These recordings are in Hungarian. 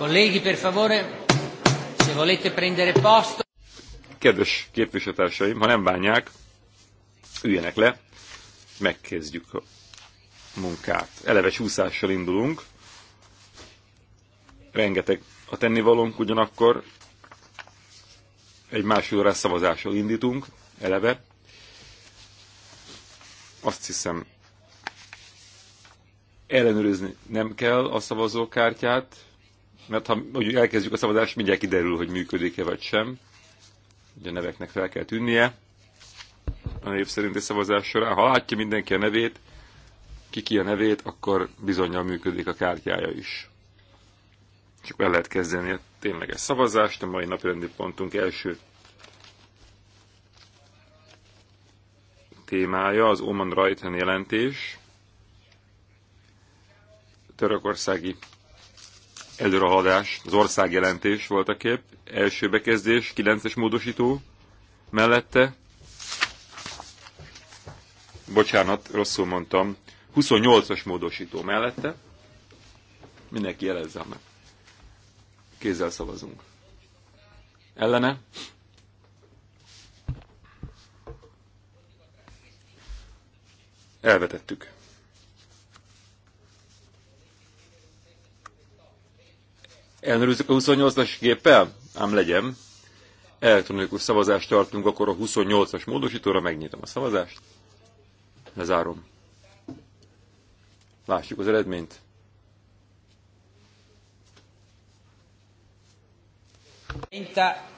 Colleghi, per favore, se volete prendere posto. Kedves képviselőtársaim, ha nem bánják, üljenek le, megkezdjük a munkát. Eleves úszással indulunk. Rengeteg a tennivalónk, ugyanakkor egy másfél órás szavazással indítunk, eleve. Azt hiszem, ellenőrizni nem kell a szavazókártyát, mert ha hogy elkezdjük a szavazást, mindjárt kiderül, hogy működik-e vagy sem. Ugye a neveknek fel kell tűnnie a név szerinti szavazás során. Ha látja mindenki a nevét, ki ki a nevét, akkor bizonyal működik a kártyája is. Csak el lehet kezdeni a tényleges szavazást, a mai rendi pontunk első témája az Oman Rajten jelentés, törökországi előrehaladás, az országjelentés volt a kép, első bekezdés, 9-es módosító mellette. Bocsánat, rosszul mondtam. 28-as módosító mellette. Mindenki jelezze meg. Kézzel szavazunk. Ellene? Elvetettük. Elnőrizzük a 28-as géppel? Ám legyen. Elektronikus szavazást tartunk, akkor a 28-as módosítóra megnyitom a szavazást. Lezárom. Lássuk az eredményt.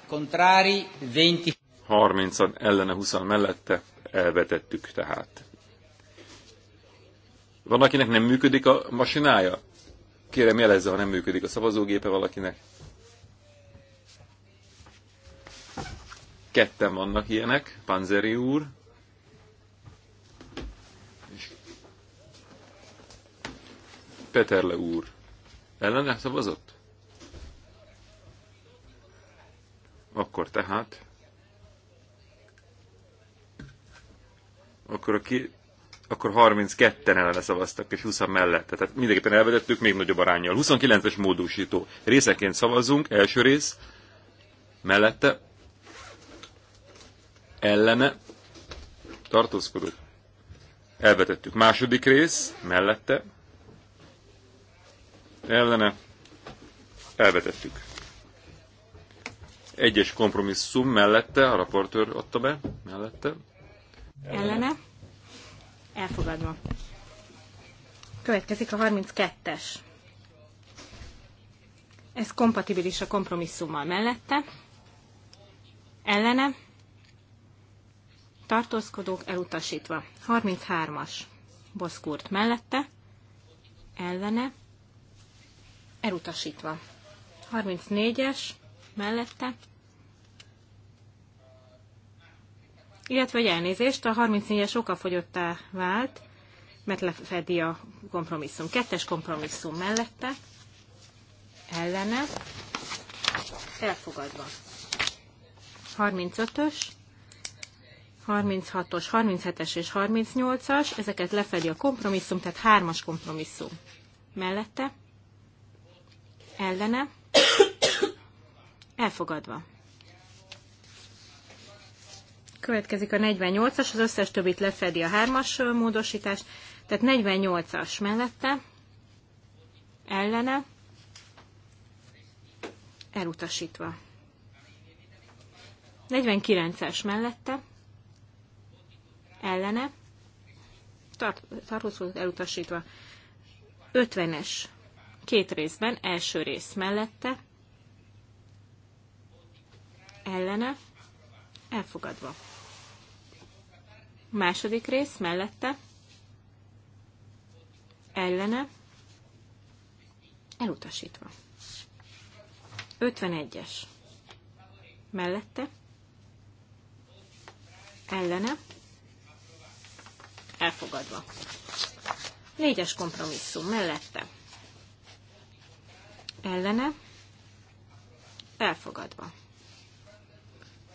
Contrari 20. 30-an ellene 20 mellette elvetettük tehát. Van, akinek nem működik a masinája? Kérem jelezze, ha nem működik a szavazógépe valakinek. Ketten vannak ilyenek, Panzeri úr. És Peterle úr. Ellene szavazott? Akkor tehát. Akkor a akkor 32-en ellene szavaztak, és 20 mellette. Tehát mindenképpen elvetettük még nagyobb arányjal. 29-es módosító. Részeként szavazunk első rész, mellette, ellene, tartózkodók. Elvetettük. Második rész, mellette, ellene, elvetettük. Egyes kompromisszum mellette, a raportőr adta be, mellette. Ellene. ellene Elfogadva. Következik a 32-es. Ez kompatibilis a kompromisszummal mellette. Ellene. Tartózkodók elutasítva. 33-as. Boszkurt mellette. Ellene. Elutasítva. 34-es mellette illetve egy elnézést, a 34-es okafogyottá vált, mert lefedi a kompromisszum. Kettes kompromisszum mellette, ellene, elfogadva. 35-ös, 36-os, 37-es és 38-as, ezeket lefedi a kompromisszum, tehát hármas kompromisszum. Mellette, ellene, elfogadva. Következik a 48-as, az összes többit lefedi a 3-as módosítás, tehát 48-as mellette, ellene, elutasítva. 49-es mellette, ellene, tart, tartózkodott elutasítva. 50-es, két részben, első rész mellette, ellene, elfogadva. Második rész mellette. Ellene. Elutasítva. 51-es. Mellette. Ellene. Elfogadva. Négyes kompromisszum. Mellette. Ellene. Elfogadva.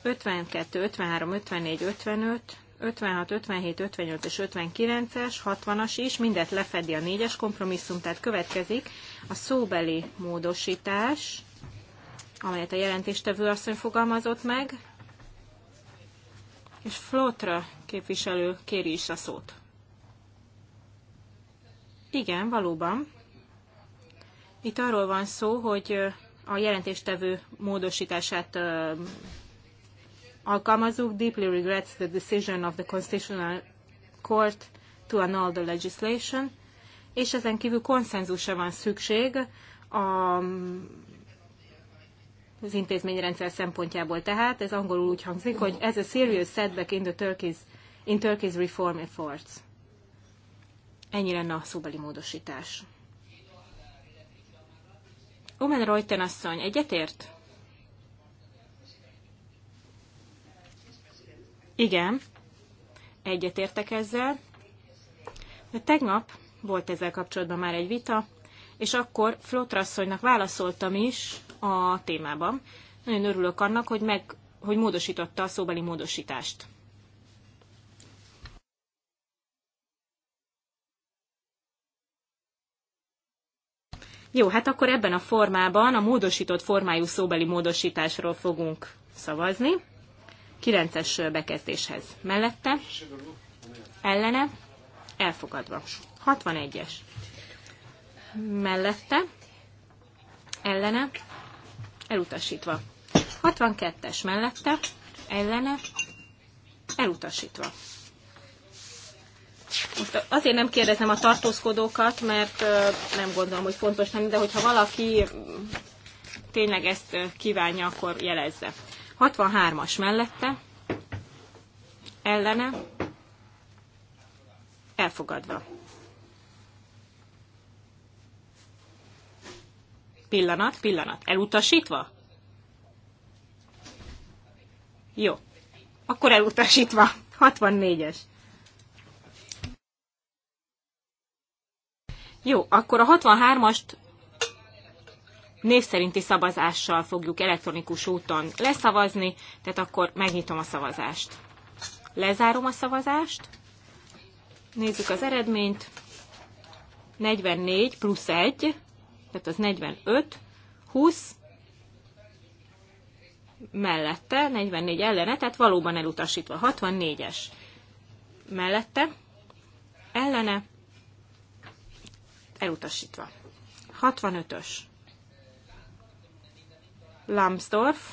52, 53, 54, 55, 56, 57, 58 és 59-es, 60-as is, mindet lefedi a négyes kompromisszum, tehát következik a szóbeli módosítás, amelyet a jelentéstevő asszony fogalmazott meg, és Flotra képviselő kéri is a szót. Igen, valóban. Itt arról van szó, hogy a jelentéstevő módosítását Alkalmazók deeply regrets the decision of the Constitutional Court to annul the legislation, és ezen kívül konszenzusra van szükség a, az intézményrendszer szempontjából. Tehát ez angolul úgy hangzik, hogy ez a serious setback in the Turkish, in Turkey's reform efforts. Ennyi lenne a szóbeli módosítás. Omen Reuten asszony, egyetért? Igen, egyetértek ezzel. De tegnap volt ezzel kapcsolatban már egy vita, és akkor Flotrasszonynak válaszoltam is a témában. Nagyon örülök annak, hogy, meg, hogy módosította a szóbeli módosítást. Jó, hát akkor ebben a formában, a módosított formájú szóbeli módosításról fogunk szavazni. 9-es bekezdéshez. Mellette, ellene, elfogadva. 61-es. Mellette, ellene, elutasítva. 62-es mellette, ellene, elutasítva. Most azért nem kérdezem a tartózkodókat, mert nem gondolom, hogy fontos lenni, de hogyha valaki mm, tényleg ezt kívánja, akkor jelezze. 63-as mellette, ellene, elfogadva. Pillanat, pillanat. Elutasítva? Jó. Akkor elutasítva. 64-es. Jó, akkor a 63-ast név szerinti szavazással fogjuk elektronikus úton leszavazni, tehát akkor megnyitom a szavazást. Lezárom a szavazást, nézzük az eredményt, 44 plusz 1, tehát az 45, 20, mellette, 44 ellene, tehát valóban elutasítva, 64-es mellette, ellene, elutasítva. 65-ös Lambsdorff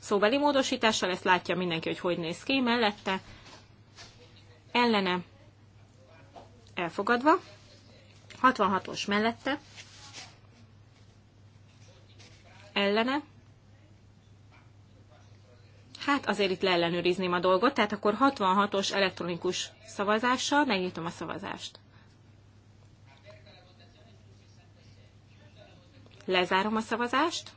szóbeli módosítással, ezt látja mindenki, hogy hogy néz ki, mellette ellene elfogadva, 66-os mellette ellene, Hát azért itt leellenőrizném a dolgot, tehát akkor 66-os elektronikus szavazással megnyitom a szavazást. Lezárom a szavazást.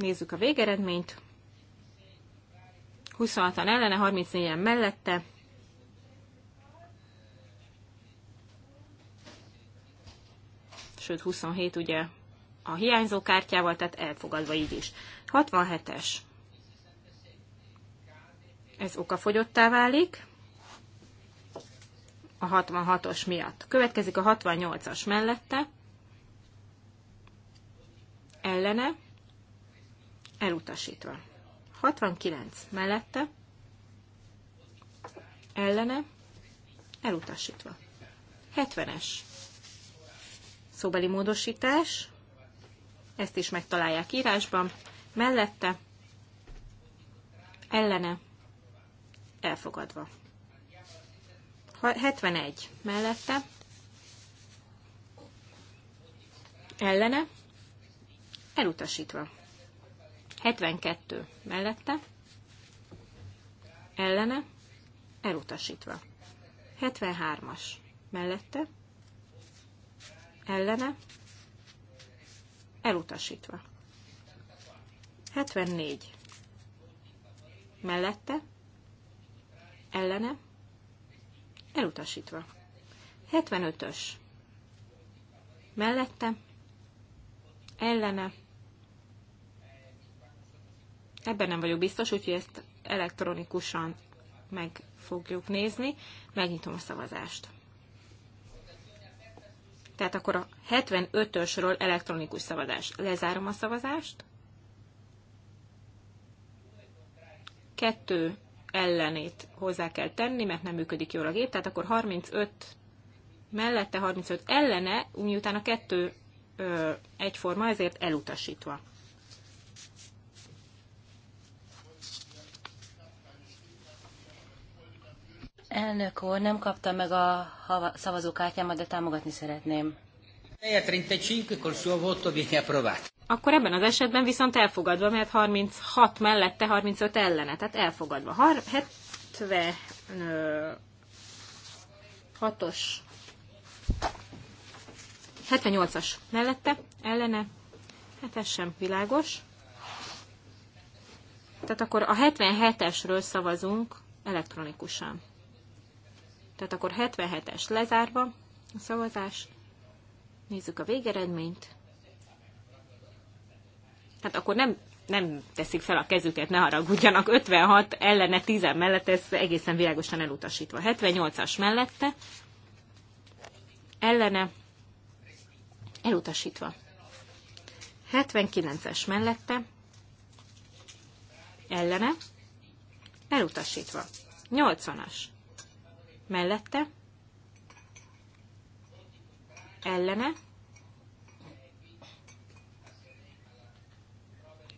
Nézzük a végeredményt. 26-an ellene, 34-en mellette. Sőt, 27 ugye a hiányzó kártyával, tehát elfogadva így is. 67-es. Ez okafogyottá válik a 66-os miatt. Következik a 68-as mellette, ellene, elutasítva. 69 mellette, ellene, elutasítva. 70-es szóbeli módosítás, ezt is megtalálják írásban, mellette, ellene, elfogadva. 71 mellette, ellene, elutasítva. 72 mellette, ellene, elutasítva. 73-as mellette, ellene, elutasítva. 74 mellette, ellene, elutasítva. 75-ös mellette, ellene, Ebben nem vagyok biztos, úgyhogy ezt elektronikusan meg fogjuk nézni. Megnyitom a szavazást. Tehát akkor a 75-ösről elektronikus szavazás. Lezárom a szavazást. Kettő ellenét hozzá kell tenni, mert nem működik jól a gép, tehát akkor 35 mellette, 35 ellene, miután a kettő ö, egyforma, ezért elutasítva. Elnök úr, nem kaptam meg a szavazókártyámat, de támogatni szeretném. 35 Akkor ebben az esetben viszont elfogadva, mert 36 mellette, 35 ellene, tehát elfogadva. 76-os 78-as mellette, ellene, hát ez sem világos. Tehát akkor a 77-esről szavazunk elektronikusan. Tehát akkor 77-es lezárva a szavazás. Nézzük a végeredményt. Hát akkor nem, nem teszik fel a kezüket, ne haragudjanak. 56 ellene 10 mellett, ez egészen világosan elutasítva. 78-as mellette ellene elutasítva. 79-es mellette ellene elutasítva. 80-as mellette, ellene.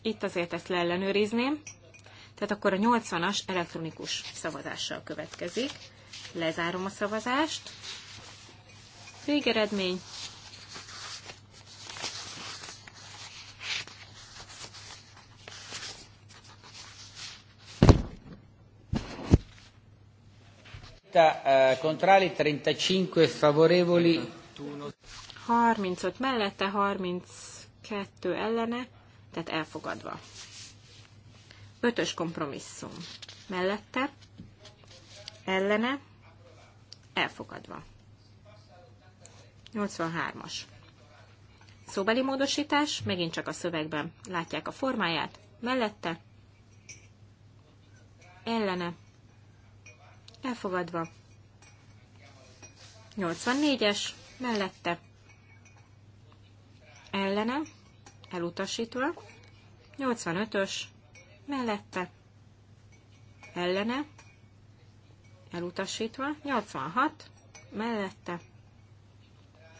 Itt azért ezt leellenőrizném. Tehát akkor a 80-as elektronikus szavazással következik. Lezárom a szavazást. Végeredmény 30 eh, contrari, 35 favorevoli. 35 mellette, 32 ellene, tehát elfogadva. Ötös kompromisszum. Mellette, ellene, elfogadva. 83-as. Szóbeli módosítás, megint csak a szövegben látják a formáját, mellette, ellene, elfogadva. 84-es, mellette, ellene, elutasítva. 85-ös, mellette, ellene, elutasítva. 86, mellette,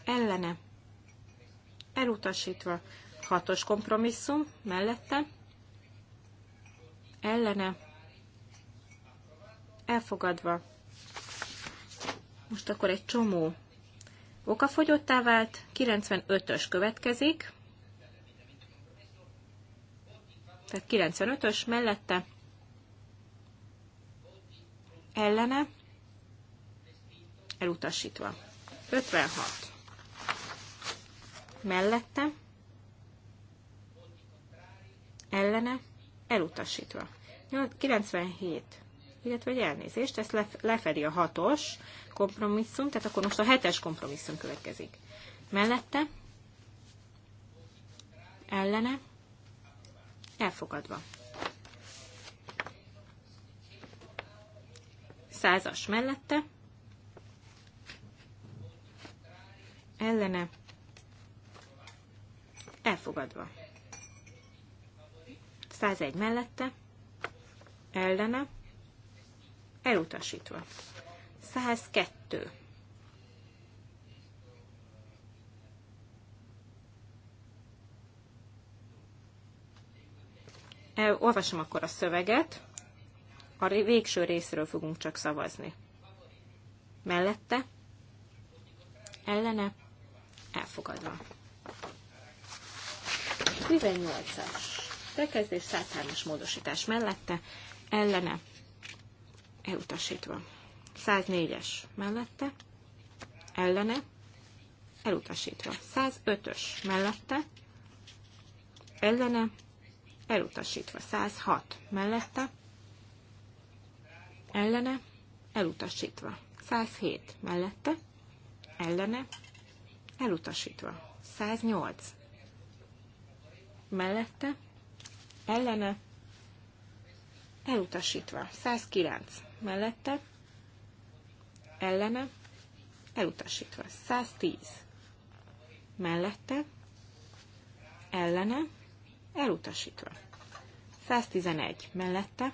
ellene, elutasítva. 6-os kompromisszum, mellette, ellene, elfogadva. Most akkor egy csomó okafogyottá vált, 95-ös következik, tehát 95-ös mellette ellene elutasítva. 56 mellette ellene elutasítva. 97 illetve egy elnézést, ezt lefedi a hatos kompromisszum, tehát akkor most a hetes kompromisszum következik. Mellette, ellene, elfogadva. Százas mellette, ellene, elfogadva. 101 mellette, ellene, elutasítva. 102. El, Olvasom akkor a szöveget. A végső részről fogunk csak szavazni. Mellette, ellene, elfogadva. 18-as. Bekezdés 103-as módosítás mellette, ellene, elutasítva. 104-es mellette, ellene, elutasítva. 105-ös mellette, ellene, elutasítva. 106 mellette, ellene, elutasítva. 107 mellette, ellene, elutasítva. 108 mellette, ellene, elutasítva. 109 mellette, ellene, elutasítva. 110 mellette, ellene, elutasítva. 111 mellette,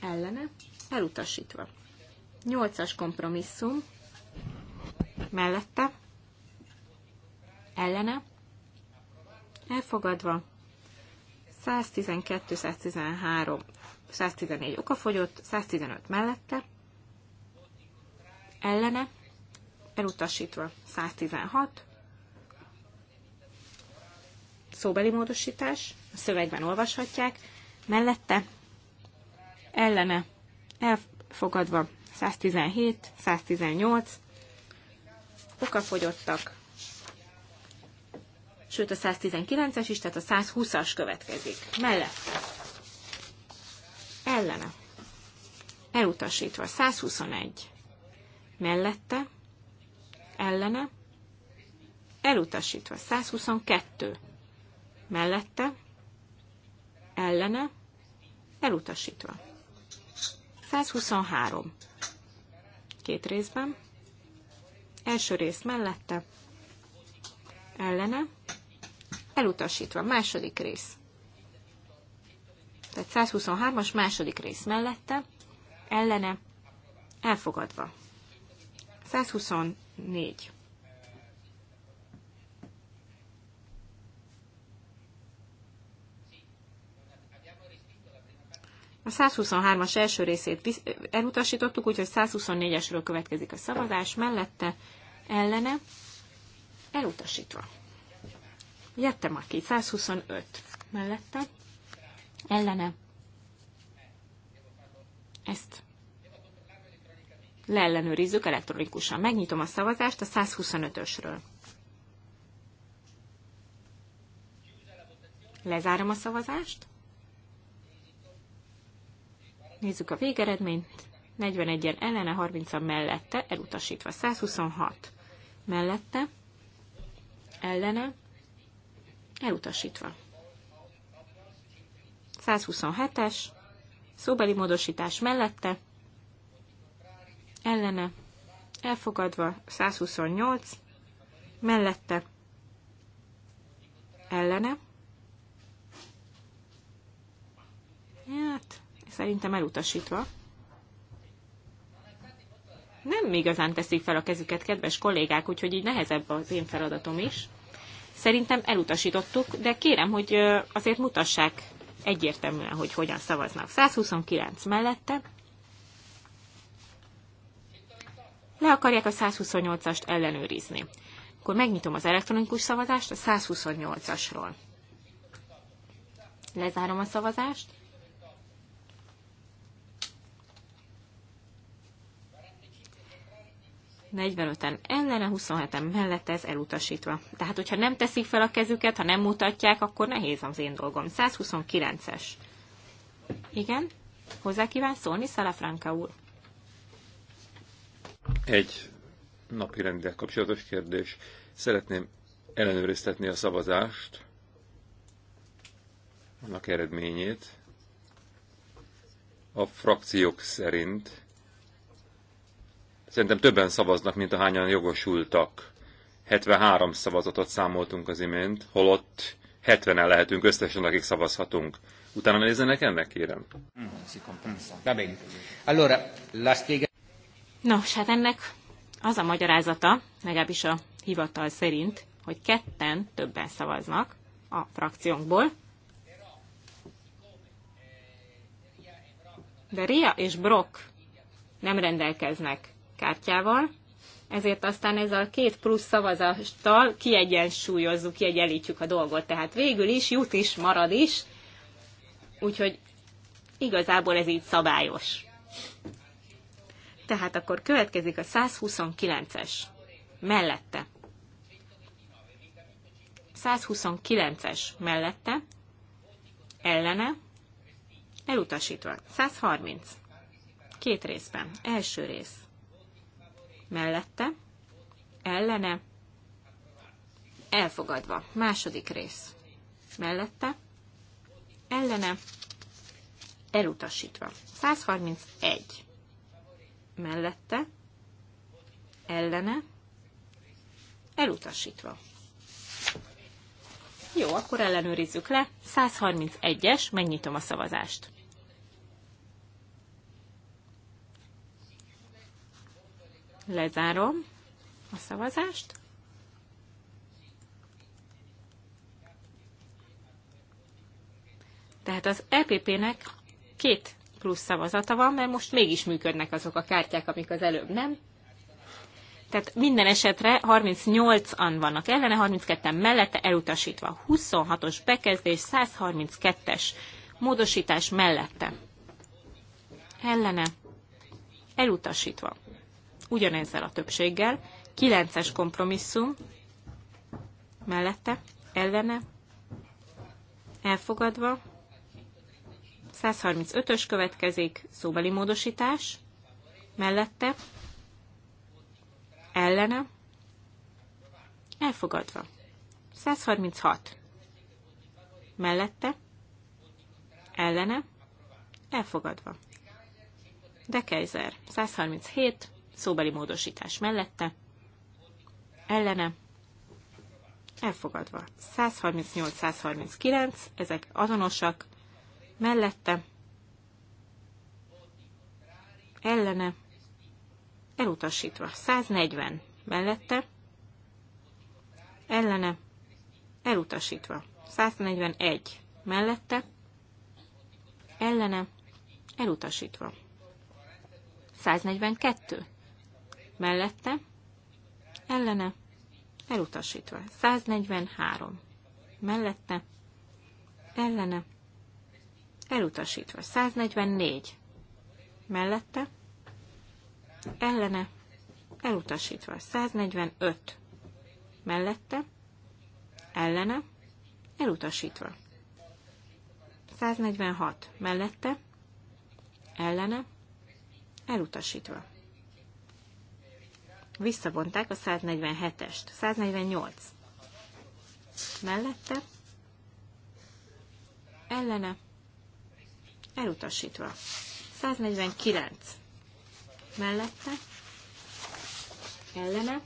ellene, elutasítva. 8-as kompromisszum mellette, ellene, elfogadva. 112-113 114 okafogyott, 115 mellette, ellene, elutasítva 116, szóbeli módosítás, a szövegben olvashatják, mellette, ellene, elfogadva 117, 118, okafogyottak, sőt a 119-es is, tehát a 120-as következik. Mellette ellene. Elutasítva 121 mellette, ellene, elutasítva 122 mellette, ellene, elutasítva. 123 két részben, első rész mellette, ellene, elutasítva, második rész tehát 123-as második rész mellette, ellene, elfogadva. 124. A 123-as első részét elutasítottuk, úgyhogy 124-esről következik a szavazás, mellette, ellene, elutasítva. Jettem aki, 125 mellette, ellene. Ezt leellenőrizzük elektronikusan. Megnyitom a szavazást a 125-ösről. Lezárom a szavazást. Nézzük a végeredményt. 41-en ellene, 30-an mellette, elutasítva 126. Mellette, ellene, elutasítva. 127-es, szóbeli módosítás mellette, ellene, elfogadva 128, mellette, ellene, hát szerintem elutasítva. Nem igazán teszik fel a kezüket, kedves kollégák, úgyhogy így nehezebb az én feladatom is. Szerintem elutasítottuk, de kérem, hogy azért mutassák egyértelműen, hogy hogyan szavaznak. 129 mellette. Le akarják a 128-ast ellenőrizni. Akkor megnyitom az elektronikus szavazást a 128-asról. Lezárom a szavazást. 45-en ellene, 27-en mellette ez elutasítva. Tehát, hogyha nem teszik fel a kezüket, ha nem mutatják, akkor nehéz az én dolgom. 129-es. Igen? Hozzá kíván szólni, Szalafranka úr? Egy napi rendel kapcsolatos kérdés. Szeretném ellenőriztetni a szavazást, annak eredményét. A frakciók szerint Szerintem többen szavaznak, mint ahányan jogosultak. 73 szavazatot számoltunk az imént, holott 70-en lehetünk összesen, akik szavazhatunk. Utána nézzenek ennek, kérem. Nos, hát ennek az a magyarázata, legalábbis a hivatal szerint, hogy ketten többen szavaznak a frakciónkból. De Ria és Brock nem rendelkeznek kártyával, ezért aztán ez a két plusz szavazattal kiegyensúlyozzuk, kiegyenlítjük a dolgot. Tehát végül is jut is, marad is, úgyhogy igazából ez így szabályos. Tehát akkor következik a 129-es. Mellette. 129-es mellette. Ellene. Elutasítva. 130. Két részben. Első rész mellette, ellene, elfogadva. Második rész mellette, ellene, elutasítva. 131 mellette, ellene, elutasítva. Jó, akkor ellenőrizzük le. 131-es, megnyitom a szavazást. Lezárom a szavazást. Tehát az EPP-nek két plusz szavazata van, mert most mégis működnek azok a kártyák, amik az előbb nem. Tehát minden esetre 38-an vannak ellene, 32-en mellette elutasítva. 26-os bekezdés, 132-es módosítás mellette. Ellene. Elutasítva ugyanezzel a többséggel, 9-es kompromisszum mellette, ellene, elfogadva, 135-ös következik, szóbeli módosítás, mellette, ellene, elfogadva, 136, mellette, ellene, elfogadva. De Kaiser, 137, szóbeli módosítás mellette, ellene, elfogadva. 138-139, ezek azonosak, mellette, ellene, elutasítva. 140 mellette, ellene, elutasítva. 141 mellette, ellene, elutasítva. 142 mellette, ellene, elutasítva. 143 mellette, ellene, elutasítva. 144 mellette, ellene, elutasítva. 145 mellette, ellene, elutasítva. 146 mellette, ellene, elutasítva. Visszavonták a 147-est. 148. Mellette. Ellene. Elutasítva. 149. Mellette. Ellene.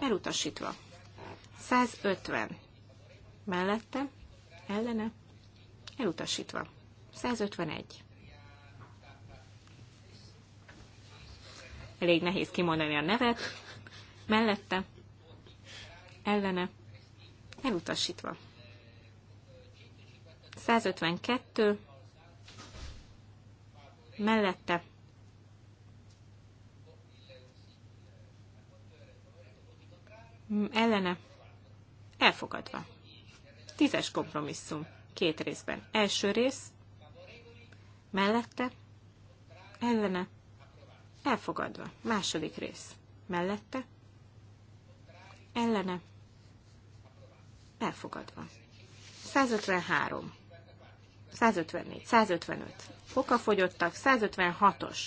Elutasítva. 150. Mellette. Ellene. Elutasítva. 151. elég nehéz kimondani a nevet, mellette, ellene, elutasítva. 152, mellette, ellene, elfogadva. Tízes kompromisszum, két részben. Első rész, mellette, ellene, Elfogadva. Második rész. Mellette. Ellene. Elfogadva. 153. 154. 155. fogyottak? 156-os.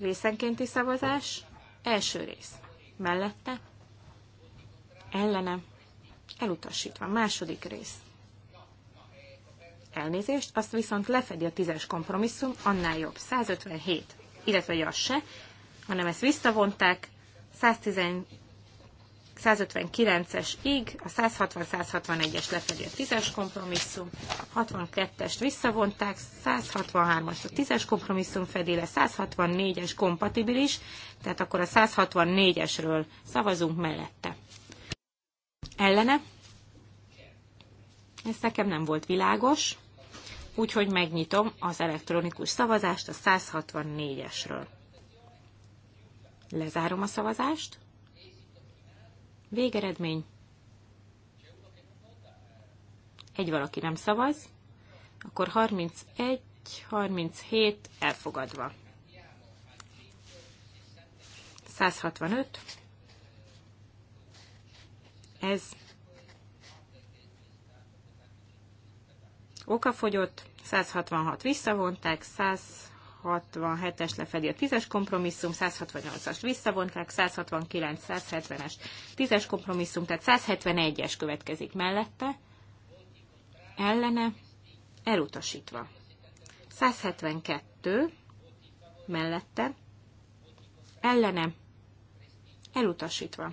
Részenkénti szavazás. Első rész. Mellette. Ellene. Elutasítva. Második rész. Elnézést, azt viszont lefedi a tízes kompromisszum, annál jobb. 157 illetve az se, hanem ezt visszavonták 159-es íg, a 160-161-es lefedi a 10-es kompromisszum, 62-est visszavonták, 163-as a 10-es kompromisszum fedi le, 164-es kompatibilis, tehát akkor a 164-esről szavazunk mellette. Ellene? Ez nekem nem volt világos úgyhogy megnyitom az elektronikus szavazást a 164-esről. Lezárom a szavazást. Végeredmény. Egy valaki nem szavaz, akkor 31, 37 elfogadva. 165. Ez Oka fogyott 166 visszavonták, 167-es lefedi a 10-es kompromisszum, 168-as visszavonták, 169, 170-es 10-es kompromisszum, tehát 171-es következik mellette, ellene, elutasítva. 172 mellette, ellene, elutasítva.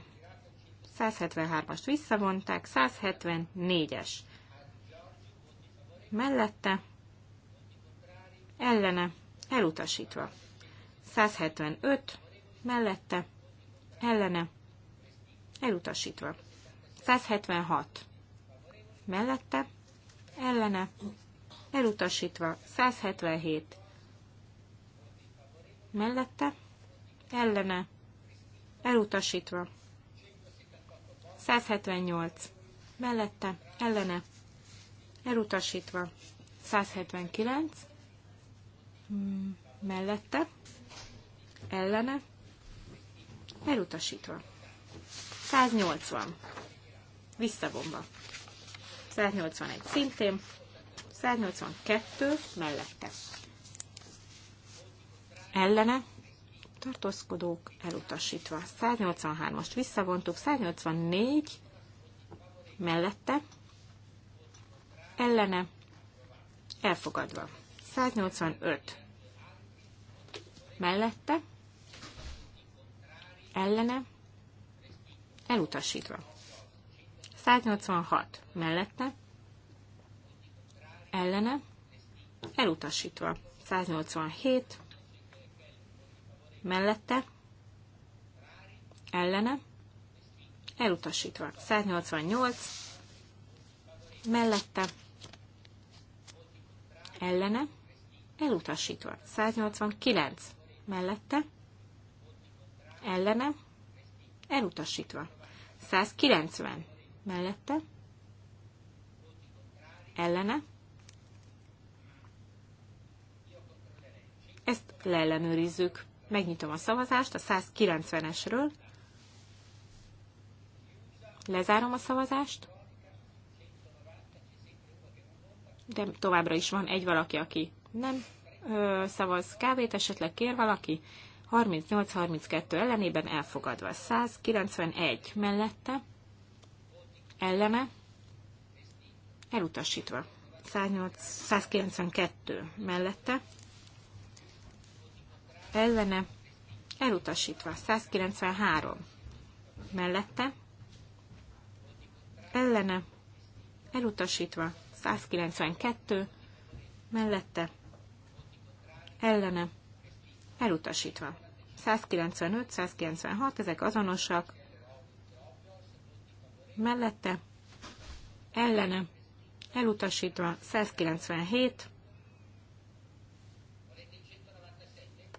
173-ast visszavonták, 174-es mellette, ellene, elutasítva. 175 mellette, ellene, elutasítva. 176 mellette, ellene, elutasítva. 177 mellette, ellene, elutasítva. 178 mellette, ellene, elutasítva. 179 mellette, ellene, elutasítva. 180 visszavonva. 181 szintén, 182 mellette. Ellene, tartózkodók elutasítva. 183-ast visszavontuk, 184 mellette, ellene elfogadva. 185 mellette ellene elutasítva. 186 mellette ellene elutasítva. 187 mellette ellene elutasítva. 188 mellette ellene, elutasítva. 189 mellette, ellene, elutasítva. 190 mellette, ellene. Ezt leellenőrizzük. Megnyitom a szavazást a 190-esről. Lezárom a szavazást. de továbbra is van egy valaki, aki nem ö, szavaz kávét, esetleg kér valaki, 38-32 ellenében elfogadva. 191 mellette, ellene, elutasítva. 108, 192 mellette, ellene, elutasítva. 193 mellette, ellene, elutasítva. 192 mellette ellene elutasítva. 195-196, ezek azonosak, mellette ellene elutasítva 197,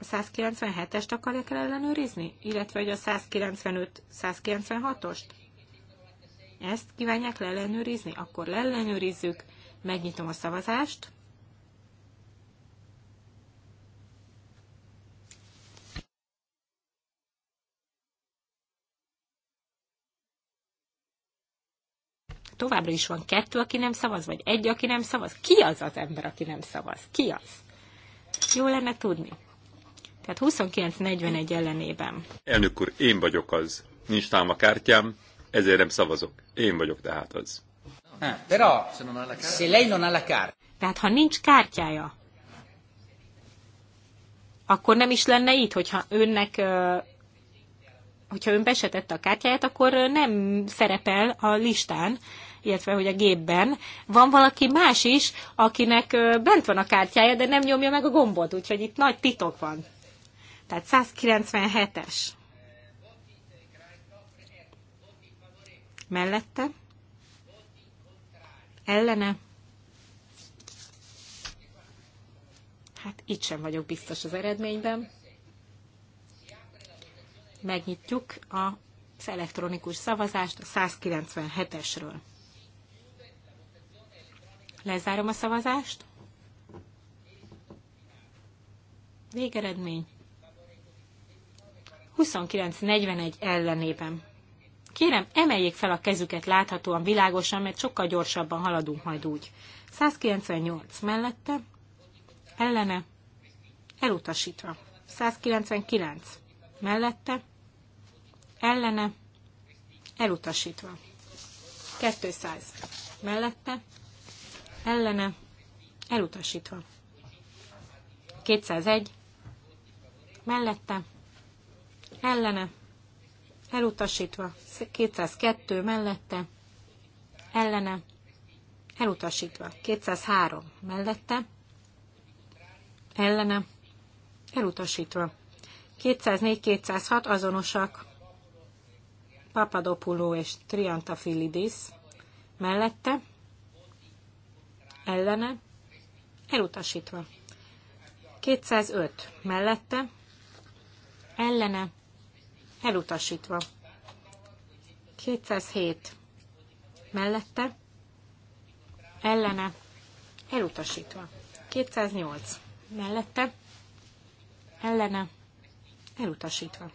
a 197-est akarják ellenőrizni, illetve hogy a 195-196-ost? Ezt kívánják leellenőrizni? Akkor leellenőrizzük. Megnyitom a szavazást. Továbbra is van kettő, aki nem szavaz, vagy egy, aki nem szavaz. Ki az az ember, aki nem szavaz? Ki az? Jó lenne tudni. Tehát 29-41 ellenében. Elnök úr, én vagyok az. Nincs tám a kártyám, ezért nem szavazok. Én vagyok tehát az. Eh, però, se lei non ha la kár... Tehát, ha nincs kártyája, akkor nem is lenne itt, hogyha önnek hogyha ön besetette a kártyáját, akkor nem szerepel a listán, illetve hogy a gépben. Van valaki más is, akinek bent van a kártyája, de nem nyomja meg a gombot, úgyhogy itt nagy titok van. Tehát 197-es. Mellette ellene. Hát itt sem vagyok biztos az eredményben. Megnyitjuk az elektronikus szavazást a 197-esről. Lezárom a szavazást. Végeredmény. 29-41 ellenében Kérem, emeljék fel a kezüket láthatóan világosan, mert sokkal gyorsabban haladunk majd úgy. 198 mellette, ellene, elutasítva. 199 mellette, ellene, elutasítva. 200 mellette, ellene, elutasítva. 201 mellette, ellene, elutasítva, 202 mellette, ellene, elutasítva, 203 mellette, ellene, elutasítva, 204-206 azonosak, Papadopoulou és Triantafilidis mellette, ellene, elutasítva. 205 mellette, ellene, elutasítva. 207 mellette, ellene, elutasítva. 208 mellette, ellene, elutasítva.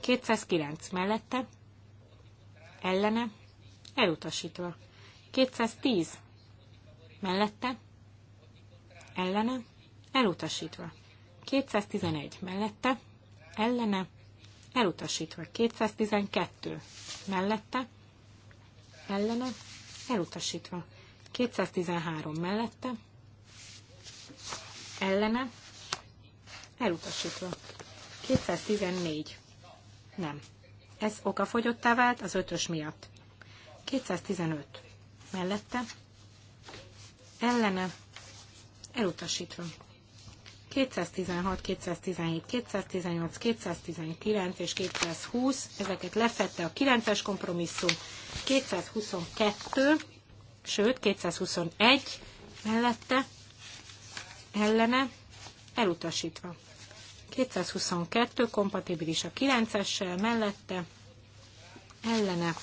209 mellette, ellene, elutasítva. 210 mellette, ellene, elutasítva. 211 mellette, ellene, elutasítva. 212 mellette, ellene, elutasítva. 213 mellette, ellene, elutasítva. 214. Nem. Ez okafogyottá vált az ötös miatt. 215. Mellette, ellene, elutasítva. 216, 217, 218, 219 és 220, ezeket lefette a 9-es kompromisszum, 222, sőt 221 mellette, ellene, elutasítva. 222 kompatibilis a 9-essel, mellette, ellene,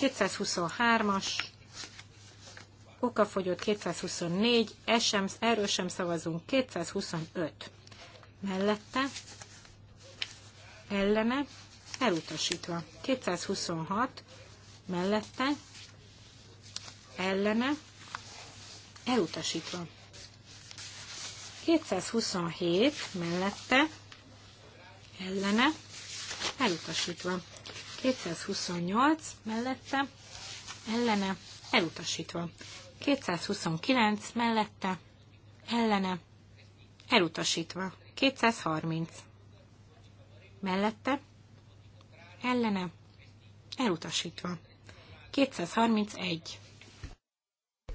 223-as, okafogyott 224, ez sem, erről sem szavazunk, 225 mellette, ellene, elutasítva, 226 mellette, ellene, elutasítva. 227 mellette, ellene, elutasítva. 228 mellette, ellene, elutasítva. 229 mellette, ellene, elutasítva. 230 mellette, ellene, elutasítva. 231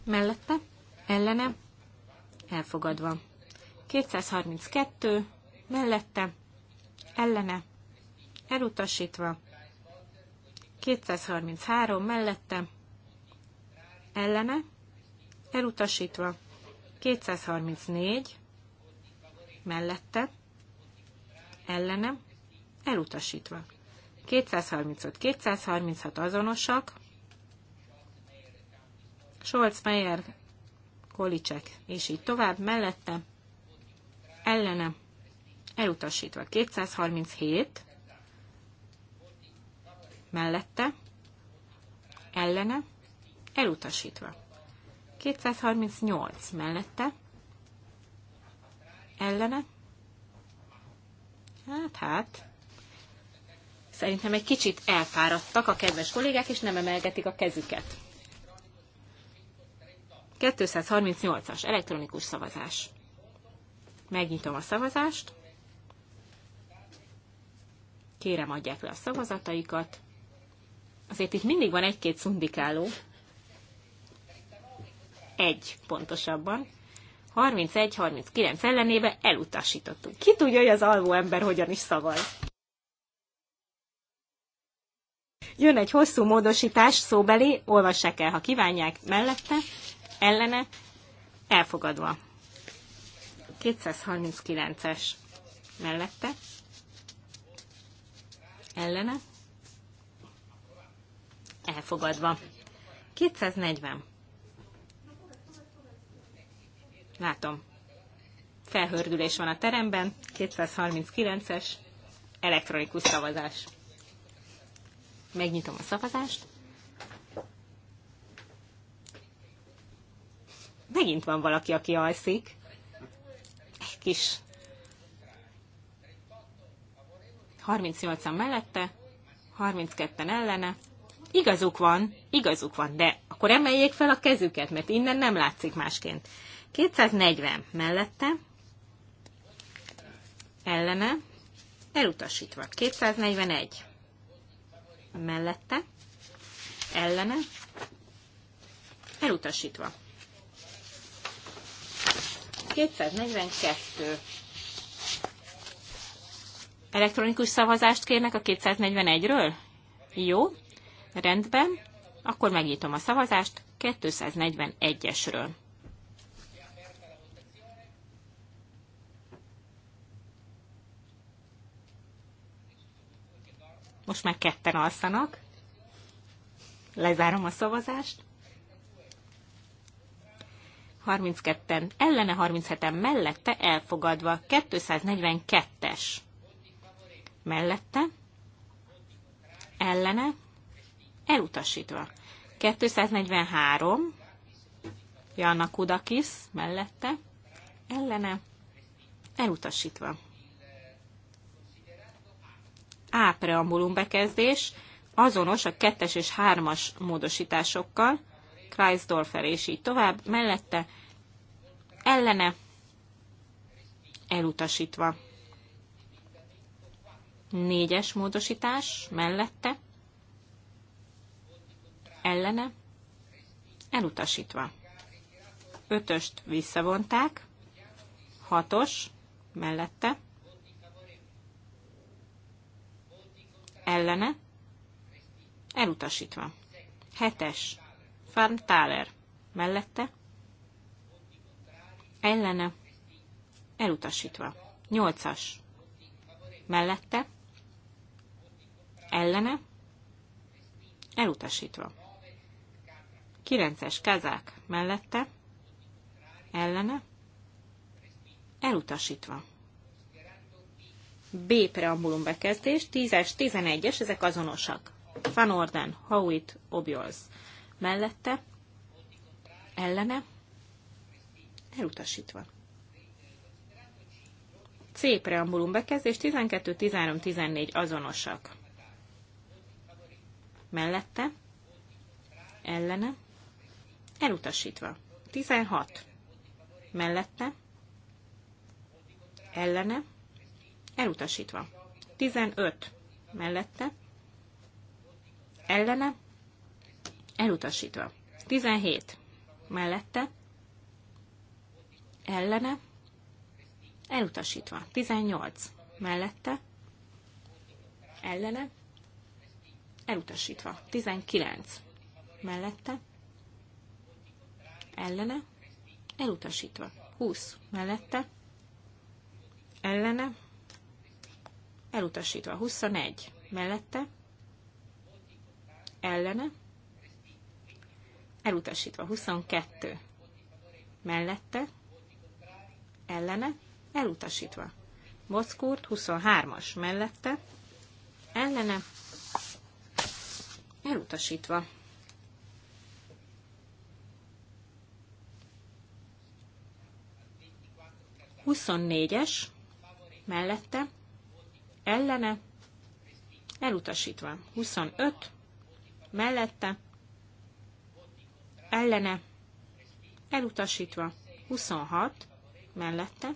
mellette, ellene, elfogadva. 232 mellette, ellene, elutasítva. 233 mellette, ellene, elutasítva. 234 mellette, ellenem, elutasítva. 235-236 azonosak, Scholz, Meyer, Kolicek, és így tovább, mellette, ellene, elutasítva. 237, mellette, ellene, elutasítva. 238 mellette, ellene, hát hát, szerintem egy kicsit elfáradtak a kedves kollégák, és nem emelgetik a kezüket. 238-as elektronikus szavazás. Megnyitom a szavazást. Kérem, adják le a szavazataikat. Azért itt mindig van egy-két szundikáló. 31 pontosabban, 31-39 ellenébe elutasítottuk. Ki tudja, hogy az alvó ember hogyan is szavaz? Jön egy hosszú módosítás, szóbeli, olvassák el, ha kívánják, mellette, ellene, elfogadva. 239-es mellette, ellene, elfogadva. 240. Látom. Felhördülés van a teremben. 239-es elektronikus szavazás. Megnyitom a szavazást. Megint van valaki, aki alszik. Egy kis 38-an mellette, 32-en ellene. Igazuk van, igazuk van, de akkor emeljék fel a kezüket, mert innen nem látszik másként. 240 mellette, ellene, elutasítva. 241 mellette, ellene, elutasítva. 242 elektronikus szavazást kérnek a 241-ről? Jó, rendben, akkor megnyitom a szavazást 241-esről. Most már ketten alszanak. Lezárom a szavazást. 32-en ellene, 37-en mellette elfogadva. 242-es mellette ellene elutasítva. 243 Janna Kudakis mellette ellene elutasítva. A preambulum bekezdés azonos a kettes és hármas módosításokkal, Kreisdorfer és így tovább, mellette ellene elutasítva. Négyes módosítás mellette ellene elutasítva. Ötöst visszavonták, hatos mellette ellene, elutasítva. Hetes, Farm Thaler, mellette, ellene, elutasítva. Nyolcas, mellette, ellene, elutasítva. Kilences, Kazák, mellette, ellene, elutasítva. B preambulum bekezdés, 10-es, 11-es, ezek azonosak. Van Orden, Howitt, Obiols. Mellette, ellene, elutasítva. C preambulum bekezdés, 12, 13, 14 azonosak. Mellette, ellene, elutasítva. 16. Mellette, ellene, Elutasítva. 15 mellette. Ellene. Elutasítva. 17 mellette. Ellene. Elutasítva. 18 mellette. Ellene. Elutasítva. 19 mellette. Ellene. Elutasítva. 20 mellette. Ellene elutasítva. 21 mellette, ellene, elutasítva. 22 mellette, ellene, elutasítva. Mockurt 23-as mellette, ellene, elutasítva. Huszonnégyes mellette, ellene, elutasítva. 25 mellette, ellene, elutasítva. 26 mellette,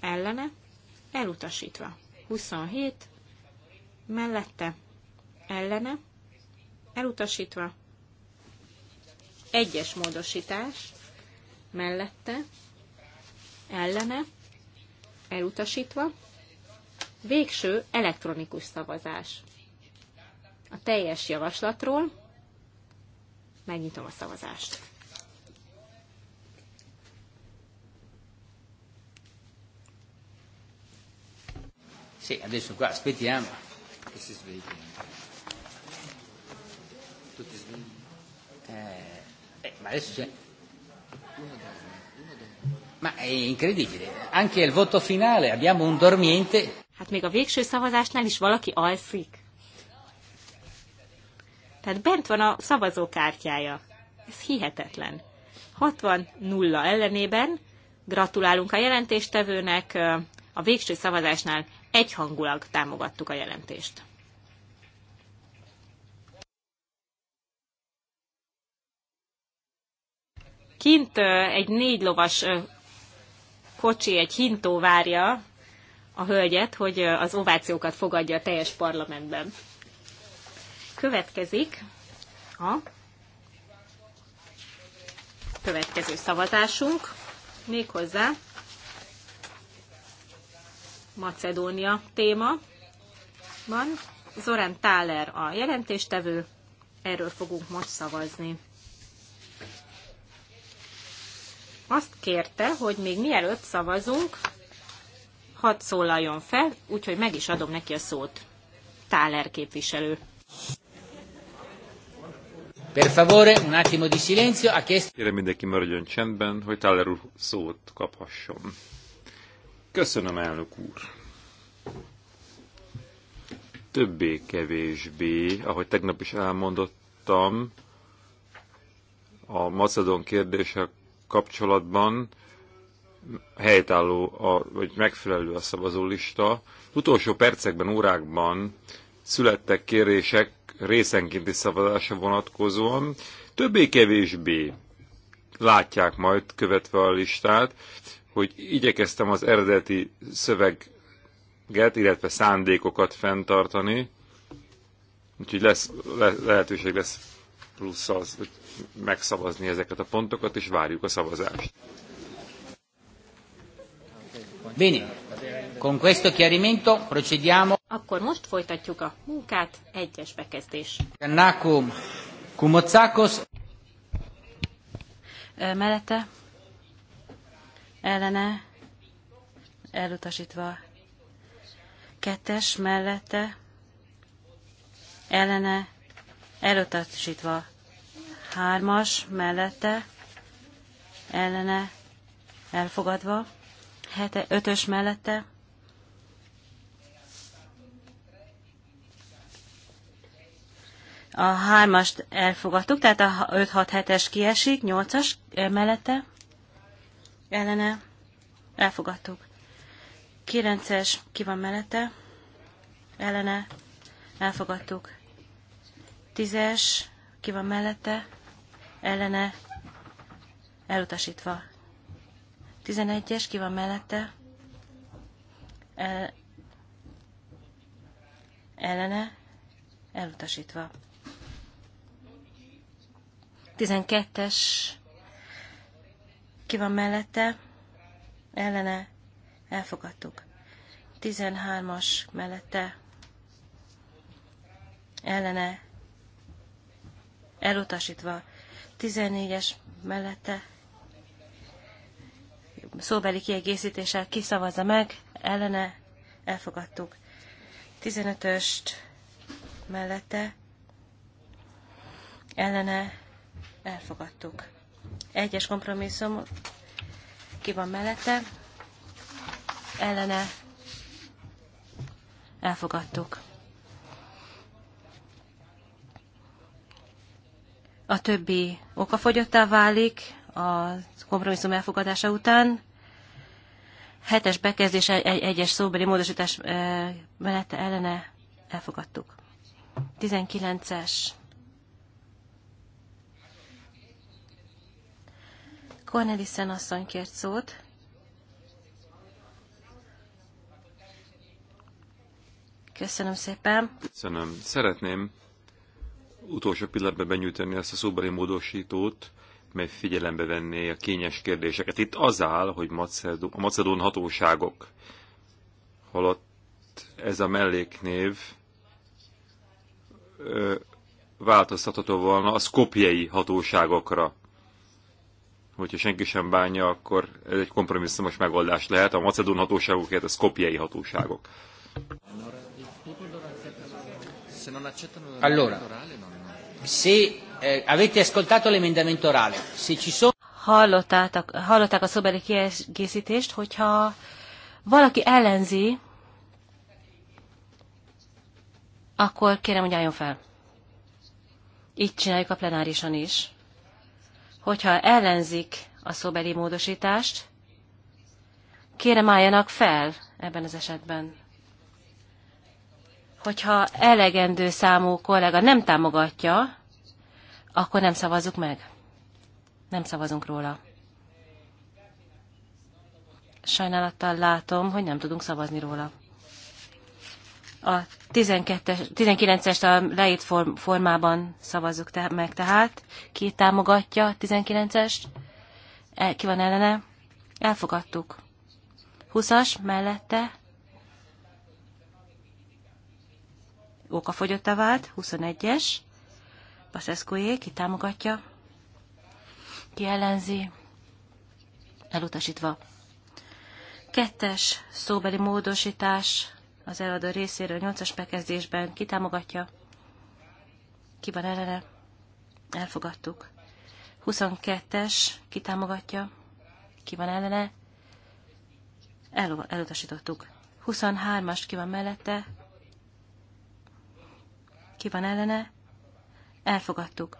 ellene, elutasítva. 27 mellette, ellene, elutasítva. Egyes módosítás mellette, ellene, elutasítva végső elektronikus szavazás a teljes javaslatról. Megnyitom a szavazást. Sì, adesso qua aspettiamo che si Tutti Eh, eh, ma adesso c'è. Ma è incredibile, anche il voto finale abbiamo un dormiente. Hát még a végső szavazásnál is valaki alszik. Tehát bent van a szavazókártyája. Ez hihetetlen. 60-0 ellenében gratulálunk a jelentéstevőnek, a végső szavazásnál egyhangulag támogattuk a jelentést. Kint egy négy lovas kocsi, egy hintó várja a hölgyet, hogy az ovációkat fogadja a teljes parlamentben. Következik a következő szavazásunk, méghozzá Macedónia téma van. Zoran Táler a jelentéstevő, erről fogunk most szavazni. Azt kérte, hogy még mielőtt szavazunk, hadd szólaljon fel, úgyhogy meg is adom neki a szót. Táler képviselő. Per favore, un attimo di silenzio, a chiesto... Kérem mindenki maradjon csendben, hogy Táler úr szót kaphasson. Köszönöm, elnök úr. Többé-kevésbé, ahogy tegnap is elmondottam, a macedon kérdése kapcsolatban helytálló, a, vagy megfelelő a szavazólista. Utolsó percekben, órákban születtek kérések részenkénti szavazása vonatkozóan, többé-kevésbé látják majd követve a listát, hogy igyekeztem az eredeti szöveget, illetve szándékokat fenntartani, úgyhogy lesz, le, lehetőség lesz plusz az, hogy megszavazni ezeket a pontokat, és várjuk a szavazást. Bene, con questo chiarimento procediamo. Akkor most folytatjuk a munkát, egyes bekezdés. Kannakum kumocákos. Mellette, ellene, elutasítva. Kettes mellette, ellene, elutasítva. Hármas mellette, ellene, elfogadva 5 ötös mellette. A hármast elfogadtuk, tehát a 5-6-7-es kiesik, 8-as eh, mellette. Ellene elfogadtuk. 9-es ki van mellette. Ellene elfogadtuk. 10-es ki van mellette. Ellene elutasítva. 11-es, ki van mellette? El, ellene, elutasítva. 12-es, ki van mellette? Ellene, elfogadtuk. 13-as mellette, ellene, elutasítva. 14-es mellette, szóbeli kiegészítéssel kiszavazza meg, ellene elfogadtuk. 15-öst mellette ellene elfogadtuk. Egyes kompromisszum ki van mellette, ellene elfogadtuk. A többi okafogyottá válik, a kompromisszum elfogadása után. Hetes bekezdés egy, egyes szóbeli módosítás eh, mellette ellene elfogadtuk. 19-es. Cornelissen asszony kért szót. Köszönöm szépen. Köszönöm. Szeretném utolsó pillanatban benyújtani ezt a szóbeli módosítót, mely figyelembe venné a kényes kérdéseket. Itt az áll, hogy a macedón hatóságok, holott ez a melléknév változtatható volna a szkopjei hatóságokra. Hogyha senki sem bánja, akkor ez egy kompromisszumos megoldás lehet. A macedón hatóságokért a szkopjei hatóságok. Allora, se Eh, avete ascoltato l'emendamento orale. Se ci sono... Hallották, a szóbeli kiegészítést, hogyha valaki ellenzi, akkor kérem, hogy álljon fel. Így csináljuk a plenárison is. Hogyha ellenzik a szóbeli módosítást, kérem álljanak fel ebben az esetben. Hogyha elegendő számú kollega nem támogatja, akkor nem szavazzuk meg. Nem szavazunk róla. Sajnálattal látom, hogy nem tudunk szavazni róla. A 12-es, 19-est a leírt form, formában szavazzuk te, meg tehát. Ki támogatja a 19-est? E, ki van ellene? Elfogadtuk. 20-as mellette ókafogyottá vált, 21-es Baszeszkójé, ki támogatja, ki ellenzi, elutasítva. Kettes szóbeli módosítás az eladó részéről nyolcas bekezdésben ki támogatja, ki van ellene, elfogadtuk. 22-es ki támogatja, ki van ellene, El, elutasítottuk. 23-as ki van mellette, ki van ellene, Elfogadtuk.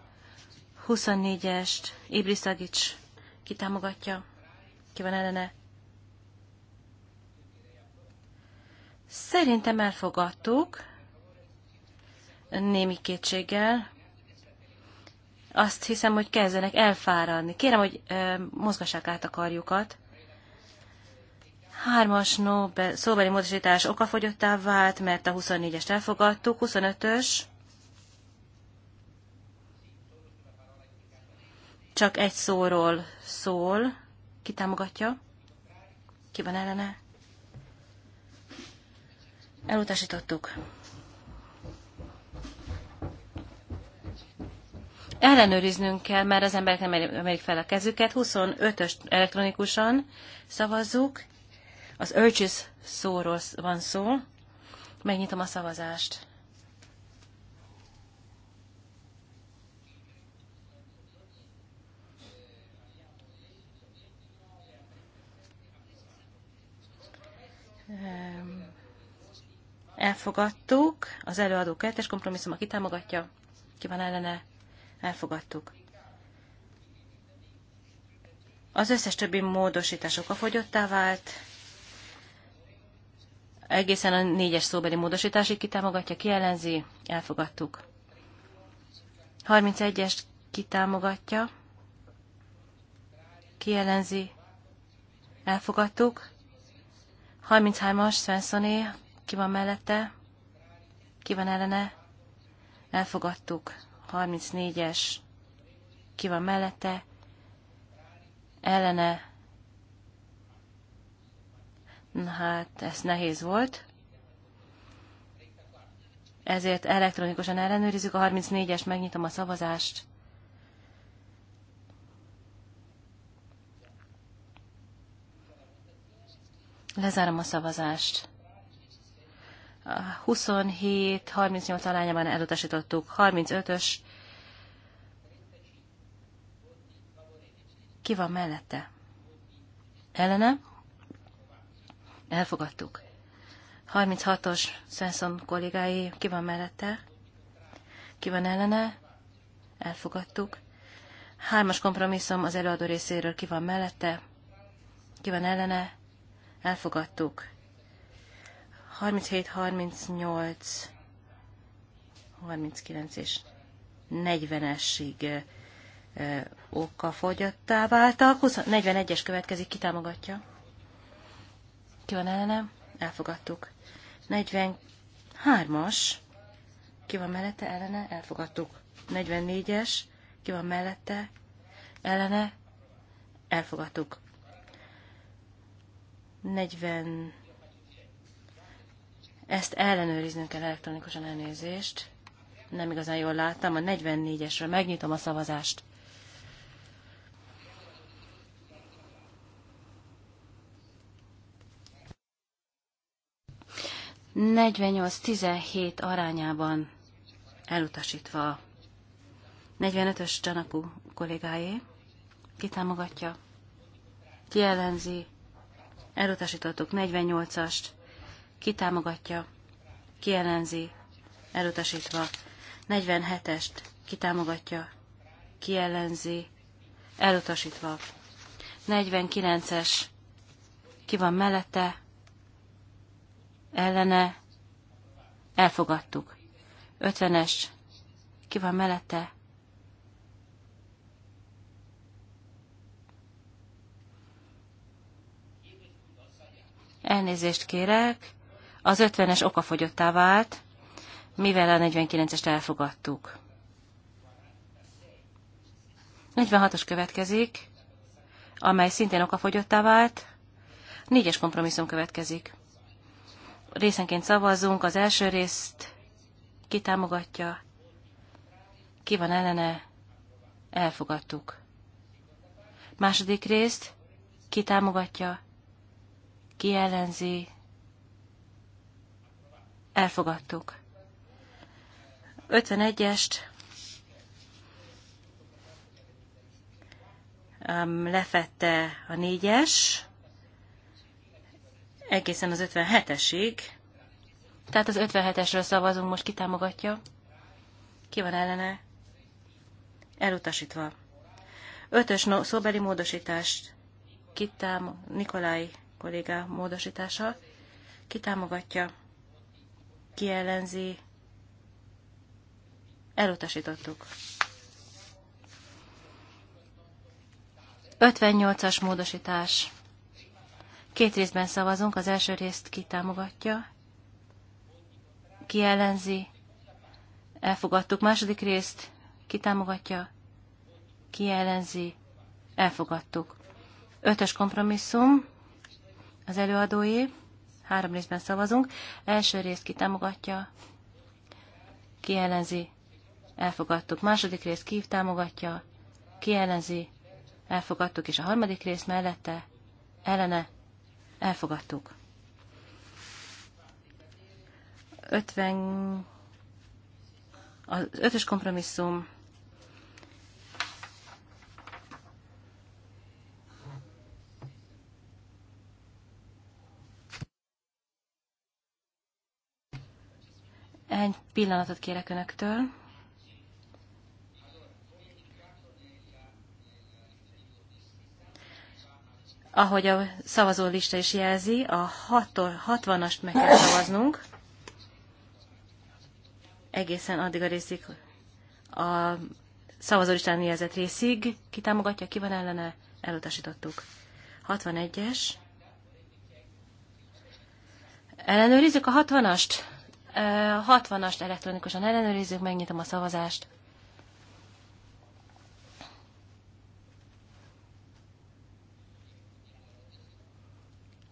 24-est Ibriszagics kitámogatja. Ki van ellene? Szerintem elfogadtuk némi kétséggel. Azt hiszem, hogy kezdenek elfáradni. Kérem, hogy ö, mozgassák át a karjukat. Hármas Nobel szóbeli módosítás okafogyottá vált, mert a 24-est elfogadtuk, 25-ös csak egy szóról szól. Ki támogatja? Ki van ellene? Elutasítottuk. Ellenőriznünk kell, mert az emberek nem emelik fel a kezüket. 25-ös elektronikusan szavazzuk. Az urges szóról van szó. Megnyitom a szavazást. Elfogadtuk. Az előadó kettes kompromisszum, aki támogatja, ki van ellene, elfogadtuk. Az összes többi módosítások a fogyottá vált, egészen a négyes szóbeli módosításig kitámogatja, kielenzi, elfogadtuk. 31-est kitámogatja, kielenzi, elfogadtuk. 33-as, Svensoné, ki van mellette, ki van ellene, elfogadtuk. 34-es, ki van mellette, ellene, Na hát ez nehéz volt. Ezért elektronikusan ellenőrizzük a 34-es, megnyitom a szavazást. Lezárom a szavazást. 27-38 alányában elutasítottuk. 35-ös. Ki van mellette? Ellene? Elfogadtuk. 36-os Szenszon kollégái, ki van mellette? Ki van ellene? Elfogadtuk. Hármas kompromisszum az előadó részéről, ki van mellette? Ki van ellene? elfogadtuk. 37, 38, 39 és 40-esig oka fogyottá váltak. 41-es következik, kitámogatja. Ki van ellene? Elfogadtuk. 43-as, ki van mellette, ellene? Elfogadtuk. 44-es, ki van mellette, ellene? Elfogadtuk. 40 ezt ellenőriznünk kell elektronikusan elnézést. Nem igazán jól láttam. A 44-esről megnyitom a szavazást. Negyvennyolc tizenhét arányában elutasítva 45-ös Csanakú kollégáé. Ki támogatja? Ki ellenzi? elutasítottuk 48-ast, kitámogatja, ellenzi, elutasítva 47-est, kitámogatja, ellenzi, elutasítva 49-es, ki van mellette, ellene, elfogadtuk. 50-es, ki van mellette, Elnézést kérek, az 50-es okafogyottá vált, mivel a 49-est elfogadtuk. 46-os következik, amely szintén okafogyottá vált, négyes kompromisszum következik. Részenként szavazzunk, az első részt kitámogatja, ki van ellene, elfogadtuk. Második részt kitámogatja, ki ellenzi, elfogadtuk. 51-est lefette a 4-es, egészen az 57-esig. Tehát az 57-esről szavazunk, most kitámogatja. Ki van ellene? Elutasítva. Ötös szóbeli módosítást kitám Nikolai kollégá módosítása. Ki támogatja? Ki ellenzi? Elutasítottuk. 58-as módosítás. Két részben szavazunk, az első részt ki támogatja, ki ellenzi, elfogadtuk. Második részt ki támogatja, ki ellenzi, elfogadtuk. Ötös kompromisszum, az előadóé. Három részben szavazunk. Első rész ki támogatja, ki ellenzi, elfogadtuk. Második rész ki támogatja, ki ellenzi, elfogadtuk. És a harmadik rész mellette, ellene, elfogadtuk. 50 az ötös kompromisszum Néhány pillanatot kérek önöktől. Ahogy a szavazó lista is jelzi, a 60-ast meg kell szavaznunk. Egészen addig a részig, a szavazólistán jelzett részig. Ki támogatja, ki van ellene? Elutasítottuk. 61-es. Ellenőrizzük a 60-ast. 60-ast elektronikusan ellenőrizzük, megnyitom a szavazást.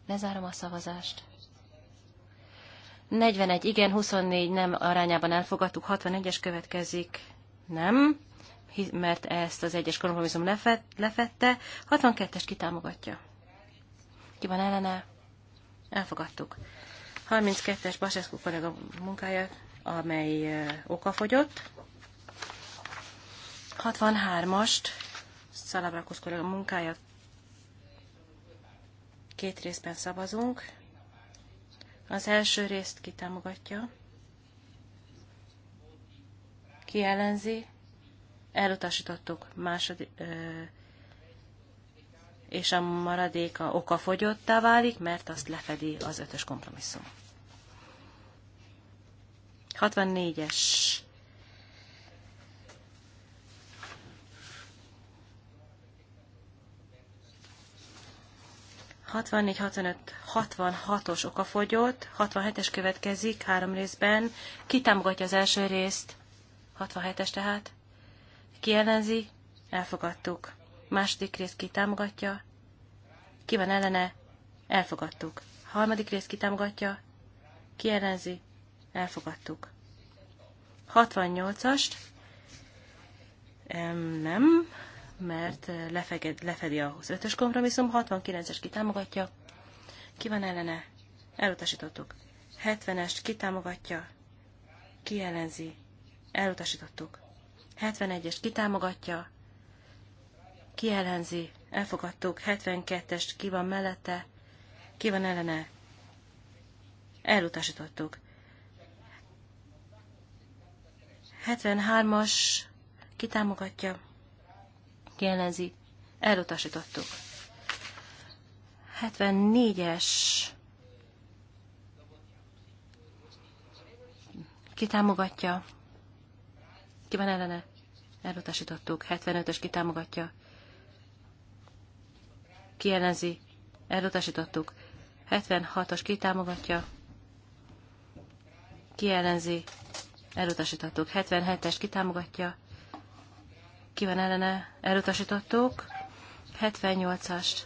Lezárom a szavazást. 41 igen, 24 nem arányában elfogadtuk, 61-es következik. Nem, mert ezt az egyes kompromisszum lefette. 62-es kitámogatja. Ki van ellene? Elfogadtuk. 32-es Basescu kollega munkája, amely okafogyott. 63-ast Szalabrakusz kollega munkája két részben szavazunk. Az első részt kitámogatja, kiellenzi, elutasítottuk második, és a maradéka okafogyottá válik, mert azt lefedi az ötös kompromisszum. 64-es. Hatvannégy, hatvanöt, hatvanhatos okafogyott, hatvanhetes következik három részben. Ki támogatja az első részt? 67-es tehát. Ki ellenzi? Elfogadtuk. Második rész ki támogatja? Ki van ellene? Elfogadtuk. Harmadik rész ki támogatja? Ki ellenzi? elfogadtuk. 68-ast nem, mert lefeged, lefedi az ötös kompromisszum, 69-es kitámogatja, ki van ellene, elutasítottuk. 70-est kitámogatja, ellenzi, elutasítottuk. 71-est kitámogatja, ellenzi, elfogadtuk. 72-est ki van mellette, ki van ellene, elutasítottuk. 73-as kitámogatja, kiellenzi, elutasítottuk. 74-es kitámogatja, ki van ellene, elutasítottuk. 75-ös kitámogatja, kiellenzi, elutasítottuk. 76-os kitámogatja, kiellenzi, elutasítottuk. 77 es kitámogatja, ki van ellene, elutasítottuk. 78 as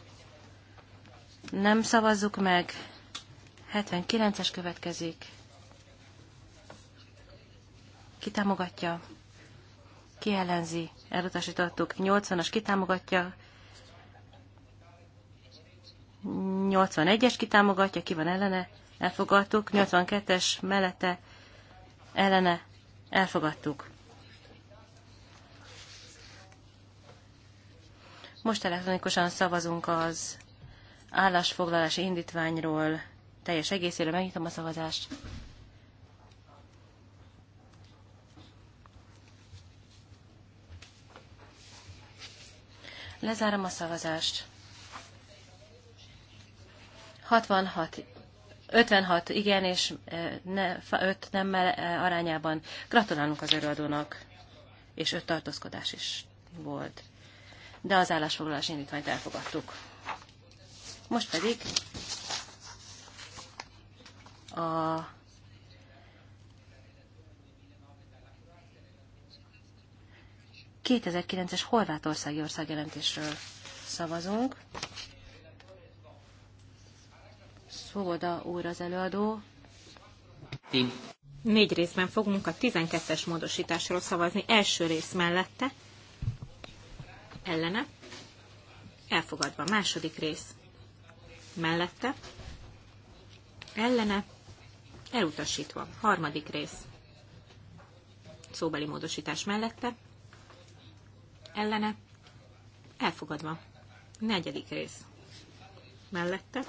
nem szavazzuk meg, 79-es következik. Kitámogatja, ki ellenzi, elutasítottuk. 80-as kitámogatja, 81-es kitámogatja, ki van ellene, elfogadtuk. 82-es mellette ellene elfogadtuk. Most elektronikusan szavazunk az állásfoglalási indítványról teljes egészére Megnyitom a szavazást. Lezárom a szavazást. 66 56 igen és e, ne, 5 nemmel e, arányában. Gratulálunk az előadónak, és 5 tartózkodás is volt. De az állásfoglalás indítványt elfogadtuk. Most pedig a ...2009-es horvátországi országjelentésről szavazunk. Szoboda úr az előadó. Tim. Négy részben fogunk a 12-es módosításról szavazni. Első rész mellette, ellene, elfogadva. Második rész mellette, ellene, elutasítva. Harmadik rész szóbeli módosítás mellette, ellene, elfogadva. Negyedik rész mellette,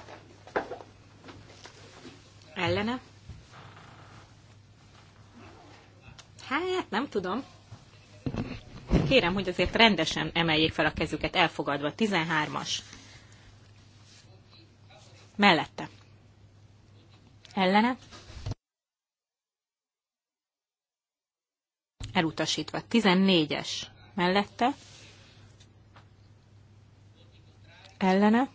Ellene? Hát, nem tudom. Kérem, hogy azért rendesen emeljék fel a kezüket, elfogadva. 13-as. Mellette. Ellene? Elutasítva. 14-es. Mellette? Ellene?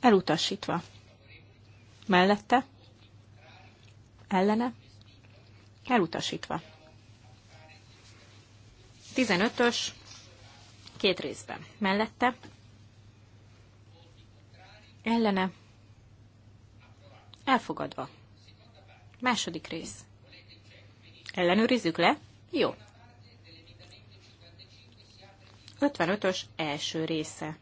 Elutasítva mellette, ellene, elutasítva. 15-ös, két részben, mellette, ellene, elfogadva. Második rész. Ellenőrizzük le? Jó. 55-ös első része.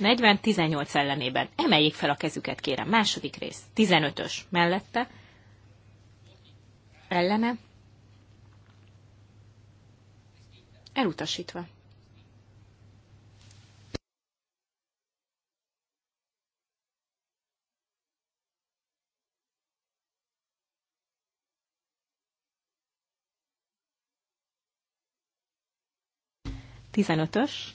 40-18 ellenében. Emeljék fel a kezüket, kérem. Második rész. 15-ös. Mellette. Ellene. Elutasítva. Tizenötös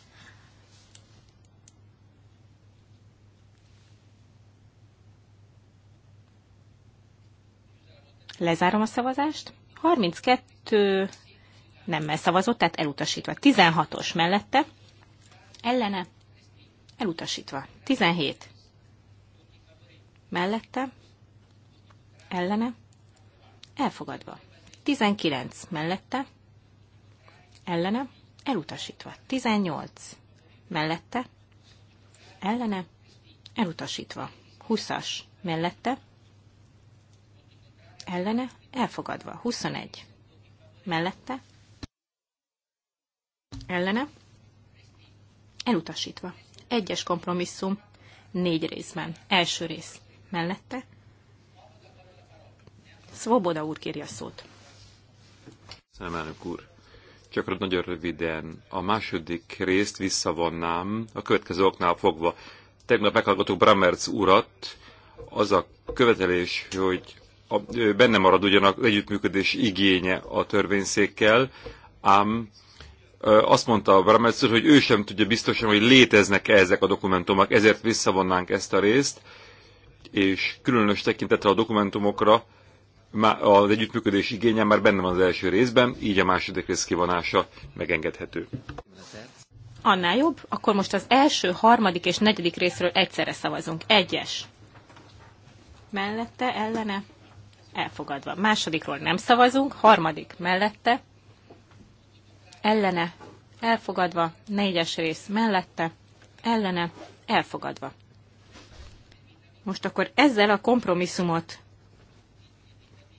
Lezárom a szavazást. 32 nemmel szavazott, tehát elutasítva. 16-os mellette. Ellene. Elutasítva. 17. Mellette. Ellene. Elfogadva. 19. Mellette. Ellene. Elutasítva. 18. Mellette. Ellene. Elutasítva. 20-as. Mellette ellene elfogadva. 21 mellette ellene elutasítva. Egyes kompromisszum négy részben. Első rész mellette. Svoboda úr kérje a szót. Köszönöm, úr. Csak nagyon röviden. A második részt visszavonnám, a következő oknál fogva. Tegnap meghallgatok Bramertz urat, az a követelés, hogy a, benne marad ugyanak együttműködés igénye a törvényszékkel, ám azt mondta a Bramertz hogy ő sem tudja biztosan, hogy léteznek-e ezek a dokumentumok, ezért visszavonnánk ezt a részt, és különös tekintettel a dokumentumokra az együttműködés igénye már benne van az első részben, így a második rész kivonása megengedhető. Annál jobb, akkor most az első, harmadik és negyedik részről egyszerre szavazunk. Egyes. Mellette, ellene, elfogadva. Másodikról nem szavazunk, harmadik mellette, ellene, elfogadva, négyes rész mellette, ellene, elfogadva. Most akkor ezzel a kompromisszumot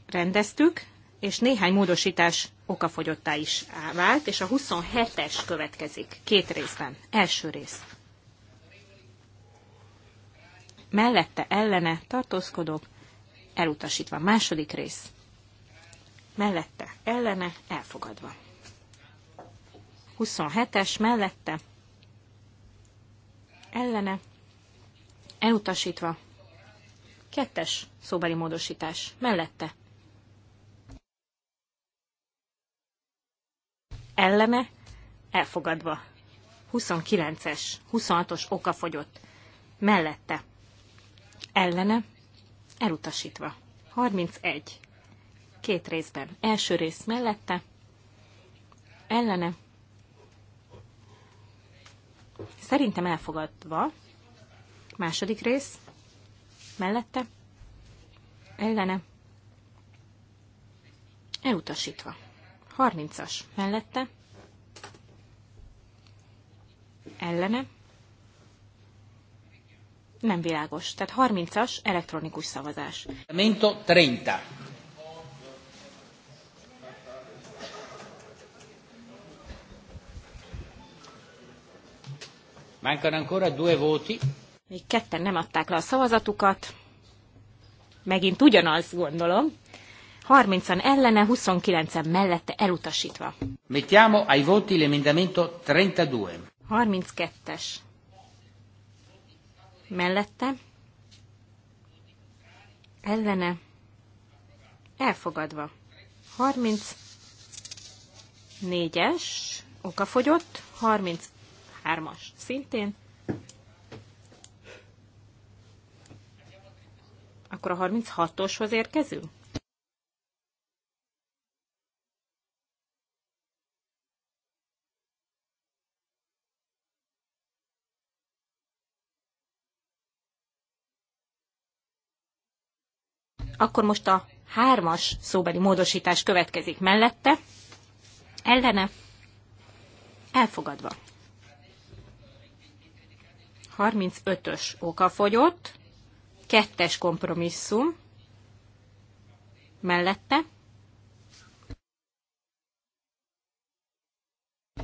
rendeztük, és néhány módosítás okafogyottá is vált, és a 27-es következik két részben. Első rész. Mellette ellene tartózkodok, elutasítva. Második rész. Mellette, ellene, elfogadva. 27-es, mellette, ellene, elutasítva. Kettes szóbeli módosítás, mellette. Ellene, elfogadva. 29-es, 26-os okafogyott, mellette. Ellene, Elutasítva. 31. Két részben. Első rész mellette. Ellene. Szerintem elfogadva. Második rész. Mellette. Ellene. Elutasítva. 30-as. Mellette. Ellene nem világos. Tehát 30-as elektronikus szavazás. Mento 30. Mancano ancora due voti. Még ketten nem adták le a szavazatukat. Megint ugyanaz, gondolom. 30-an ellene, 29-en mellette elutasítva. Mettiamo ai voti l'emendamento 32. 32-es mellette, ellene, elfogadva. 34-es, okafogyott, 33-as szintén. Akkor a 36-oshoz érkezünk? Akkor most a hármas szóbeli módosítás következik mellette. Ellene. Elfogadva. 35-ös okafogyott. Kettes kompromisszum. Mellette.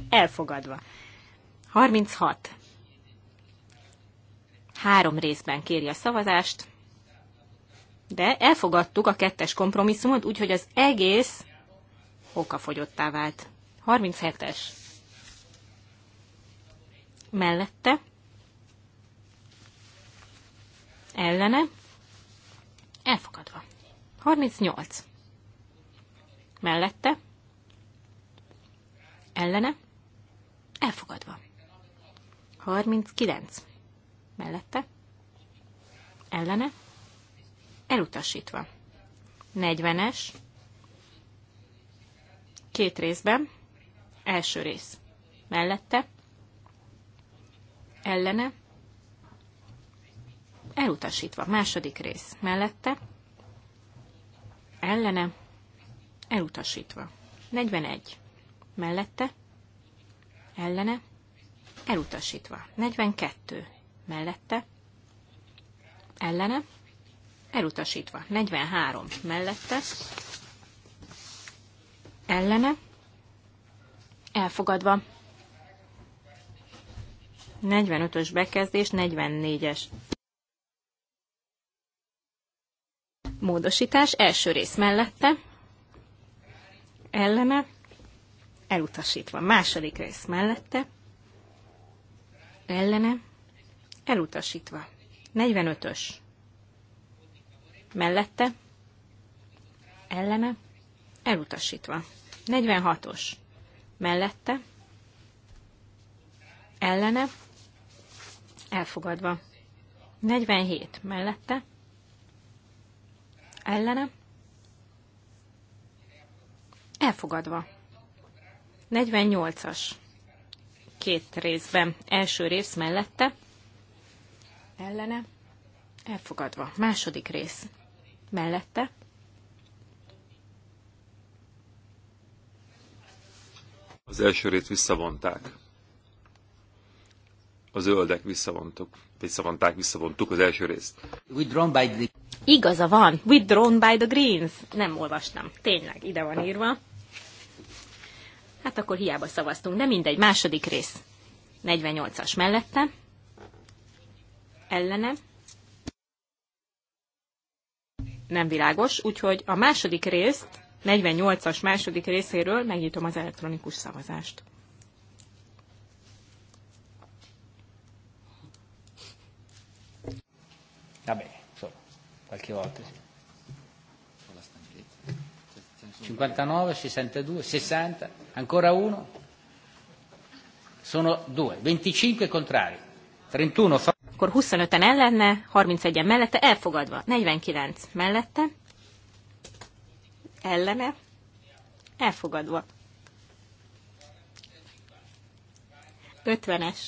Elfogadva. 36. Három részben kéri a szavazást de elfogadtuk a kettes kompromisszumot, úgyhogy az egész okafogyottá vált. 37-es. Mellette. Ellene. Elfogadva. 38. Mellette. Ellene. Elfogadva. 39. Mellette. Ellene elutasítva. 40-es, két részben, első rész mellette, ellene, elutasítva, második rész mellette, ellene, elutasítva. 41 mellette, ellene, elutasítva. 42 mellette, ellene, elutasítva. 43 mellette, ellene, elfogadva. 45-ös bekezdés, 44-es módosítás, első rész mellette, ellene, elutasítva. Második rész mellette, ellene, elutasítva. 45-ös mellette, ellene, elutasítva. 46-os mellette, ellene, elfogadva. 47 mellette, ellene, elfogadva. 48-as két részben. Első rész mellette, ellene, elfogadva. Második rész mellette. Az első rét visszavonták. A zöldek visszavontuk, visszavonták, visszavontuk az első részt. Withdrawn by the... Igaza van, withdrawn by the greens. Nem olvastam, tényleg, ide van írva. Hát akkor hiába szavaztunk, de mindegy, második rész. 48-as mellette, Ellenem nem világos, úgyhogy a második részt, 48-as második részéről megnyitom az elektronikus szavazást. Na bene, insomma, qualche volta 59, 62, 60, ancora uno. Sono due, 25 contrari, 31 favorevoli akkor 25-en ellenne, 31-en mellette, elfogadva. 49 mellette, ellene, elfogadva. 50-es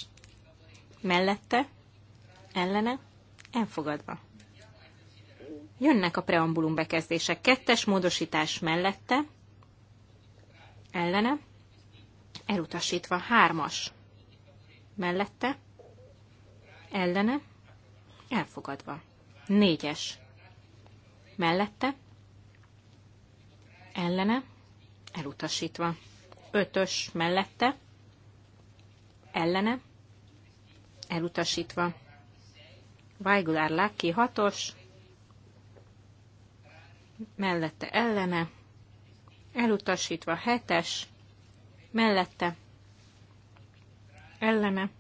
mellette, ellene, elfogadva. Jönnek a preambulum bekezdések. Kettes módosítás mellette, ellene, elutasítva. Hármas mellette, ellene, elfogadva. Négyes, mellette, ellene, elutasítva. Ötös, mellette, ellene, elutasítva. Weigler Lucky hatos, mellette ellene, elutasítva hetes, mellette ellene,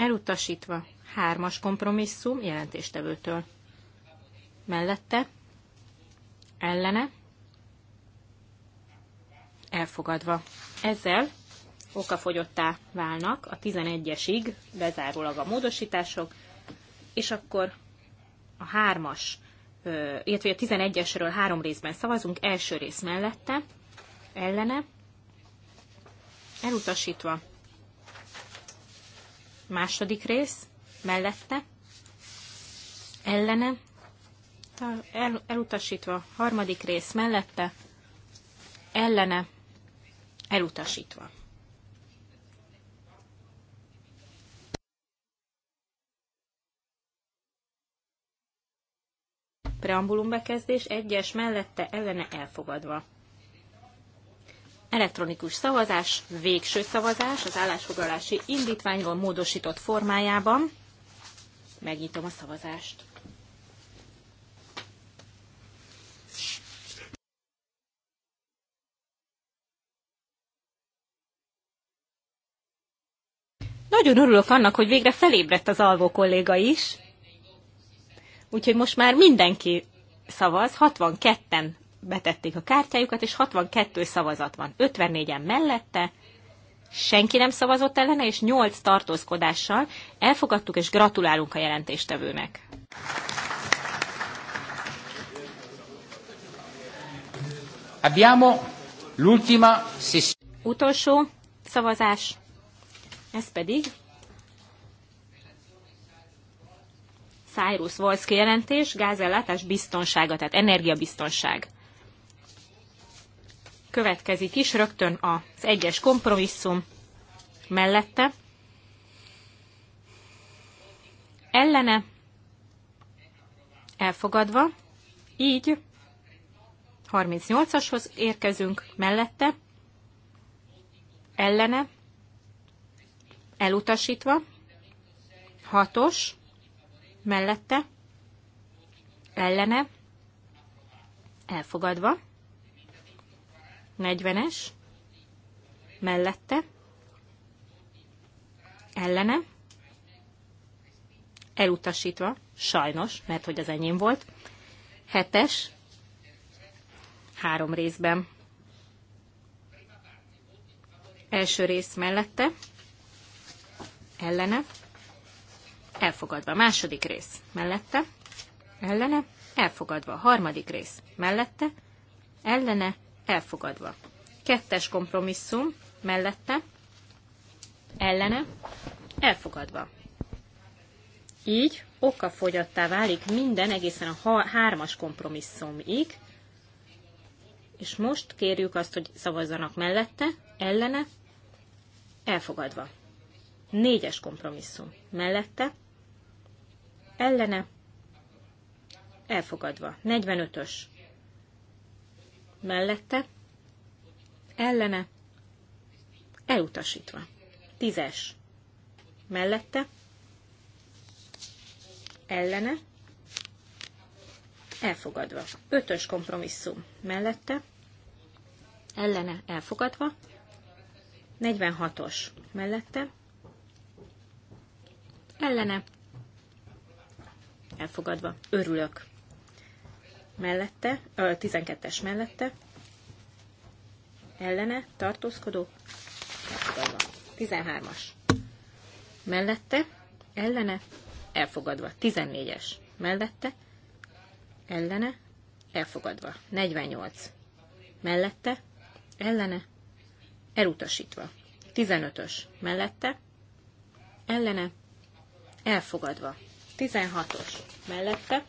Elutasítva. Hármas kompromisszum jelentéstevőtől. Mellette. Ellene. Elfogadva. Ezzel okafogyottá válnak a 11-esig, bezárólag a módosítások, és akkor a hármas, illetve a 11-esről három részben szavazunk, első rész mellette, ellene, elutasítva, Második rész, mellette, ellene, el, elutasítva. Harmadik rész, mellette, ellene, elutasítva. Preambulum bekezdés egyes mellette ellene elfogadva elektronikus szavazás, végső szavazás az állásfoglalási indítványról módosított formájában. Megnyitom a szavazást. Nagyon örülök annak, hogy végre felébredt az alvó kolléga is. Úgyhogy most már mindenki szavaz, 62-en betették a kártyájukat, és 62 szavazat van. 54-en mellette, senki nem szavazott ellene, és 8 tartózkodással elfogadtuk, és gratulálunk a jelentéstevőnek. Abbiamo l'ultima Utolsó szavazás, ez pedig Cyrus Wolski jelentés, gázellátás biztonsága, tehát energiabiztonság következik is rögtön az egyes kompromisszum mellette. Ellene elfogadva, így 38-ashoz érkezünk mellette, ellene elutasítva, 6-os mellette, ellene elfogadva, 40-es, mellette, ellene, elutasítva, sajnos, mert hogy az enyém volt, 7-es, három részben. Első rész mellette, ellene, elfogadva. Második rész mellette, ellene, elfogadva. Harmadik rész mellette, ellene, elfogadva. Kettes kompromisszum mellette, ellene, elfogadva. Így okafogyattá válik minden egészen a hármas kompromisszumig, és most kérjük azt, hogy szavazzanak mellette, ellene, elfogadva. Négyes kompromisszum mellette, ellene, elfogadva. 45-ös mellette, ellene, elutasítva. Tízes, mellette, ellene, elfogadva. Ötös kompromisszum, mellette, ellene, elfogadva. 46-os, mellette, ellene, elfogadva. Örülök mellette, a 12-es mellette, ellene, tartózkodó, elfogadva. 13-as mellette, ellene, elfogadva. 14-es mellette, ellene, elfogadva. 48 mellette, ellene, elutasítva. 15-ös mellette, ellene, elfogadva. 16-os mellette,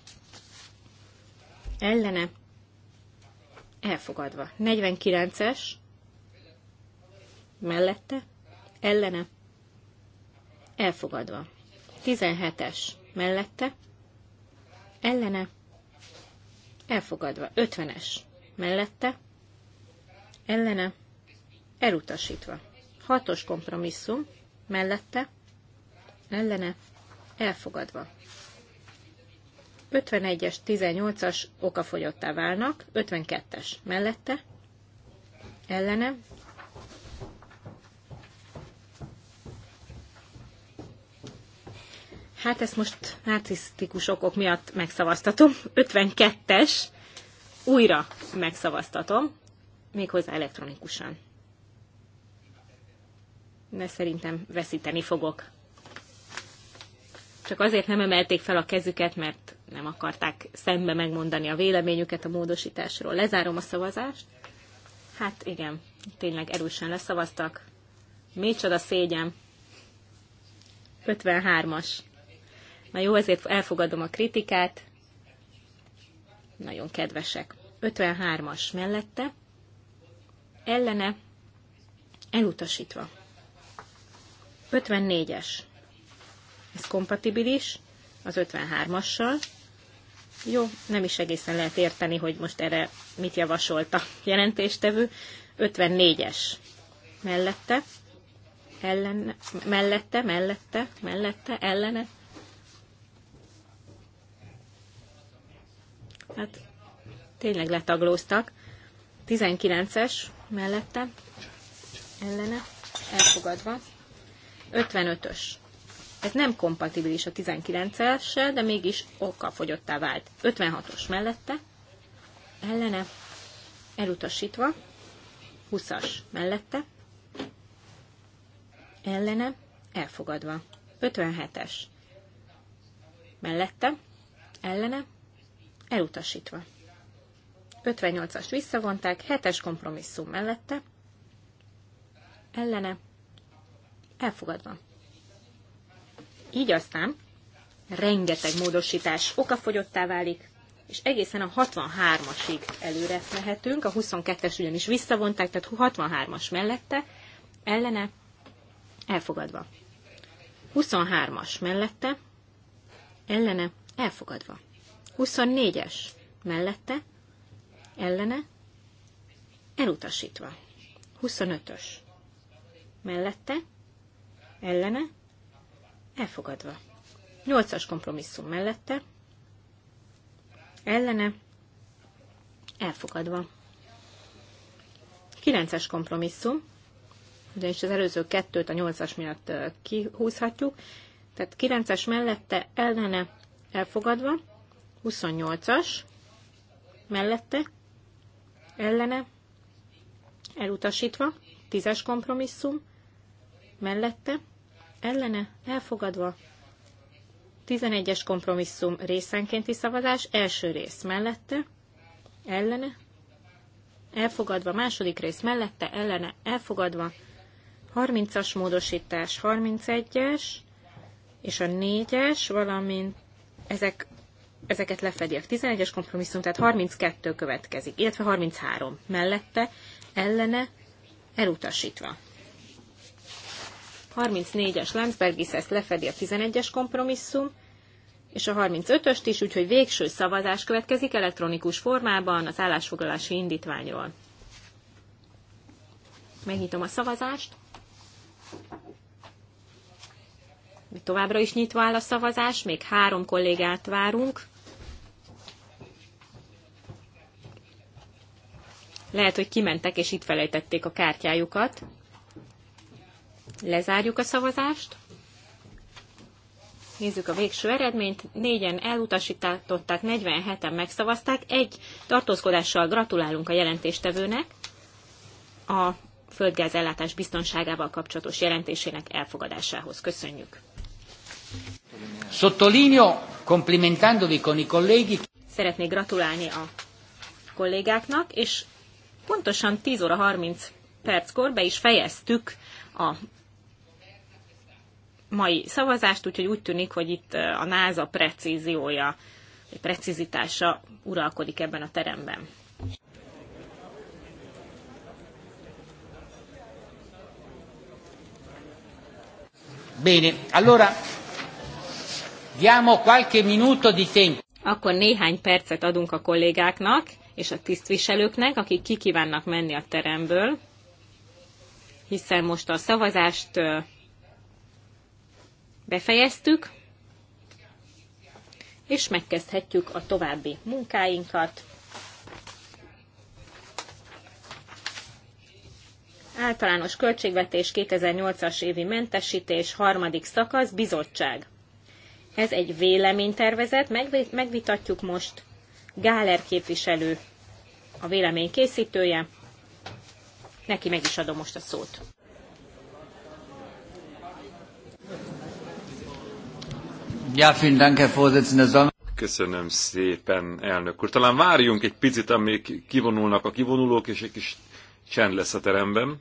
ellene elfogadva. 49-es mellette ellene elfogadva. 17-es mellette ellene elfogadva. 50-es mellette ellene elutasítva. 6-os kompromisszum mellette ellene elfogadva. 51-es, 18-as okafogyottá válnak, 52-es mellette, ellene, Hát ezt most narcisztikus okok miatt megszavaztatom. 52-es újra megszavaztatom, méghozzá elektronikusan. De szerintem veszíteni fogok. Csak azért nem emelték fel a kezüket, mert nem akarták szembe megmondani a véleményüket a módosításról. Lezárom a szavazást. Hát igen, tényleg erősen leszavaztak. Micsoda szégyen. 53-as. Na jó, ezért elfogadom a kritikát. Nagyon kedvesek. 53-as mellette. Ellene. Elutasítva. 54-es. Ez kompatibilis az 53-assal. Jó, nem is egészen lehet érteni, hogy most erre mit javasolta a jelentéstevő. 54-es mellette, ellen, mellette, mellette, mellette, ellene. Hát tényleg letaglóztak. 19-es mellette, ellene, elfogadva. 55-ös ez nem kompatibilis a 19-essel, de mégis okkal fogyottá vált. 56-os mellette, ellene, elutasítva, 20-as mellette, ellene, elfogadva. 57-es mellette, ellene, elutasítva. 58-as visszavonták, 7-es kompromisszum mellette, ellene, elfogadva. Így aztán rengeteg módosítás okafogyottá válik, és egészen a 63-asig előre mehetünk, a 22-es ugyanis visszavonták, tehát 63-as mellette, ellene elfogadva. 23-as mellette, ellene elfogadva. 24-es mellette, ellene elutasítva. 25-ös mellette, ellene Elfogadva. nyolcas kompromisszum mellette. Ellene. Elfogadva. Kilences es kompromisszum, ugyanis az előző kettőt a nyolcas miatt kihúzhatjuk, tehát kilences mellette ellene elfogadva, 28-as mellette ellene elutasítva, 10-es kompromisszum mellette ellene elfogadva. 11-es kompromisszum részenkénti szavazás, első rész mellette, ellene, elfogadva, második rész mellette, ellene, elfogadva, 30-as módosítás, 31-es és a 4-es, valamint ezek, ezeket lefedi a 11-es kompromisszum, tehát 32 következik, illetve 33 mellette, ellene, elutasítva. 34-es Landsbergis ezt lefedi a 11-es kompromisszum, és a 35-öst is, úgyhogy végső szavazás következik elektronikus formában az állásfoglalási indítványról. Megnyitom a szavazást. Továbbra is nyitva áll a szavazás, még három kollégát várunk. Lehet, hogy kimentek és itt felejtették a kártyájukat. Lezárjuk a szavazást. Nézzük a végső eredményt. Négyen elutasították, 47-en megszavazták. Egy tartózkodással gratulálunk a jelentéstevőnek. A földgáz ellátás biztonságával kapcsolatos jelentésének elfogadásához. Köszönjük. Sottolineo, complimentandovi con i colleghi. Szeretnék gratulálni a kollégáknak, és pontosan 10 óra 30 perckor be is fejeztük a mai szavazást, úgyhogy úgy tűnik, hogy itt a NASA precíziója, precizitása uralkodik ebben a teremben. Bene, allora diamo qualche minuto di tempo. Akkor néhány percet adunk a kollégáknak és a tisztviselőknek, akik kikívánnak menni a teremből, hiszen most a szavazást befejeztük, és megkezdhetjük a további munkáinkat. Általános költségvetés 2008-as évi mentesítés, harmadik szakasz, bizottság. Ez egy véleménytervezet, megvitatjuk most Gáler képviselő, a vélemény készítője. Neki meg is adom most a szót. Köszönöm szépen, elnök úr. Talán várjunk egy picit, amíg kivonulnak a kivonulók, és egy kis csend lesz a teremben.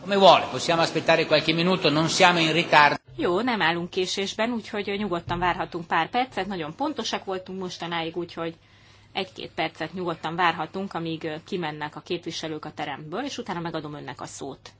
Come vuole, possiamo aspettare qualche minuto, non siamo in ritardo. Jó, nem állunk késésben, úgyhogy nyugodtan várhatunk pár percet. Nagyon pontosak voltunk mostanáig, úgyhogy egy-két percet nyugodtan várhatunk, amíg kimennek a képviselők a teremből, és utána megadom önnek a szót.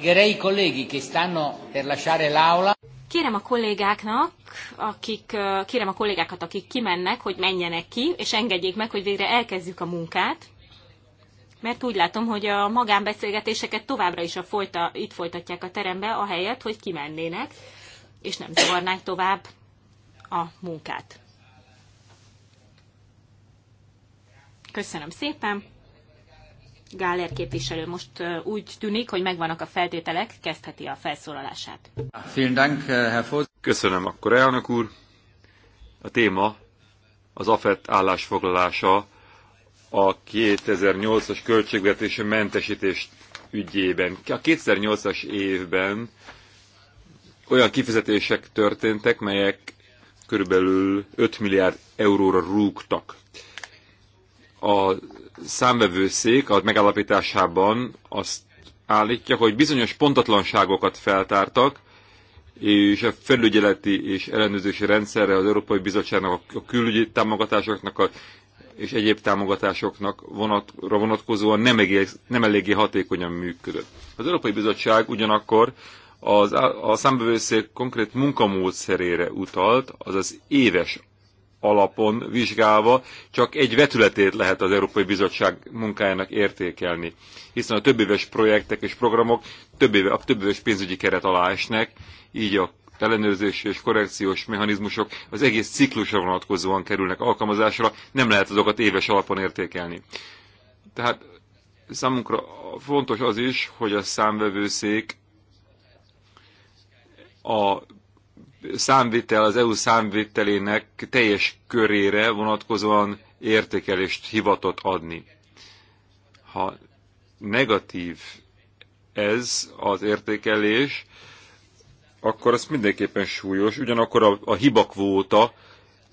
Pregherei i colleghi che stanno per lasciare l'aula. Kérem a kollégáknak, akik, kérem a kollégákat, akik kimennek, hogy menjenek ki, és engedjék meg, hogy végre elkezdjük a munkát. Mert úgy látom, hogy a magánbeszélgetéseket továbbra is a folyta, itt folytatják a terembe, ahelyett, hogy kimennének, és nem zavarnák tovább a munkát. Köszönöm szépen! Gáler képviselő, most úgy tűnik, hogy megvannak a feltételek, kezdheti a felszólalását. Köszönöm akkor, elnök úr. A téma az AFET állásfoglalása a 2008-as költségvetési mentesítés ügyében. A 2008-as évben olyan kifizetések történtek, melyek körülbelül 5 milliárd euróra rúgtak. A számvevőszék a megállapításában azt állítja, hogy bizonyos pontatlanságokat feltártak, és a felügyeleti és ellenőrzési rendszerre az Európai Bizottságnak, a külügyi támogatásoknak a, és egyéb támogatásoknak vonatra vonatkozóan nem, egész, nem eléggé hatékonyan működött. Az Európai Bizottság ugyanakkor az, a számbevőszék konkrét munkamódszerére utalt, azaz éves alapon vizsgálva csak egy vetületét lehet az Európai Bizottság munkájának értékelni, hiszen a többéves projektek és programok többéve, a többéves pénzügyi keret alá esnek, így a ellenőrzési és korrekciós mechanizmusok az egész ciklusra vonatkozóan kerülnek alkalmazásra, nem lehet azokat éves alapon értékelni. Tehát számunkra fontos az is, hogy a számvevőszék a számvitel, az EU számvitelének teljes körére vonatkozóan értékelést hivatott adni. Ha negatív ez az értékelés, akkor az mindenképpen súlyos, ugyanakkor a, a hibakvóta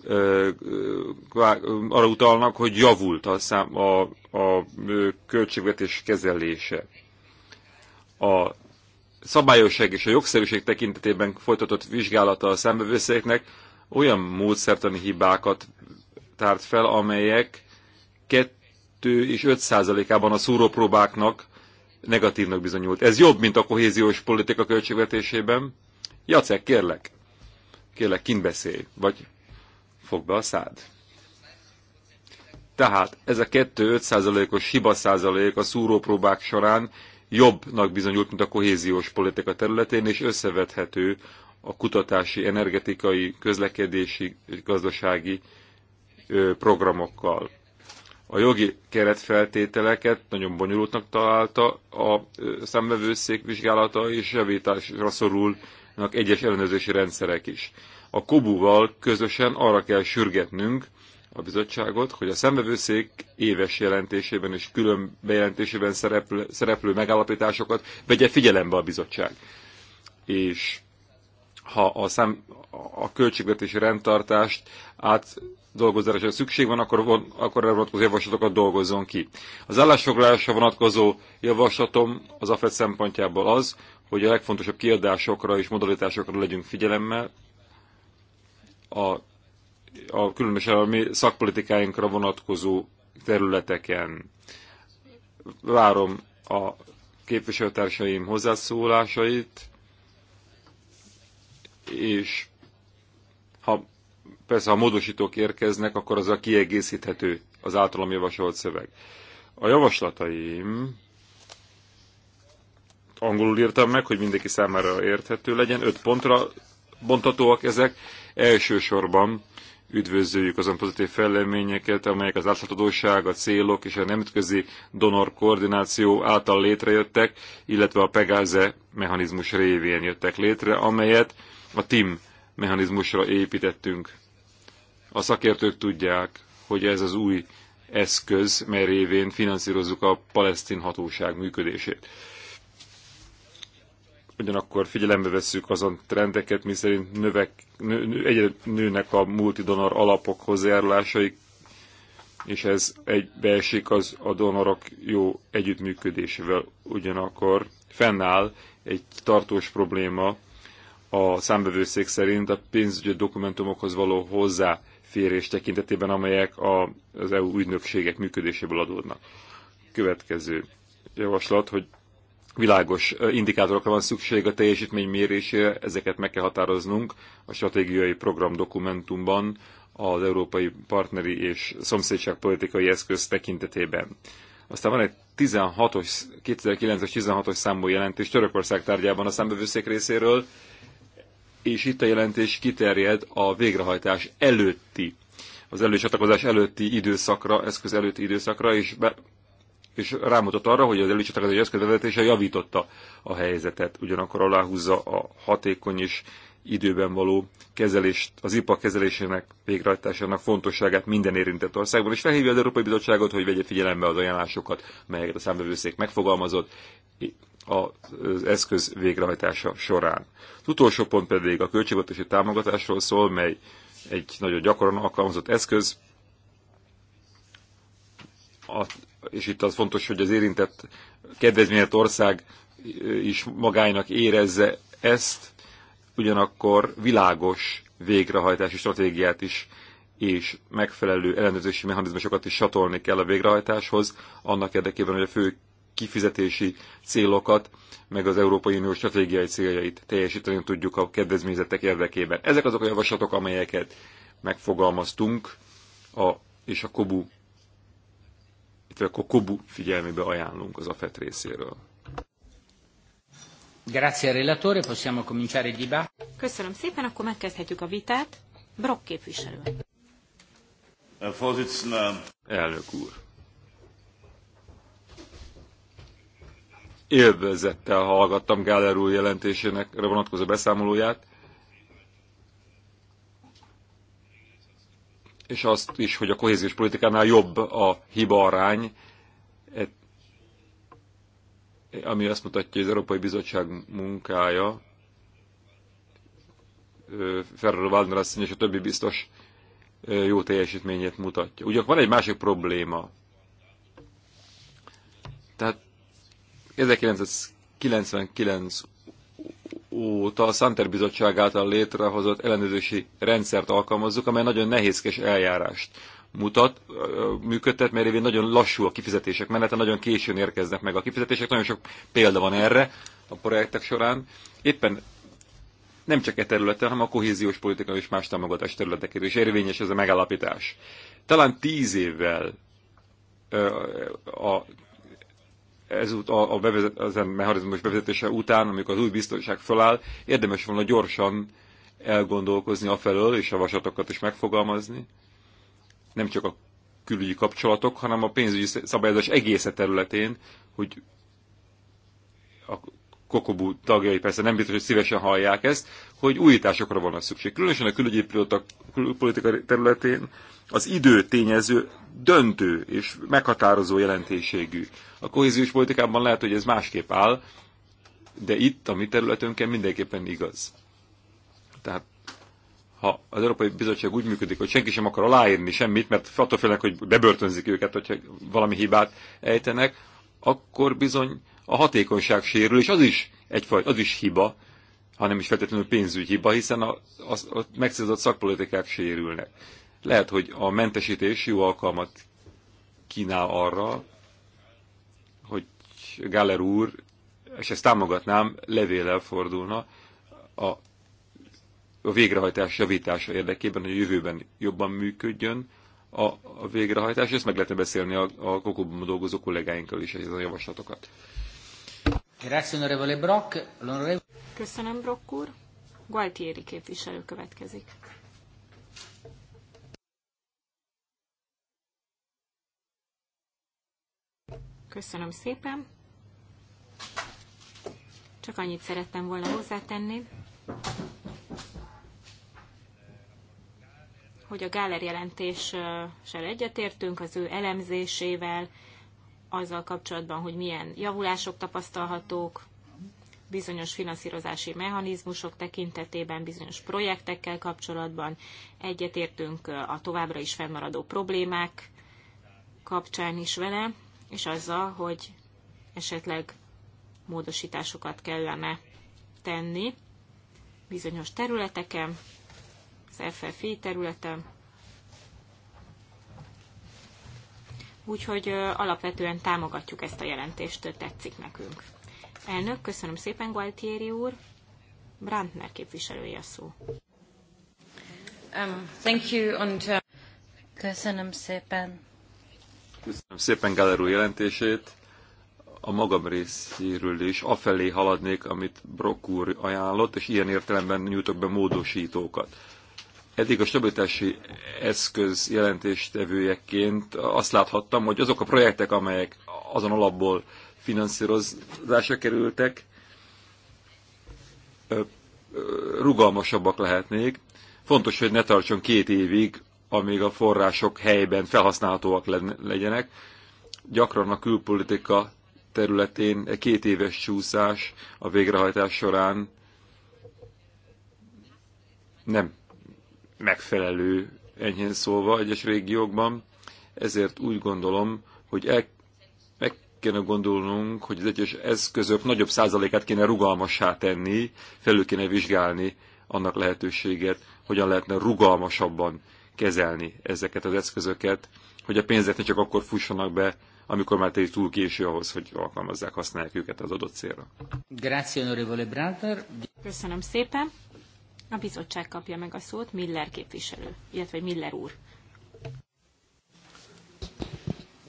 ö, arra utalnak, hogy javult a, szám, a, a költségvetés kezelése. A szabályosság és a jogszerűség tekintetében folytatott vizsgálata a szembevőszéknek olyan módszertani hibákat tárt fel, amelyek 2 és 5 százalékában a szúrópróbáknak negatívnak bizonyult. Ez jobb, mint a kohéziós politika költségvetésében. Jacek, kérlek, kérlek, kint beszélj, vagy fog be a szád. Tehát ez a 2-5 százalékos hiba százalék a szúrópróbák során jobbnak bizonyult, mint a kohéziós politika területén, és összevethető a kutatási, energetikai, közlekedési, gazdasági programokkal. A jogi keretfeltételeket nagyon bonyolultnak találta a számvevőszék vizsgálata, és javításra szorulnak egyes ellenőrzési rendszerek is. A Kobuval közösen arra kell sürgetnünk, a bizottságot, hogy a szembevőszék éves jelentésében és külön bejelentésében szereplő, szereplő megállapításokat vegye figyelembe a bizottság. És ha a, szem, a költségvetési rendtartást átdolgozásra szükség van, akkor, von, akkor a vonatkozó javaslatokat dolgozzon ki. Az állásfoglalásra vonatkozó javaslatom az AFED szempontjából az, hogy a legfontosabb kiadásokra és modalitásokra legyünk figyelemmel, a a, különösen a mi szakpolitikáinkra vonatkozó területeken. Várom a képviselőtársaim hozzászólásait, és ha persze, ha módosítók érkeznek, akkor az a kiegészíthető az általam javasolt szöveg. A javaslataim angolul írtam meg, hogy mindenki számára érthető legyen, öt pontra bontatóak ezek. Elsősorban Üdvözöljük azon pozitív fejleményeket, amelyek az átláthatóság, a célok és a nemzetközi donor koordináció által létrejöttek, illetve a Pegáze mechanizmus révén jöttek létre, amelyet a TIM mechanizmusra építettünk. A szakértők tudják, hogy ez az új eszköz, mely révén finanszírozzuk a palesztin hatóság működését. Ugyanakkor figyelembe vesszük azon trendeket, miszerint növek, nő, egyre nőnek a multidonor alapok hozzájárulásai, és ez egybeesik az a donorok jó együttműködésével. Ugyanakkor fennáll egy tartós probléma a számbevőszék szerint a pénzügyi dokumentumokhoz való hozzáférés tekintetében, amelyek a, az EU ügynökségek működéséből adódnak. Következő javaslat, hogy világos indikátorokra van szükség a teljesítmény mérésére, ezeket meg kell határoznunk a stratégiai program dokumentumban, az európai partneri és szomszédságpolitikai eszköz tekintetében. Aztán van egy 16-os, 2009-es 16-os számú jelentés Törökország tárgyában a számbevőszék részéről, és itt a jelentés kiterjed a végrehajtás előtti, az előcsatlakozás előtti időszakra, eszköz előtti időszakra, és be, és rámutat arra, hogy az előcsatlakozói eszköz bevezetése javította a helyzetet, ugyanakkor aláhúzza a hatékony és időben való kezelést, az IPA kezelésének, végrehajtásának fontosságát minden érintett országban, és felhívja az Európai Bizottságot, hogy vegye figyelembe az ajánlásokat, melyeket a számbevőszék megfogalmazott az eszköz végrehajtása során. Az utolsó pont pedig a költségvetési támogatásról szól, mely egy nagyon gyakran alkalmazott eszköz, a és itt az fontos, hogy az érintett kedvezményet ország is magának érezze ezt, ugyanakkor világos végrehajtási stratégiát is és megfelelő ellenőrzési mechanizmusokat is satolni kell a végrehajtáshoz, annak érdekében, hogy a fő kifizetési célokat, meg az Európai Unió stratégiai céljait teljesíteni tudjuk a kedvezményezettek érdekében. Ezek azok a javaslatok, amelyeket megfogalmaztunk, a, és a KOBU itt a Kobu figyelmébe ajánlunk az AFET részéről. Grazie relatore, possiamo cominciare il Köszönöm szépen, akkor megkezdhetjük a vitát. Brock képviselő. Elnök úr. Élvezettel hallgattam Gáler úr jelentésének vonatkozó beszámolóját, és azt is, hogy a kohéziós politikánál jobb a hiba arány, ami azt mutatja, hogy az Európai Bizottság munkája, Ferrero Waldner asszony és a többi biztos jó teljesítményét mutatja. Ugye van egy másik probléma. Tehát 1999 óta a Santer Bizottság által létrehozott ellenőrzési rendszert alkalmazzuk, amely nagyon nehézkes eljárást mutat, működtet, mert évén nagyon lassú a kifizetések menete, nagyon későn érkeznek meg a kifizetések, nagyon sok példa van erre a projektek során. Éppen nem csak e területen, hanem a kohéziós politika és más támogatás területekére is érvényes ez a megállapítás. Talán tíz évvel a ez a, a bevezet, az a mechanizmus bevezetése után, amikor az új biztonság föláll, érdemes volna gyorsan elgondolkozni afelől, és a vasatokat is megfogalmazni. Nem csak a külügyi kapcsolatok, hanem a pénzügyi szabályozás egész területén, hogy a kokobú tagjai persze nem biztos, hogy szívesen hallják ezt, hogy újításokra van a szükség. Különösen a külügyi politika területén az idő tényező döntő és meghatározó jelentőségű. A kohéziós politikában lehet, hogy ez másképp áll, de itt a mi területünkön mindenképpen igaz. Tehát ha az Európai Bizottság úgy működik, hogy senki sem akar aláírni semmit, mert attól félnek, hogy bebörtönzik őket, hogyha valami hibát ejtenek, akkor bizony a hatékonyság sérül, és az is egyfajta, az is hiba, hanem is feltétlenül pénzügyi hiba, hiszen a, a, a megszerzett szakpolitikák sérülnek. Lehet, hogy a mentesítés jó alkalmat kínál arra, hogy Galler úr, és ezt támogatnám, levélel fordulna a, a végrehajtás javítása érdekében, hogy a jövőben jobban működjön a, a végrehajtás. Ezt meg lehetne beszélni a, a kokóban dolgozó kollégáinkkal is, ez a javaslatokat. Grazie, onorevole Brock. Köszönöm, Brock úr. Gualtieri képviselő következik. Köszönöm szépen. Csak annyit szerettem volna hozzátenni, hogy a Gáler jelentéssel egyetértünk, az ő elemzésével, azzal kapcsolatban, hogy milyen javulások tapasztalhatók, bizonyos finanszírozási mechanizmusok tekintetében, bizonyos projektekkel kapcsolatban. Egyetértünk a továbbra is fennmaradó problémák kapcsán is vele, és azzal, hogy esetleg módosításokat kellene tenni bizonyos területeken, az FFI területen, úgyhogy alapvetően támogatjuk ezt a jelentést, tetszik nekünk. Elnök, köszönöm szépen, Gualtieri úr. Brandner képviselője a szó. Um, thank you and, uh, Köszönöm szépen. Köszönöm szépen Galler úr jelentését. A magam részéről is afelé haladnék, amit Brock úr ajánlott, és ilyen értelemben nyújtok be módosítókat Eddig a stabilitási eszköz jelentéstevőjeként azt láthattam, hogy azok a projektek, amelyek azon alapból finanszírozásra kerültek, rugalmasabbak lehetnék. Fontos, hogy ne tartson két évig, amíg a források helyben felhasználhatóak legyenek. Gyakran a külpolitika területén két éves csúszás a végrehajtás során nem megfelelő, enyhén szólva egyes régiókban, ezért úgy gondolom, hogy el, meg kéne gondolnunk, hogy az egyes eszközök nagyobb százalékát kéne rugalmassá tenni, felül kéne vizsgálni annak lehetőséget, hogyan lehetne rugalmasabban kezelni ezeket az eszközöket, hogy a pénzek ne csak akkor fussanak be, amikor már tényleg túl késő ahhoz, hogy alkalmazzák, használják őket az adott célra. Grazie, onorevole Köszönöm szépen. A bizottság kapja meg a szót, Miller képviselő, illetve Miller úr.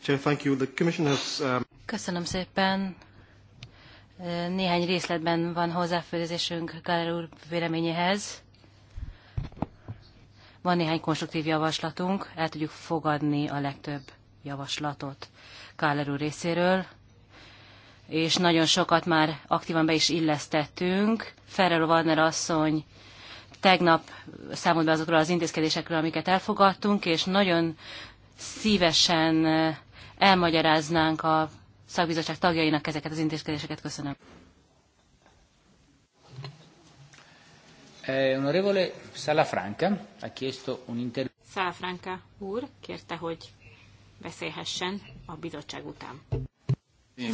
Um, Köszönöm szépen. Néhány részletben van hozzáfőzésünk Galler úr véleményéhez. Van néhány konstruktív javaslatunk, el tudjuk fogadni a legtöbb javaslatot Káler úr részéről, és nagyon sokat már aktívan be is illesztettünk. Ferrero Wagner asszony tegnap számolt be azokról az intézkedésekről, amiket elfogadtunk, és nagyon szívesen eh, elmagyaráznánk a szakbizottság tagjainak ezeket az intézkedéseket. Köszönöm. Eh, onorevole Salafranca ha chiesto un Salafranca úr kérte, hogy beszélhessen a bizottság után. Eh,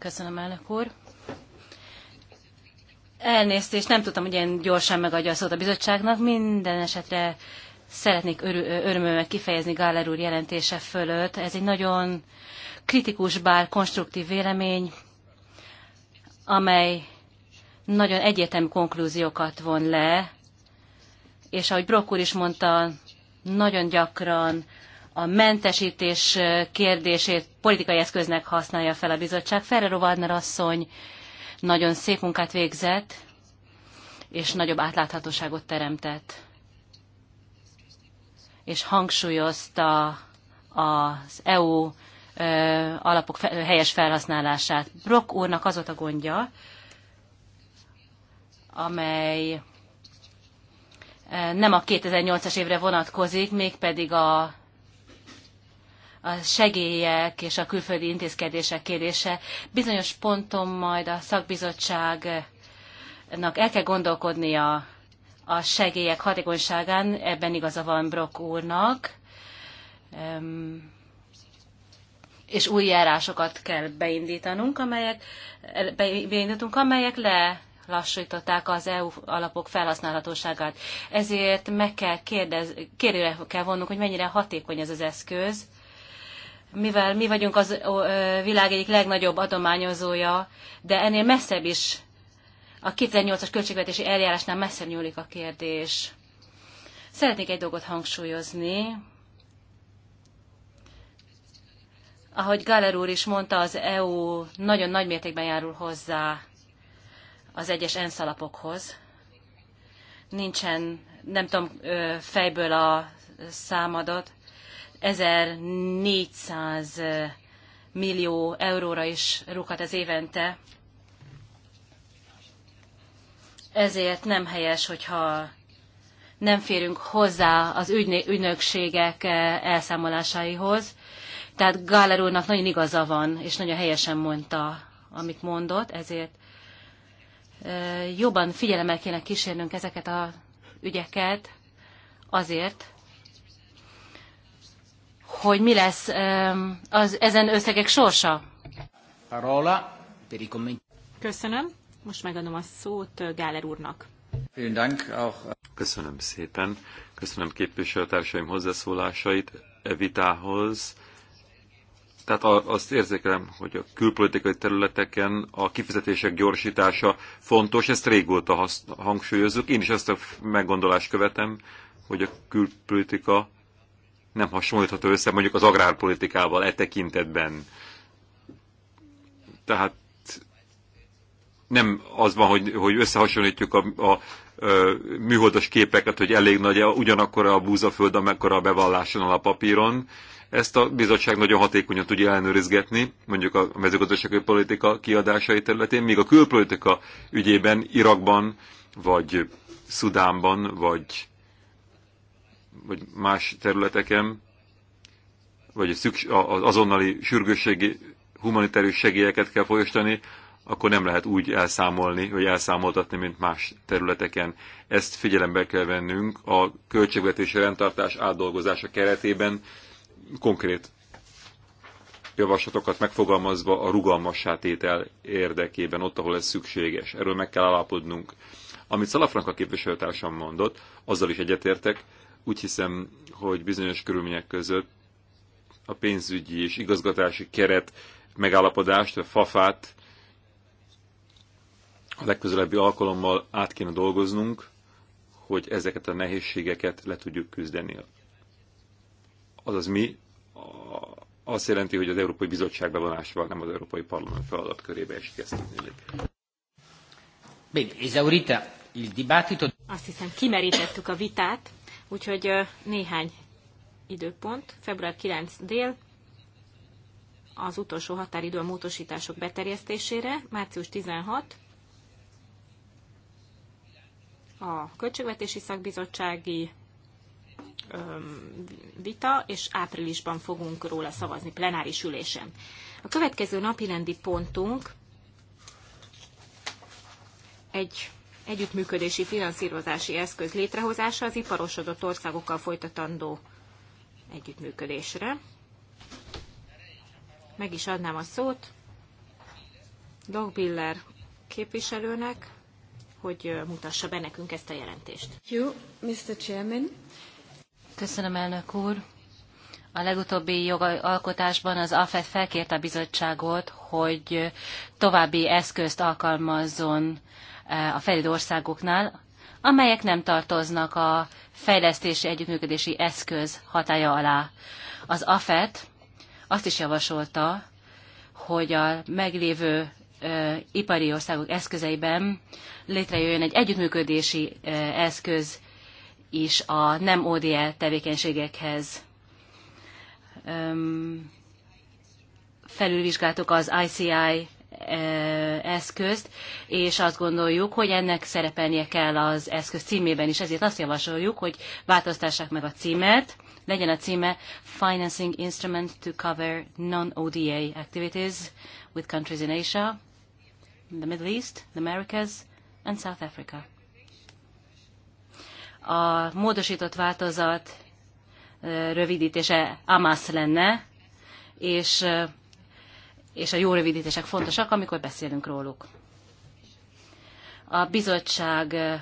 Köszönöm, elnök úr. Elnézést, nem tudtam, hogy ilyen gyorsan megadja a szót a bizottságnak. Minden esetre szeretnék örömömet kifejezni Gáler úr jelentése fölött. Ez egy nagyon kritikus, bár konstruktív vélemény, amely nagyon egyértelmű konklúziókat von le, és ahogy Brock úr is mondta, nagyon gyakran a mentesítés kérdését politikai eszköznek használja fel a bizottság. Ferrero Wagner asszony nagyon szép munkát végzett, és nagyobb átláthatóságot teremtett. És hangsúlyozta az EU alapok helyes felhasználását. Brock úrnak az volt a gondja, amely nem a 2008-as évre vonatkozik, mégpedig a a segélyek és a külföldi intézkedések kérése. Bizonyos ponton majd a szakbizottságnak el kell gondolkodnia a segélyek hatékonyságán, ebben igaza van Brock úrnak, és új járásokat kell beindítanunk, amelyek, beindítunk, amelyek le lassították az EU alapok felhasználhatóságát. Ezért meg kell kérdez, kérdőre kell vonnunk, hogy mennyire hatékony ez az eszköz, mivel mi vagyunk az világ egyik legnagyobb adományozója, de ennél messzebb is, a 2008-as költségvetési eljárásnál messzebb nyúlik a kérdés. Szeretnék egy dolgot hangsúlyozni. Ahogy Galler úr is mondta, az EU nagyon nagy mértékben járul hozzá az egyes ENSZ alapokhoz. Nincsen, nem tudom fejből a számadat, 1400 millió euróra is rúghat az évente. Ezért nem helyes, hogyha nem férünk hozzá az ügynökségek elszámolásaihoz. Tehát Gáler úrnak nagyon igaza van, és nagyon helyesen mondta, amit mondott, ezért jobban figyelemmel kéne kísérnünk ezeket a ügyeket, azért, hogy mi lesz az ezen összegek sorsa. Parola per i Köszönöm. Most megadom a szót Gáler úrnak. Köszönöm szépen. Köszönöm képviselőtársaim hozzászólásait e vitához. Tehát azt érzékelem, hogy a külpolitikai területeken a kifizetések gyorsítása fontos, ezt régóta hangsúlyozzuk. Én is ezt a meggondolást követem, hogy a külpolitika nem hasonlítható össze mondjuk az agrárpolitikával e tekintetben. Tehát nem az van, hogy, hogy összehasonlítjuk a, a, a műholdas képeket, hogy elég nagy, e ugyanakkor a búzaföld, amekkora a bevalláson a papíron. Ezt a bizottság nagyon hatékonyan tudja ellenőrizgetni, mondjuk a mezőgazdasági politika kiadásai területén, míg a külpolitika ügyében Irakban, vagy Szudánban, vagy vagy más területeken, vagy az azonnali sürgősségi humanitárius segélyeket kell folyosítani, akkor nem lehet úgy elszámolni, vagy elszámoltatni, mint más területeken. Ezt figyelembe kell vennünk a költségvetési rendtartás átdolgozása keretében, konkrét javaslatokat megfogalmazva a rugalmassá tétel érdekében, ott, ahol ez szükséges. Erről meg kell állapodnunk. Amit Szalafranka képviselőtársam mondott, azzal is egyetértek, úgy hiszem, hogy bizonyos körülmények között a pénzügyi és igazgatási keret megállapodást, a fafát a legközelebbi alkalommal át kéne dolgoznunk, hogy ezeket a nehézségeket le tudjuk küzdeni. Azaz mi azt jelenti, hogy az Európai Bizottság bevonásával, nem az Európai Parlament feladat körébe esik ezt Bene, esaurita il dibattito. Azt hiszem, kimerítettük a vitát. Úgyhogy néhány időpont, február 9 dél, az utolsó határidő a módosítások beterjesztésére, március 16, a Költségvetési Szakbizottsági vita, és áprilisban fogunk róla szavazni plenáris ülésen. A következő napirendi pontunk egy együttműködési finanszírozási eszköz létrehozása az iparosodott országokkal folytatandó együttműködésre. Meg is adnám a szót Dogbiller képviselőnek, hogy mutassa be nekünk ezt a jelentést. You, Mr. Chairman. Köszönöm, elnök úr. A legutóbbi jogalkotásban az AFED felkérte a bizottságot, hogy további eszközt alkalmazzon E, a fejlődő országoknál, amelyek nem tartoznak a fejlesztési együttműködési eszköz hatája alá. Az AFET azt is javasolta, hogy a meglévő e, ipari országok eszközeiben létrejöjjön egy együttműködési e, eszköz is a nem ODE tevékenységekhez. felülvizsgáltuk az ICI eszközt, és azt gondoljuk, hogy ennek szerepelnie kell az eszköz címében is. Ezért azt javasoljuk, hogy változtassák meg a címet, legyen a címe Financing Instrument to Cover Non-ODA Activities with Countries in Asia, the Middle East, the Americas and South Africa. A módosított változat rövidítése AMAS lenne, és és a jó rövidítések fontosak, amikor beszélünk róluk. A bizottság eh,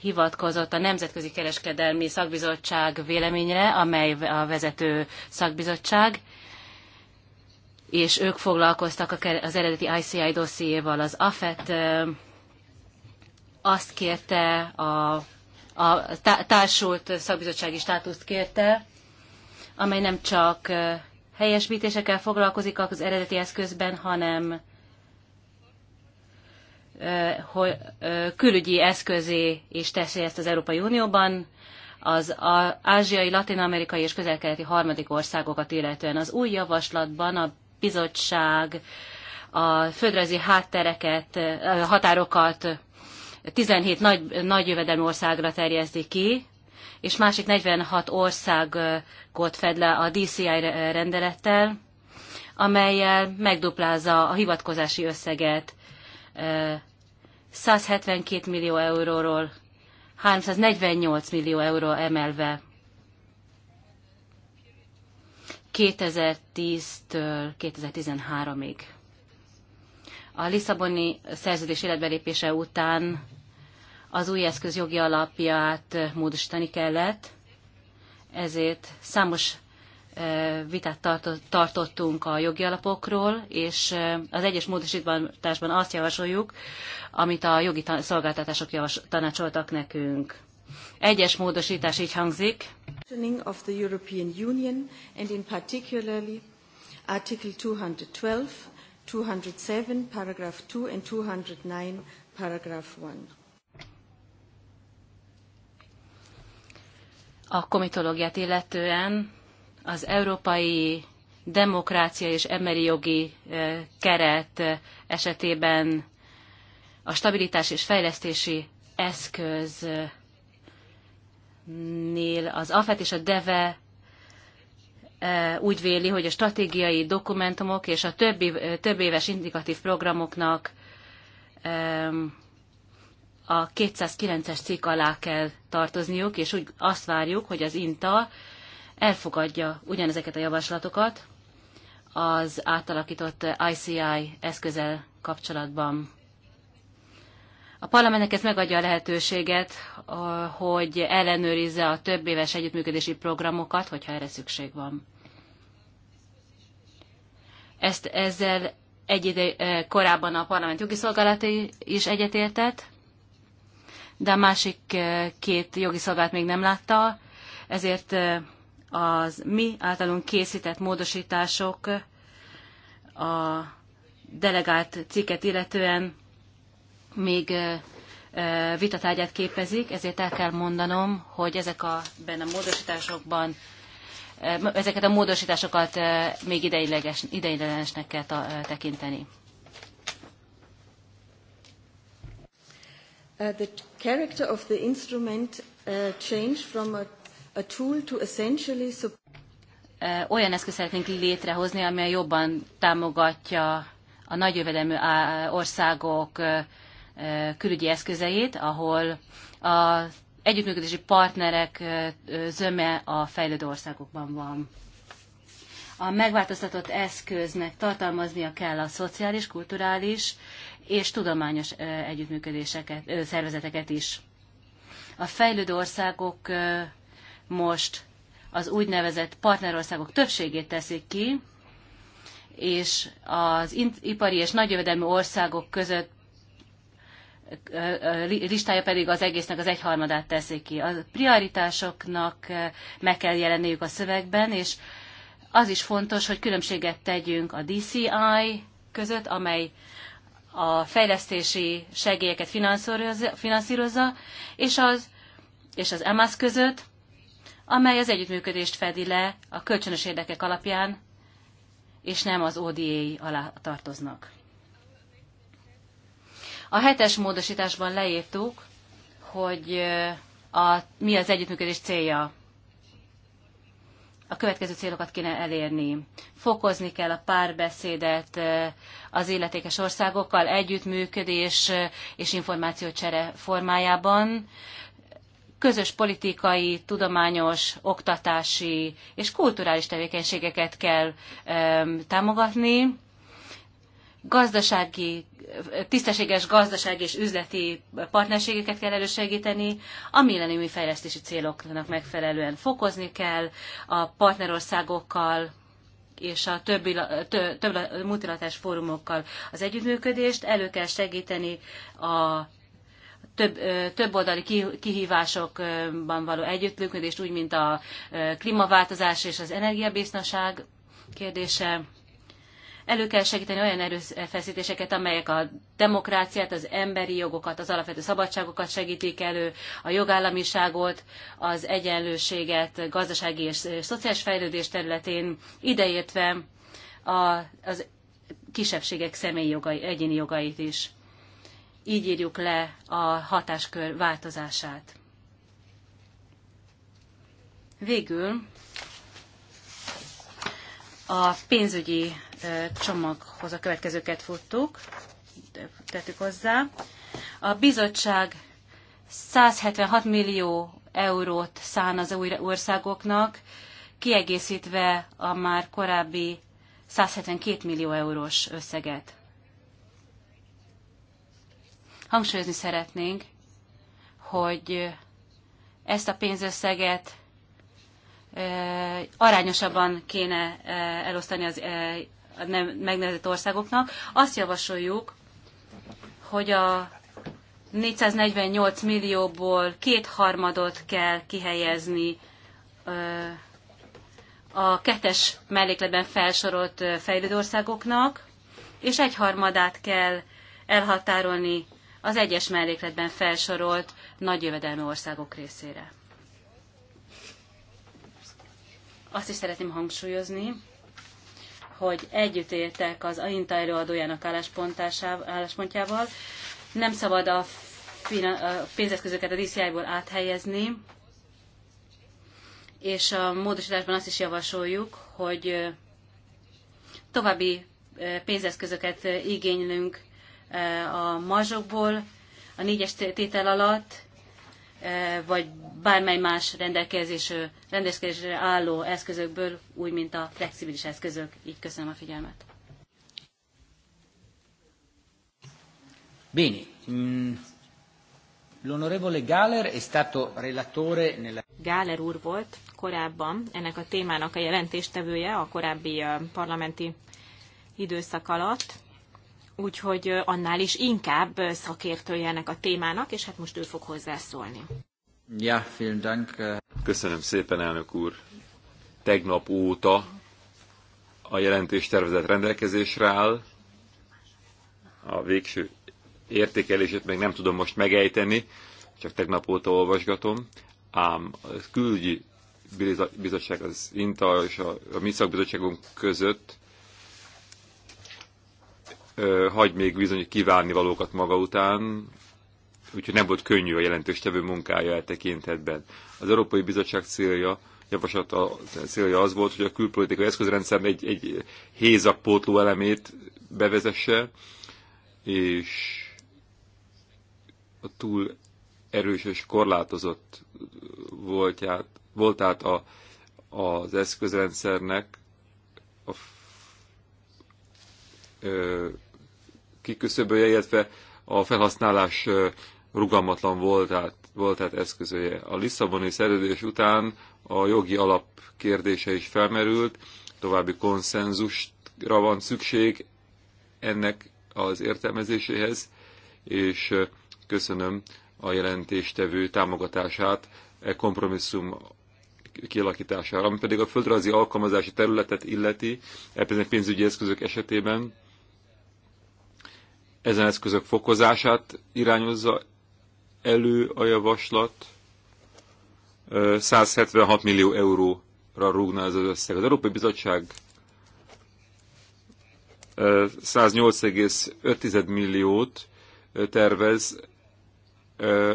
hivatkozott a Nemzetközi Kereskedelmi Szakbizottság véleményre, amely a vezető szakbizottság, és ők foglalkoztak az eredeti ICI dossziéval. Az AFET eh, azt kérte, a, a társult szakbizottsági státuszt kérte, amely nem csak eh, helyesbítésekkel foglalkozik az eredeti eszközben, hanem külügyi eszközé és teszi ezt az Európai Unióban, az ázsiai, latin-amerikai és közel-keleti harmadik országokat illetően. Az új javaslatban a bizottság a földrajzi háttereket, határokat 17 nagy, nagy jövedelmi országra terjeszti ki, és másik 46 országot fed le a DCI rendelettel, amelyel megduplázza a hivatkozási összeget 172 millió euróról 348 millió euró emelve 2010-től 2013-ig. A Lisszaboni szerződés életbelépése után az új eszköz jogi alapját módosítani kellett, ezért számos e, vitát tartottunk a jogi alapokról, és e, az egyes módosításban azt javasoljuk, amit a jogi szolgáltatások javas, tanácsoltak nekünk. Egyes módosítás így hangzik. of the European Union and in particularly Article 212, 207, paragraph 2 and 209, paragraph 1. a komitológiát illetően az európai demokrácia és emberi jogi keret esetében a stabilitás és fejlesztési eszköznél az AFET és a DEVE úgy véli, hogy a stratégiai dokumentumok és a többi, több éves indikatív programoknak a 209-es cikk alá kell tartozniuk, és úgy azt várjuk, hogy az INTA elfogadja ugyanezeket a javaslatokat az átalakított ICI eszközel kapcsolatban. A parlamentnek ez megadja a lehetőséget, hogy ellenőrizze a több éves együttműködési programokat, hogyha erre szükség van. Ezt ezzel egy ide, eh, korábban a parlament jogi szolgálati is egyetértett, de a másik eh, két jogi szabályt még nem látta, ezért eh, az mi általunk készített módosítások a delegált cikket illetően még eh, vitatárgyát képezik, ezért el kell mondanom, hogy ezek a, benne a módosításokban ezeket a módosításokat még ideigleges ideiglenesnek kell tekinteni. Uh, the character of the instrument uh, from a, a tool to essentially uh, olyan eszköz szeretnénk létrehozni, ami jobban támogatja a nagyjövedelmű országok külügyi eszközeit, ahol a együttműködési partnerek zöme a fejlődő országokban van. A megváltoztatott eszköznek tartalmaznia kell a szociális, kulturális és tudományos együttműködéseket, szervezeteket is. A fejlődő országok most az úgynevezett partnerországok többségét teszik ki, és az ipari és nagyjövedelmi országok között listája pedig az egésznek az egyharmadát teszi ki. A prioritásoknak meg kell jelenniük a szövegben, és az is fontos, hogy különbséget tegyünk a DCI között, amely a fejlesztési segélyeket finanszírozza, és az, és az EMASZ között, amely az együttműködést fedi le a kölcsönös érdekek alapján, és nem az ODA alá tartoznak. A hetes módosításban leírtuk, hogy a, mi az együttműködés célja a következő célokat kéne elérni. Fokozni kell a párbeszédet az illetékes országokkal, együttműködés és információcsere formájában, közös politikai, tudományos, oktatási és kulturális tevékenységeket kell támogatni, gazdasági tisztességes gazdasági és üzleti partnerségeket kell elősegíteni, a milleniumi fejlesztési céloknak megfelelően fokozni kell a partnerországokkal, és a többi, több, több multilatás fórumokkal az együttműködést, elő kell segíteni a több, több oldali kihívásokban való együttműködést, úgy, mint a klímaváltozás és az energiabiztonság kérdése Elő kell segíteni olyan erőfeszítéseket, amelyek a demokráciát, az emberi jogokat, az alapvető szabadságokat segítik elő, a jogállamiságot, az egyenlőséget, gazdasági és szociális fejlődés területén, ideértve a, az kisebbségek személyi jogai, egyéni jogait is. Így írjuk le a hatáskör változását. Végül a pénzügyi csomaghoz a következőket futtuk, tettük hozzá. A bizottság 176 millió eurót szán az új országoknak, kiegészítve a már korábbi 172 millió eurós összeget. Hangsúlyozni szeretnénk, hogy ezt a pénzösszeget arányosabban kéne elosztani az nem, megnevezett országoknak. Azt javasoljuk, hogy a 448 millióból kétharmadot kell kihelyezni a kettes mellékletben felsorolt fejlődő országoknak, és egyharmadát kell elhatárolni az egyes mellékletben felsorolt nagy jövedelmi országok részére. Azt is szeretném hangsúlyozni, hogy együttértek az AINTA előadójának álláspontjával. Nem szabad a pénzeszközöket a DCI-ból áthelyezni, és a módosításban azt is javasoljuk, hogy további pénzeszközöket igénylünk a mazsokból a négyes tétel alatt, E, vagy bármely más rendelkezésre, rendelkezésre álló eszközökből, úgy, mint a flexibilis eszközök. Így köszönöm a figyelmet. Bene. Mm, l'onorevole Galler è stato relatore nella... Galler úr volt korábban ennek a témának a jelentéstevője a korábbi parlamenti időszak alatt úgyhogy annál is inkább szakértője ennek a témának, és hát most ő fog hozzászólni. Ja, vielen Dank. Köszönöm szépen, elnök úr. Tegnap óta a jelentés tervezet rendelkezésre áll. A végső értékelését még nem tudom most megejteni, csak tegnap óta olvasgatom. Ám a külügyi bizottság, az INTA és a, a mi szakbizottságunk között hagy még bizony kívánni valókat maga után, úgyhogy nem volt könnyű a jelentős tevő munkája e tekintetben. Az Európai Bizottság célja, javaslata célja az volt, hogy a külpolitikai eszközrendszer egy, egy hézakpótló elemét bevezesse, és a túl erős és korlátozott voltját, voltát a, az eszközrendszernek a, ö, kiküszöbölje, illetve a felhasználás rugalmatlan volt, volt voltát eszközője. A Lisszaboni szerződés után a jogi alap kérdése is felmerült, további konszenzusra van szükség ennek az értelmezéséhez, és köszönöm a jelentéstevő támogatását e kompromisszum kialakítására. Ami pedig a földrajzi alkalmazási területet illeti, ebben pénzügyi eszközök esetében ezen eszközök fokozását irányozza elő a javaslat. 176 millió euróra rúgna ez az összeg. Az Európai Bizottság 108,5 milliót tervez,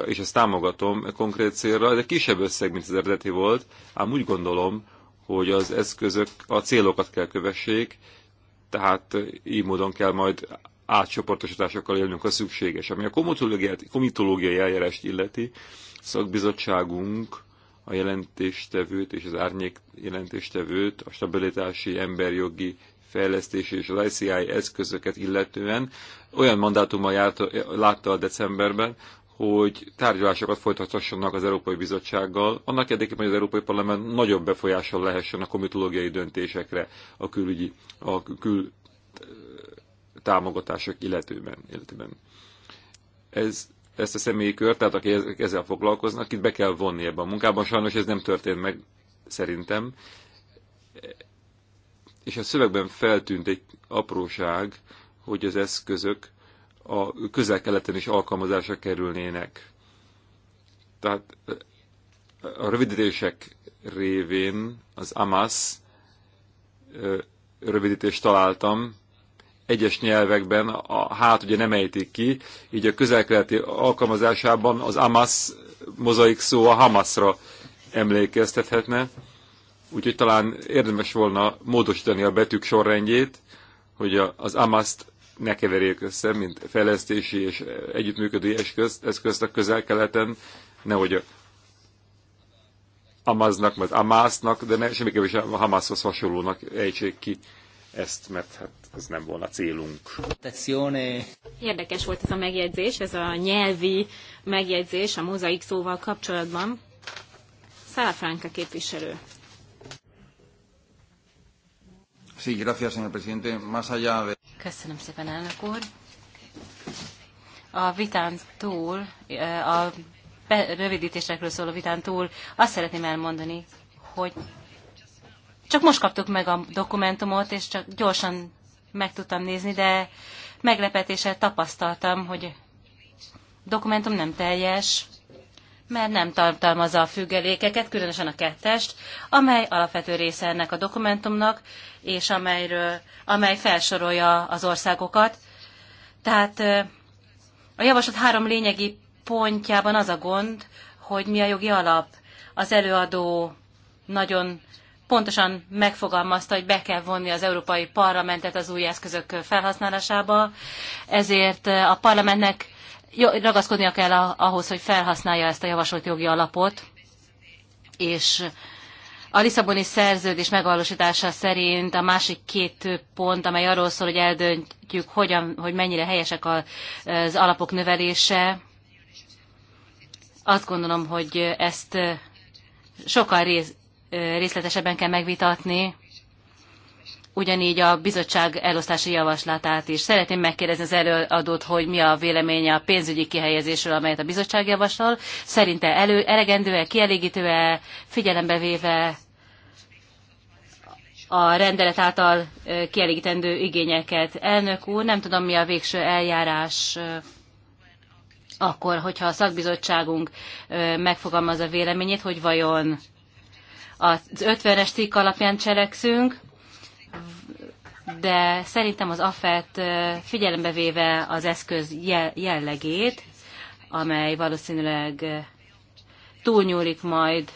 és ezt támogatom e konkrét célra. Ez egy kisebb összeg, mint az eredeti volt, ám úgy gondolom, hogy az eszközök a célokat kell kövessék, tehát így módon kell majd átcsoportosításokkal élnünk, a szükséges. Ami a komitológiai eljárást illeti, szakbizottságunk a jelentéstevőt és az árnyék jelentéstevőt, a stabilitási, emberjogi, fejlesztési és az ICI eszközöket illetően olyan mandátummal járt, látta a decemberben, hogy tárgyalásokat folytathassanak az Európai Bizottsággal, annak érdekében, hogy az Európai Parlament nagyobb befolyással lehessen a komitológiai döntésekre a külügyi, a kül támogatások illetőben. illetőben. Ez, ezt a személyi kört, tehát akik ezzel foglalkoznak, itt be kell vonni ebben a munkában. Sajnos ez nem történt meg szerintem. És a szövegben feltűnt egy apróság, hogy az eszközök a közel-keleten is alkalmazásra kerülnének. Tehát a rövidítések révén az AMAS rövidítést találtam, egyes nyelvekben a hát ugye nem ejtik ki, így a közelkeleti alkalmazásában az amasz mozaik szó a Hamasra emlékeztethetne, úgyhogy talán érdemes volna módosítani a betűk sorrendjét, hogy az amaszt ne keverjék össze, mint fejlesztési és együttműködő eszközt, eszközt a közel-keleten, nehogy a Amaznak, vagy Amásznak, de ne, semmiképpen sem a Hamászhoz hasonlónak ejtsék ki ezt, mert hát ez nem volna célunk. Érdekes volt ez a megjegyzés, ez a nyelvi megjegyzés a mozaik szóval kapcsolatban. Szálafránka képviselő. Sí, gracias, señor presidente. Más allá de... Köszönöm szépen, elnök úr. A vitán túl, eh, a rövidítésekről szóló vitán túl azt szeretném elmondani, hogy csak most kaptuk meg a dokumentumot, és csak gyorsan meg tudtam nézni, de meglepetéssel tapasztaltam, hogy dokumentum nem teljes, mert nem tartalmazza a függelékeket, különösen a kettest, amely alapvető része ennek a dokumentumnak, és amelyről, amely felsorolja az országokat. Tehát a javaslat három lényegi pontjában az a gond, hogy mi a jogi alap. Az előadó nagyon pontosan megfogalmazta, hogy be kell vonni az Európai Parlamentet az új eszközök felhasználásába, ezért eh, a parlamentnek ragaszkodnia kell ahhoz, hogy felhasználja ezt a javasolt jogi alapot, és a Lisszaboni szerződés megvalósítása szerint a másik két pont, amely arról szól, hogy eldöntjük, hogyan, hogy mennyire helyesek az alapok növelése, azt gondolom, hogy ezt eh, sokkal rész, részletesebben kell megvitatni, ugyanígy a bizottság elosztási javaslatát is. Szeretném megkérdezni az előadót, hogy mi a véleménye a pénzügyi kihelyezésről, amelyet a bizottság javasol. Szerinte elő, elegendő-e, kielégítő-e, figyelembe véve a rendelet által kielégítendő igényeket. Elnök úr, nem tudom, mi a végső eljárás akkor, hogyha a szakbizottságunk megfogalmazza véleményét, hogy vajon az 50-es cikk alapján cselekszünk, de szerintem az AFET figyelembe véve az eszköz jellegét, amely valószínűleg túlnyúlik majd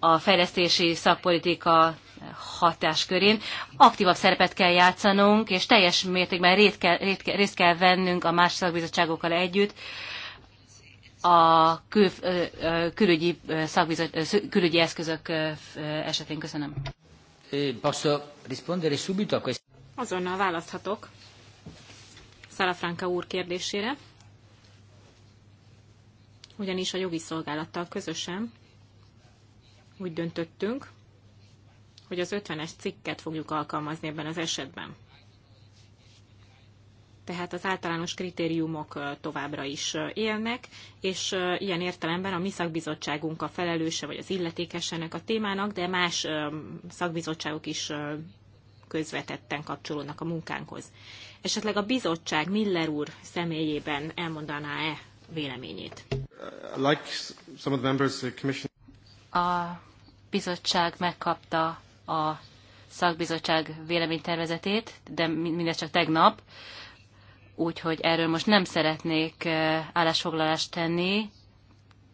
a fejlesztési szakpolitika hatáskörén. Aktívabb szerepet kell játszanunk, és teljes mértékben részt kell, részt kell vennünk a más szakbizottságokkal együtt, a kül, külügyi, külügyi eszközök esetén. Köszönöm. E, posso rispondere subito a questo? Azonnal választhatok Szalafranka úr kérdésére, ugyanis a jogi szolgálattal közösen úgy döntöttünk, hogy az 50-es cikket fogjuk alkalmazni ebben az esetben tehát az általános kritériumok továbbra is élnek, és ilyen értelemben a mi szakbizottságunk a felelőse, vagy az illetékes ennek a témának, de más szakbizottságok is közvetetten kapcsolódnak a munkánkhoz. Esetleg a bizottság Miller úr személyében elmondaná-e véleményét? Like some of the members, the commission... A bizottság megkapta a szakbizottság véleménytervezetét, de mindez csak tegnap úgyhogy erről most nem szeretnék eh, állásfoglalást tenni.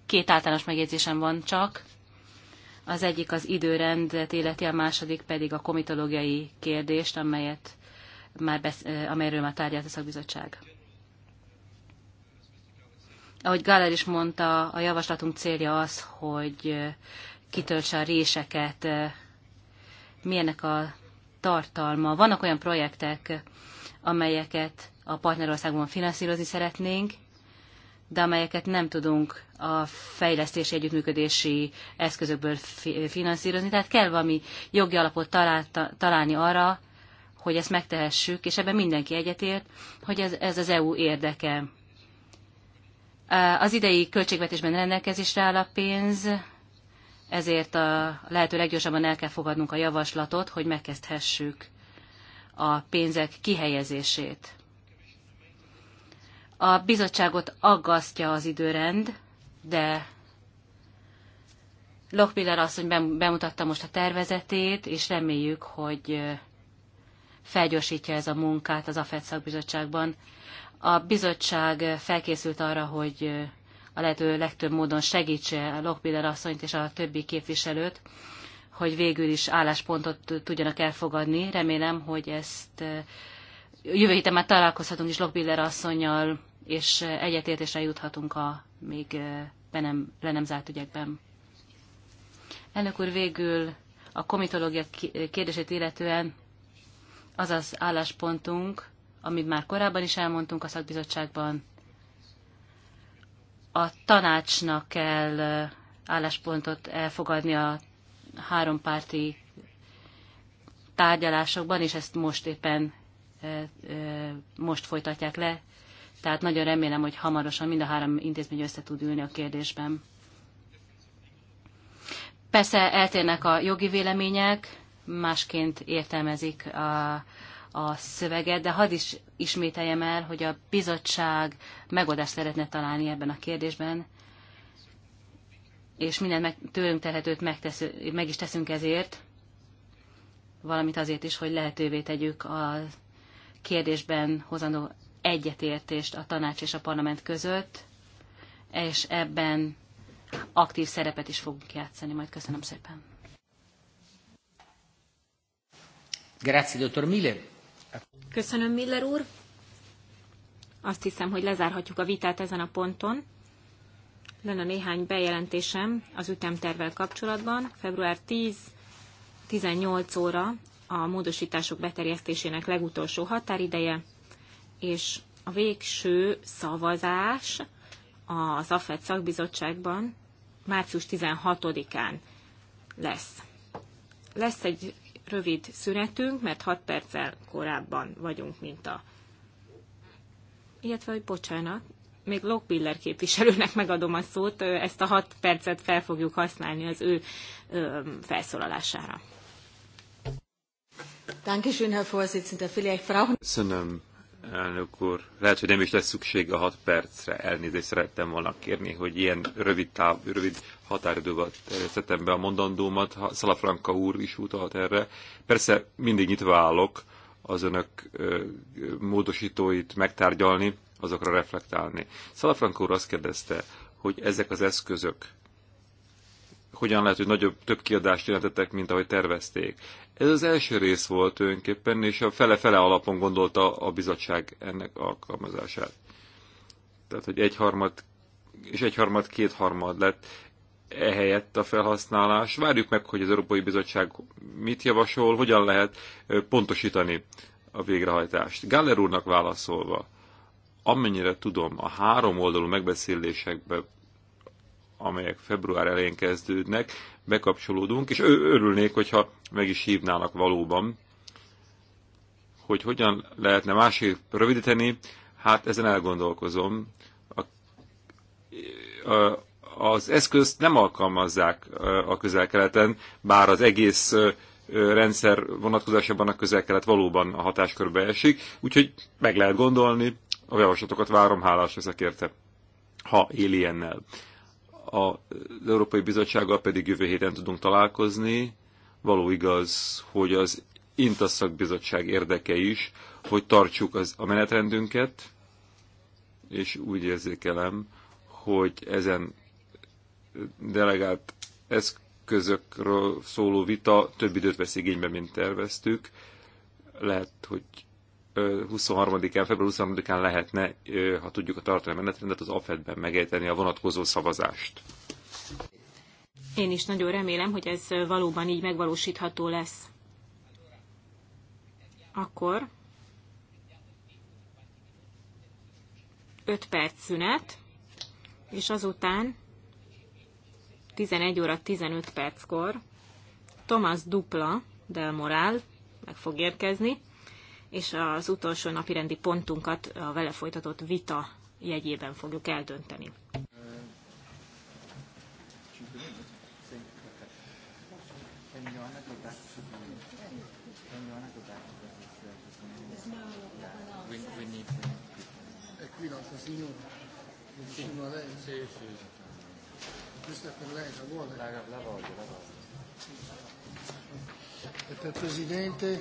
Két általános megjegyzésem van csak. Az egyik az időrendet életi, a második pedig a komitológiai kérdést, amelyet már besz- eh, amelyről már tárgyalt a szakbizottság. Ahogy Gáler is mondta, a javaslatunk célja az, hogy eh, kitöltse a réseket, milyenek a tartalma. Vannak olyan projektek, amelyeket a partnerországban finanszírozni szeretnénk, de amelyeket nem tudunk a fejlesztési együttműködési eszközökből finanszírozni. Tehát kell valami jogi alapot találta, találni arra, hogy ezt megtehessük, és ebben mindenki egyetért, hogy ez, ez az EU érdeke. Az idei költségvetésben rendelkezésre áll a pénz, ezért a lehető leggyorsabban el kell fogadnunk a javaslatot, hogy megkezdhessük a pénzek kihelyezését. A bizottságot aggasztja az időrend, de Lochmiller asszony bemutatta most a tervezetét, és reméljük, hogy felgyorsítja ez a munkát az AFED szakbizottságban. A bizottság felkészült arra, hogy a lehető legtöbb módon segítse Lochmiller asszonyt és a többi képviselőt, hogy végül is álláspontot tudjanak elfogadni. Remélem, hogy ezt jövő héten már találkozhatunk is Lochbiller asszonynal, és egyetértésre juthatunk a még be nem, le nem zárt ügyekben. Elnök úr végül a komitológia kérdését illetően az az álláspontunk, amit már korábban is elmondtunk a szakbizottságban, a tanácsnak kell álláspontot elfogadni a hárompárti tárgyalásokban, és ezt most éppen most folytatják le. Tehát nagyon remélem, hogy hamarosan mind a három intézmény össze tud ülni a kérdésben. Persze eltérnek a jogi vélemények, másként értelmezik a, a szöveget, de hadd is ismételjem el, hogy a bizottság megoldást szeretne találni ebben a kérdésben, és mindent meg, tőlünk telhetőt megtesz, meg is teszünk ezért, valamint azért is, hogy lehetővé tegyük a kérdésben hozandó egyetértést a tanács és a parlament között, és ebben aktív szerepet is fogunk játszani. Majd köszönöm szépen. Grazie, dr. Miller. Köszönöm, Miller úr. Azt hiszem, hogy lezárhatjuk a vitát ezen a ponton. Lenne néhány bejelentésem az ütemtervel kapcsolatban. Február 10-18 óra a módosítások beterjesztésének legutolsó határideje és a végső szavazás az AFED szakbizottságban március 16-án lesz. Lesz egy rövid szünetünk, mert 6 perccel korábban vagyunk, mint a... Illetve, hogy bocsánat, még Lockbiller képviselőnek megadom a szót, ezt a 6 percet fel fogjuk használni az ő felszólalására. Dankeschön, Herr Vorsitzender. Vielleicht brauchen... Köszönöm, Elnök úr, lehet, hogy nem is lesz szükség a hat percre. Elnézést szerettem volna kérni, hogy ilyen rövid, táv, rövid határidővel terjesztettem be a mondandómat. Szalafranka úr is utalt erre. Persze mindig nyitva állok az önök ö, módosítóit megtárgyalni, azokra reflektálni. Szalafranka úr azt kérdezte, hogy ezek az eszközök hogyan lehet, hogy nagyobb, több kiadást jelentettek, mint ahogy tervezték. Ez az első rész volt önképpen, és a fele-fele alapon gondolta a bizottság ennek alkalmazását. Tehát, hogy egyharmad és egyharmad, kétharmad lett ehelyett a felhasználás. Várjuk meg, hogy az Európai Bizottság mit javasol, hogyan lehet pontosítani a végrehajtást. Galler úrnak válaszolva, amennyire tudom, a három oldalú megbeszélésekben amelyek február elején kezdődnek, bekapcsolódunk, és örülnék, hogyha meg is hívnának valóban, hogy hogyan lehetne másik rövidíteni, hát ezen elgondolkozom. A, a, az eszközt nem alkalmazzák a közel-keleten, bár az egész rendszer vonatkozásában a közel-kelet valóban a hatáskörbe esik, úgyhogy meg lehet gondolni, a javaslatokat várom, hálás ezekért, ha éli ennel az Európai Bizottsággal pedig jövő héten tudunk találkozni. Való igaz, hogy az Intaszak Bizottság érdeke is, hogy tartsuk az, a menetrendünket, és úgy érzékelem, hogy ezen delegált eszközökről szóló vita több időt vesz igénybe, mint terveztük. Lehet, hogy 23-án, február 23-án lehetne, ha tudjuk a tartalmi menetrendet, az AFED-ben megejteni a vonatkozó szavazást. Én is nagyon remélem, hogy ez valóban így megvalósítható lesz. Akkor 5 perc szünet, és azután 11 óra 15 perckor Thomas Dupla Del Moral meg fog érkezni, és az utolsó napi rendi pontunkat a vele folytatott vita jegyében fogjuk eldönteni. qui Presidente?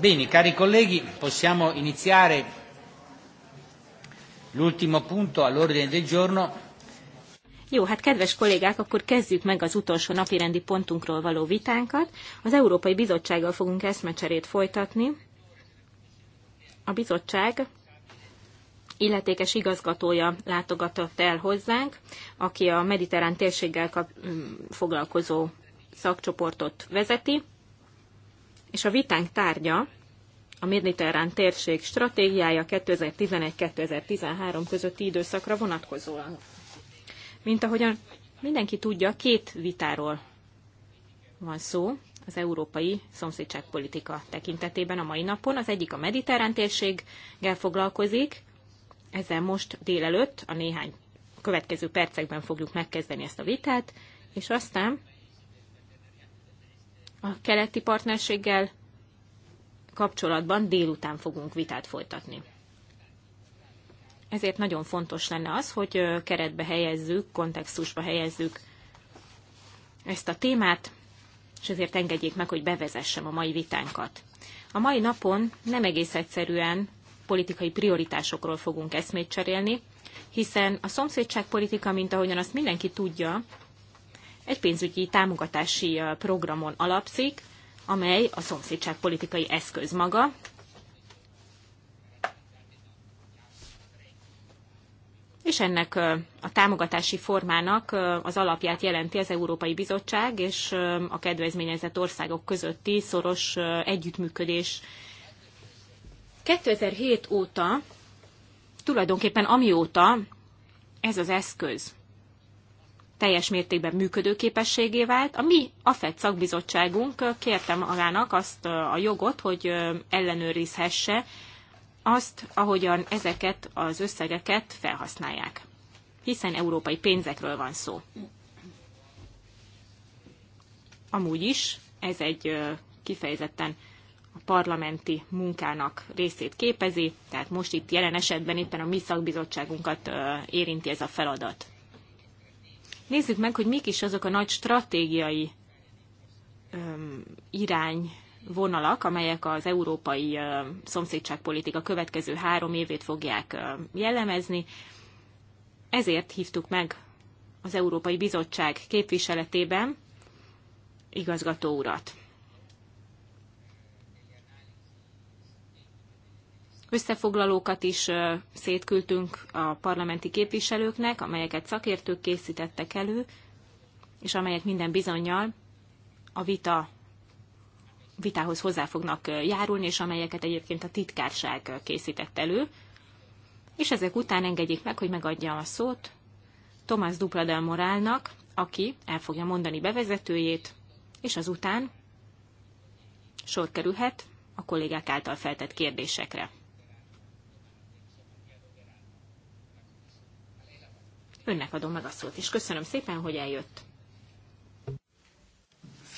Bene, cari colleghi, possiamo iniziare l'ultimo punto all'ordine del giorno. Jó, hát kedves kollégák, akkor kezdjük meg az utolsó napirendi pontunkról való vitánkat. Az Európai Bizottsággal fogunk eszmecserét folytatni. A bizottság illetékes igazgatója látogatott el hozzánk, aki a mediterrán térséggel kap, mm, foglalkozó szakcsoportot vezeti és a vitánk tárgya a Mediterrán térség stratégiája 2011-2013 közötti időszakra vonatkozóan. Mint ahogyan mindenki tudja, két vitáról van szó az európai szomszédságpolitika tekintetében a mai napon. Az egyik a mediterrán térséggel foglalkozik, ezzel most délelőtt a néhány következő percekben fogjuk megkezdeni ezt a vitát, és aztán a keleti partnerséggel kapcsolatban délután fogunk vitát folytatni. Ezért nagyon fontos lenne az, hogy keretbe helyezzük, kontextusba helyezzük ezt a témát, és ezért engedjék meg, hogy bevezessem a mai vitánkat. A mai napon nem egész egyszerűen politikai prioritásokról fogunk eszmét cserélni, hiszen a szomszédságpolitika, mint ahogyan azt mindenki tudja, egy pénzügyi támogatási programon alapszik, amely a politikai eszköz maga. És ennek a támogatási formának az alapját jelenti az Európai Bizottság és a kedvezményezett országok közötti szoros együttműködés. 2007 óta, tulajdonképpen amióta ez az eszköz teljes mértékben működőképességé vált. A mi AFED szakbizottságunk kérte magának azt a jogot, hogy ellenőrizhesse azt, ahogyan ezeket az összegeket felhasználják. Hiszen európai pénzekről van szó. Amúgy is ez egy kifejezetten a parlamenti munkának részét képezi, tehát most itt jelen esetben éppen a mi szakbizottságunkat érinti ez a feladat. Nézzük meg, hogy mik is azok a nagy stratégiai öm, irány vonalak, amelyek az európai öm, szomszédságpolitika következő három évét fogják öm, jellemezni. Ezért hívtuk meg az Európai Bizottság képviseletében igazgató urat. Összefoglalókat is szétküldtünk a parlamenti képviselőknek, amelyeket szakértők készítettek elő, és amelyek minden bizonyal a vita vitához hozzá fognak járulni, és amelyeket egyébként a titkárság készített elő. És ezek után engedjék meg, hogy megadja a szót Tomás Dupladel Morálnak, aki el fogja mondani bevezetőjét, és azután sor kerülhet a kollégák által feltett kérdésekre. Önnek adom meg a szót, és köszönöm szépen, hogy eljött.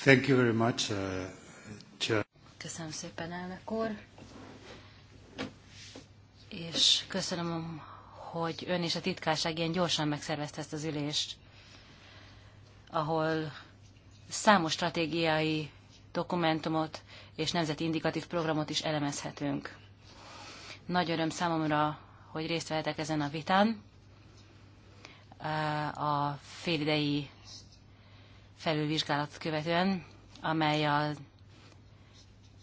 Thank you very much, uh, Köszönöm szépen, elnök úr. És köszönöm, hogy ön és a titkárság ilyen gyorsan megszervezte ezt az ülést, ahol számos stratégiai dokumentumot és nemzeti indikatív programot is elemezhetünk. Nagy öröm számomra, hogy részt vehetek ezen a vitán, a félidei felülvizsgálat követően, amely az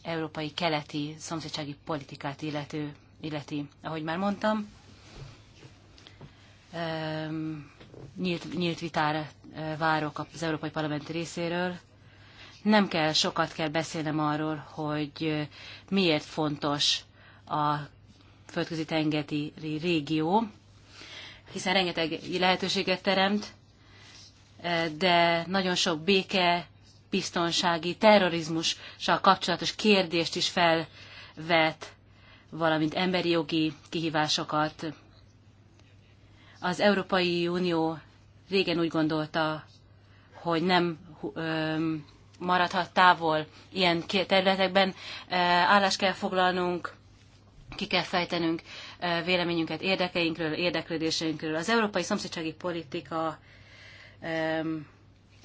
európai keleti szomszédsági politikát illető, illeti. Ahogy már mondtam, nyílt, nyílt vitára eh, várok az Európai Parlament részéről. Nem kell, sokat kell beszélnem arról, hogy eh, miért fontos a földközi tengeri régió, hiszen rengeteg lehetőséget teremt, e, de nagyon sok béke, biztonsági, terrorizmussal kapcsolatos kérdést is felvet, valamint emberi jogi kihívásokat. Az Európai Unió régen úgy gondolta, hogy nem maradhat távol ilyen területekben, e, állást kell foglalnunk, ki kell fejtenünk véleményünket érdekeinkről, érdeklődéseinkről. Az európai szomszédsági politika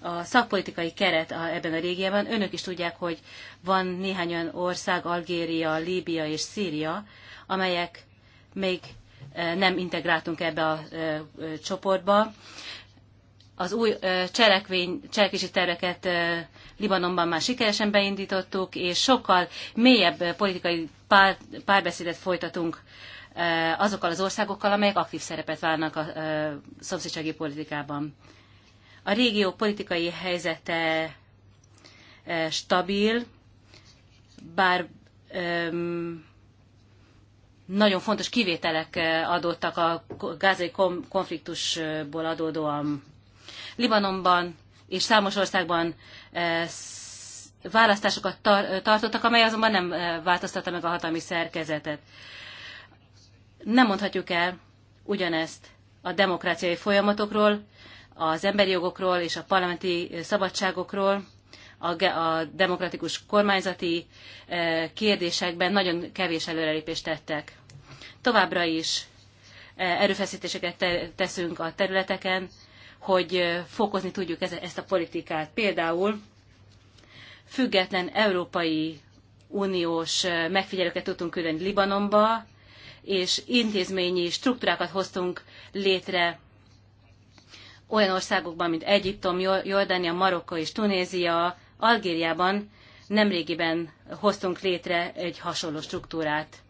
a szakpolitikai keret a ebben a régiában. Önök is tudják, hogy van néhány olyan ország, Algéria, Líbia és Szíria, amelyek még nem integráltunk ebbe a csoportba. Az új cselekvény, cselekvési terveket Libanonban már sikeresen beindítottuk, és sokkal mélyebb politikai pár, párbeszédet folytatunk Eh, azokkal az országokkal, amelyek aktív szerepet válnak a eh, szomszédsági politikában. A régió politikai helyzete eh, stabil, bár nagyon fontos kivételek adottak a gázai konfliktusból adódóan. Libanonban és számos országban választásokat tartottak, amely azonban nem változtatta meg a hatalmi szerkezetet. Nem mondhatjuk el ugyanezt a demokráciai folyamatokról, az emberi jogokról és a parlamenti eh, szabadságokról, a, demokratikus kormányzati eh, kérdésekben nagyon kevés előrelépést tettek. Továbbra is eh, erőfeszítéseket teszünk a területeken, hogy fokozni tudjuk ezt a politikát. Például független Európai Uniós megfigyelőket tudtunk küldeni Libanonba, és intézményi struktúrákat hoztunk létre olyan országokban, mint Egyiptom, Jordánia, Marokko és Tunézia, Algériában nemrégiben hoztunk létre egy hasonló struktúrát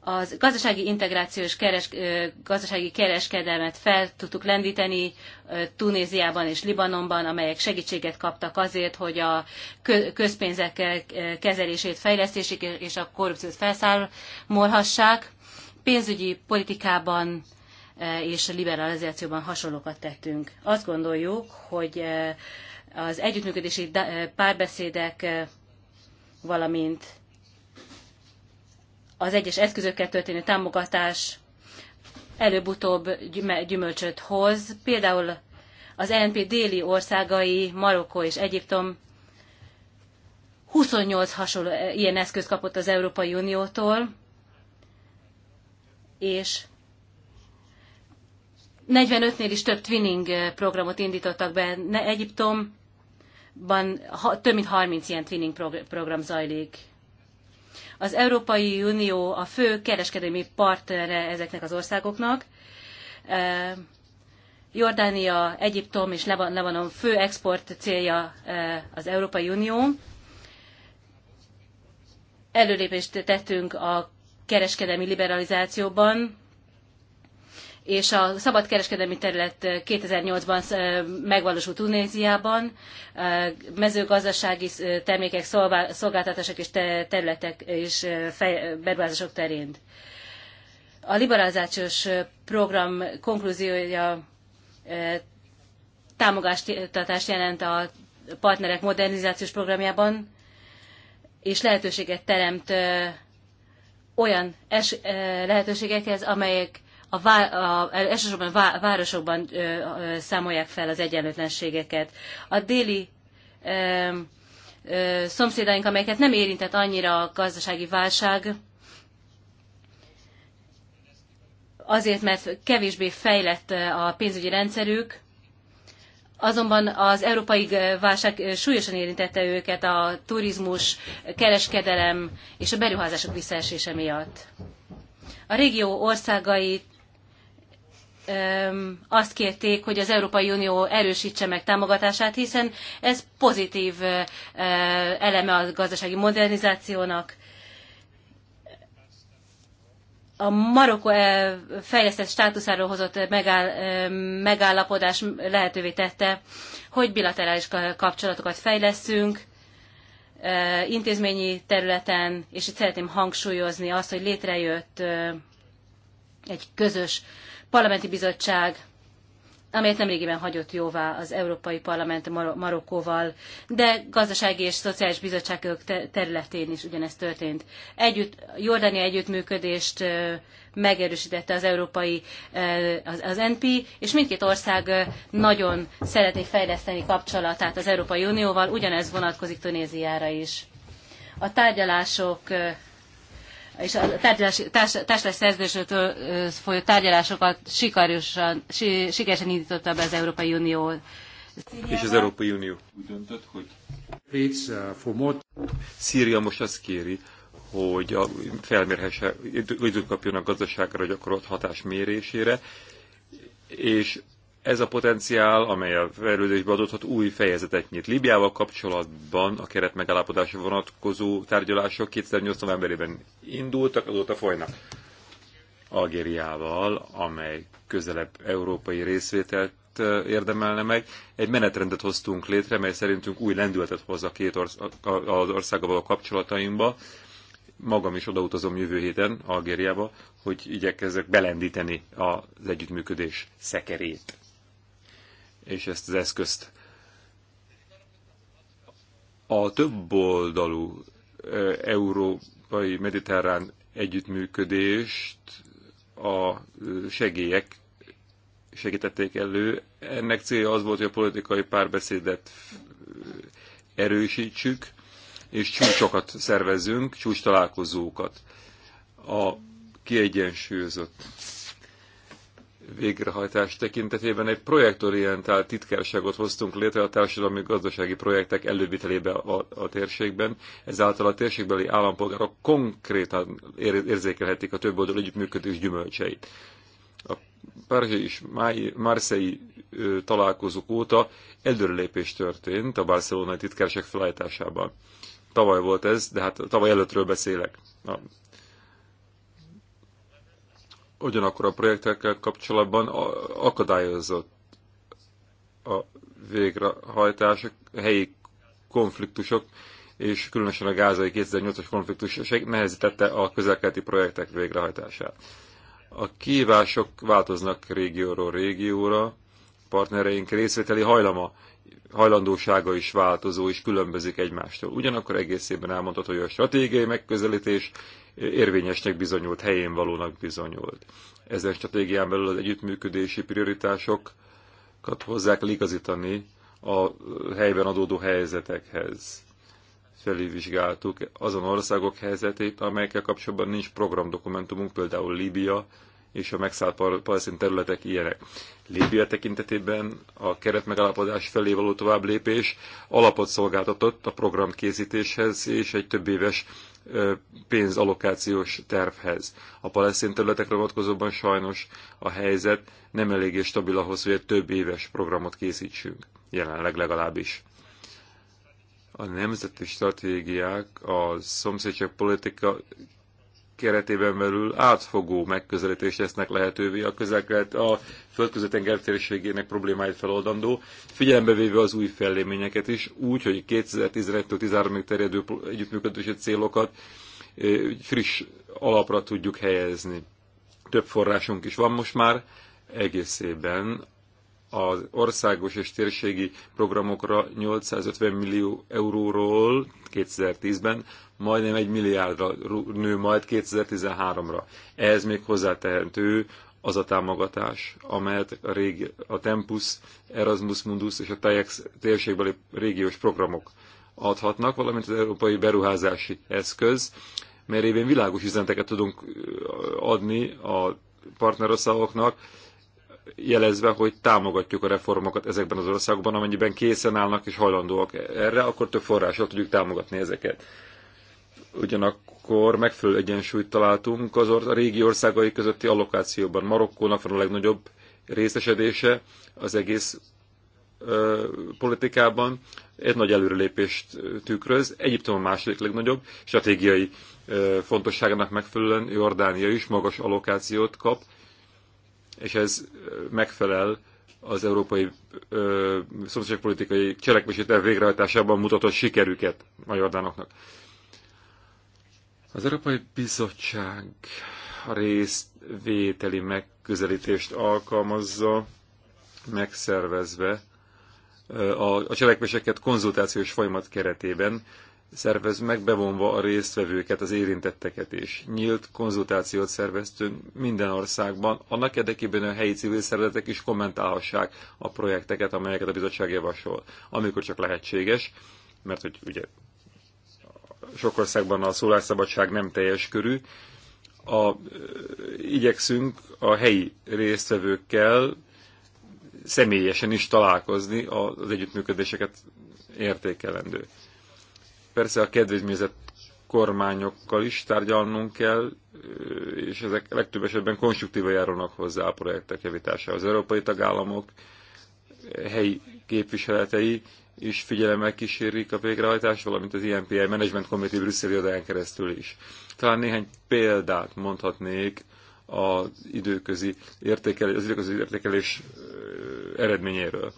az gazdasági integráció és keres, gazdasági kereskedelmet fel tudtuk lendíteni Tunéziában és Libanonban, amelyek segítséget kaptak azért, hogy a közpénzek kezelését, fejlesztését és a korrupciót felszámolhassák. Pénzügyi politikában és liberalizációban hasonlókat tettünk. Azt gondoljuk, hogy az együttműködési párbeszédek, valamint az egyes eszközökkel történő támogatás előbb-utóbb gyümölcsöt hoz. Például az ENP déli országai, Marokkó és Egyiptom 28 hasonló e, ilyen eszközt kapott az Európai Uniótól, és 45-nél is több twinning programot indítottak be. Egyiptomban több mint 30 ilyen twinning program zajlik. Az Európai Unió a fő kereskedelmi partnere ezeknek az országoknak. Jordánia, Egyiptom és Lebanon fő export célja az Európai Unió. Előlépést tettünk a kereskedelmi liberalizációban, és a szabadkereskedelmi terület 2008-ban megvalósult Tunéziában, mezőgazdasági termékek, szolgáltatások és területek és beruházások terén. A liberalizációs program konklúziója támogatást jelent a partnerek modernizációs programjában, és lehetőséget teremt olyan lehetőségekhez, amelyek a vá- a, elsősorban a városokban ö, ö, számolják fel az egyenlőtlenségeket. A déli ö, ö, szomszédaink, amelyeket nem érintett annyira a gazdasági válság, azért, mert kevésbé fejlett a pénzügyi rendszerük, Azonban az európai válság súlyosan érintette őket a turizmus, kereskedelem és a beruházások visszaesése miatt. A régió országait azt kérték, hogy az Európai Unió erősítse meg támogatását, hiszen ez pozitív eleme a gazdasági modernizációnak. A Marokko fejlesztett státuszáról hozott megállapodás lehetővé tette, hogy bilaterális kapcsolatokat fejleszünk, intézményi területen, és itt szeretném hangsúlyozni azt, hogy létrejött egy közös parlamenti bizottság, amelyet nemrégiben hagyott jóvá az Európai Parlament Mar- Marokkóval, de gazdasági és szociális bizottságok területén is ugyanezt történt. Együtt, Jordánia együttműködést megerősítette az európai, az, az NP, és mindkét ország nagyon szeretné fejleszteni kapcsolatát az Európai Unióval, ugyanez vonatkozik Tunéziára is. A tárgyalások és a társadalmi szerződésről folyó tárgyalásokat sikerosan, si, sikeresen indította be az Európai Unió. És az Európai Unió úgy döntött, hogy uh, Szíria most azt kéri, hogy a, felmérhesse, időt kapjon a gazdaságra gyakorolt hatás mérésére, és ez a potenciál, amely a fejlődésbe adódhat, új fejezetet nyit. Libiával kapcsolatban a keret megállapodása vonatkozó tárgyalások 2008. novemberében indultak, azóta folynak. Algériával, amely közelebb európai részvételt érdemelne meg. Egy menetrendet hoztunk létre, mely szerintünk új lendületet hoz a két orsz- az a kapcsolatainkba. Magam is odautazom jövő héten Algériába, hogy igyekezzek belendíteni az együttműködés szekerét és ezt az eszközt. A többoldalú európai mediterrán együttműködést a segélyek segítették elő. Ennek célja az volt, hogy a politikai párbeszédet erősítsük, és csúcsokat szervezünk, csúcs találkozókat. A kiegyensúlyozott végrehajtás tekintetében egy projektorientált titkárságot hoztunk létre a társadalmi gazdasági projektek elővitelébe a, a térségben. Ezáltal a térségbeli állampolgárok konkrétan ér, érzékelhetik a több oldal együttműködés gyümölcseit. A Párizsi és Marseille találkozók óta előrelépés történt a barcelonai titkárság felállításában. Tavaly volt ez, de hát tavaly előttről beszélek. A ugyanakkor a projektekkel kapcsolatban akadályozott a végrehajtás, a helyi konfliktusok, és különösen a gázai 2008-as konfliktus nehezítette a közelkeleti projektek végrehajtását. A kívások változnak régióról régióra, partnereink részvételi hajlama, hajlandósága is változó és különbözik egymástól. Ugyanakkor egészében elmondható, hogy a stratégiai megközelítés érvényesnek bizonyult, helyén valónak bizonyult. Ezen stratégián belül az együttműködési prioritásokat hozzák kell igazítani a helyben adódó helyzetekhez. Felülvizsgáltuk azon országok helyzetét, amelyekkel kapcsolatban nincs programdokumentumunk, például Líbia és a megszállt palesztin területek ilyenek. Líbia tekintetében a keretmegállapodás felé való tovább lépés alapot szolgáltatott a program készítéshez és egy több éves pénzallokációs tervhez. A palesztin területekre vonatkozóban sajnos a helyzet nem eléggé stabil ahhoz, hogy egy több éves programot készítsünk, jelenleg legalábbis. A nemzeti stratégiák a szomszédság politika keretében belül átfogó megközelítés lesznek lehetővé a közelkelet a földközi tenger térségének problémáit feloldandó, figyelembe véve az új felléményeket is, úgy, hogy 2011-13-ig terjedő együttműködési célokat eh, friss alapra tudjuk helyezni. Több forrásunk is van most már, egészében az országos és térségi programokra 850 millió euróról 2010-ben majdnem egy milliárdra nő majd 2013-ra. Ehhez még hozzátehető az a támogatás, amelyet a, régi, a Tempus, Erasmus Mundus és a TAIEX térségbeli régiós programok adhatnak, valamint az Európai Beruházási Eszköz, mert évén világos üzeneteket tudunk adni a partnerországoknak, jelezve, hogy támogatjuk a reformokat ezekben az országokban, amennyiben készen állnak és hajlandóak erre, akkor több forrással tudjuk támogatni ezeket. Ugyanakkor megfelelő egyensúlyt találtunk az or- a régi országai közötti allokációban. Marokkónak van a legnagyobb részesedése az egész ö, politikában. Egy nagy előrelépést tükröz. Egyiptom a második legnagyobb stratégiai fontosságának megfelelően Jordánia is magas allokációt kap, és ez megfelel az európai szomszédpolitikai szomszédságpolitikai cselekvési terv végrehajtásában mutatott sikerüket a jordánoknak. Az Európai Bizottság részvételi megközelítést alkalmazza, megszervezve a, a cselekvéseket konzultációs folyamat keretében, szervez meg, bevonva a résztvevőket, az érintetteket is. Nyílt konzultációt szerveztünk minden országban, annak érdekében a helyi civil szervezetek is kommentálhassák a projekteket, amelyeket a bizottság javasol, amikor csak lehetséges, mert hogy ugye sok országban a szólásszabadság nem teljes körű, a, igyekszünk a helyi résztvevőkkel személyesen is találkozni az együttműködéseket értékelendő. Persze a kedvezményezett kormányokkal is tárgyalnunk kell, és ezek legtöbb esetben konstruktívan járulnak hozzá a projektek javításához. Az európai tagállamok helyi képviseletei is figyelemmel kísérik a végrehajtást, valamint az INPI Management Committee brüsszeli odáján keresztül is. Talán néhány példát mondhatnék az időközi értékelés, az időközi értékelés eredményéről.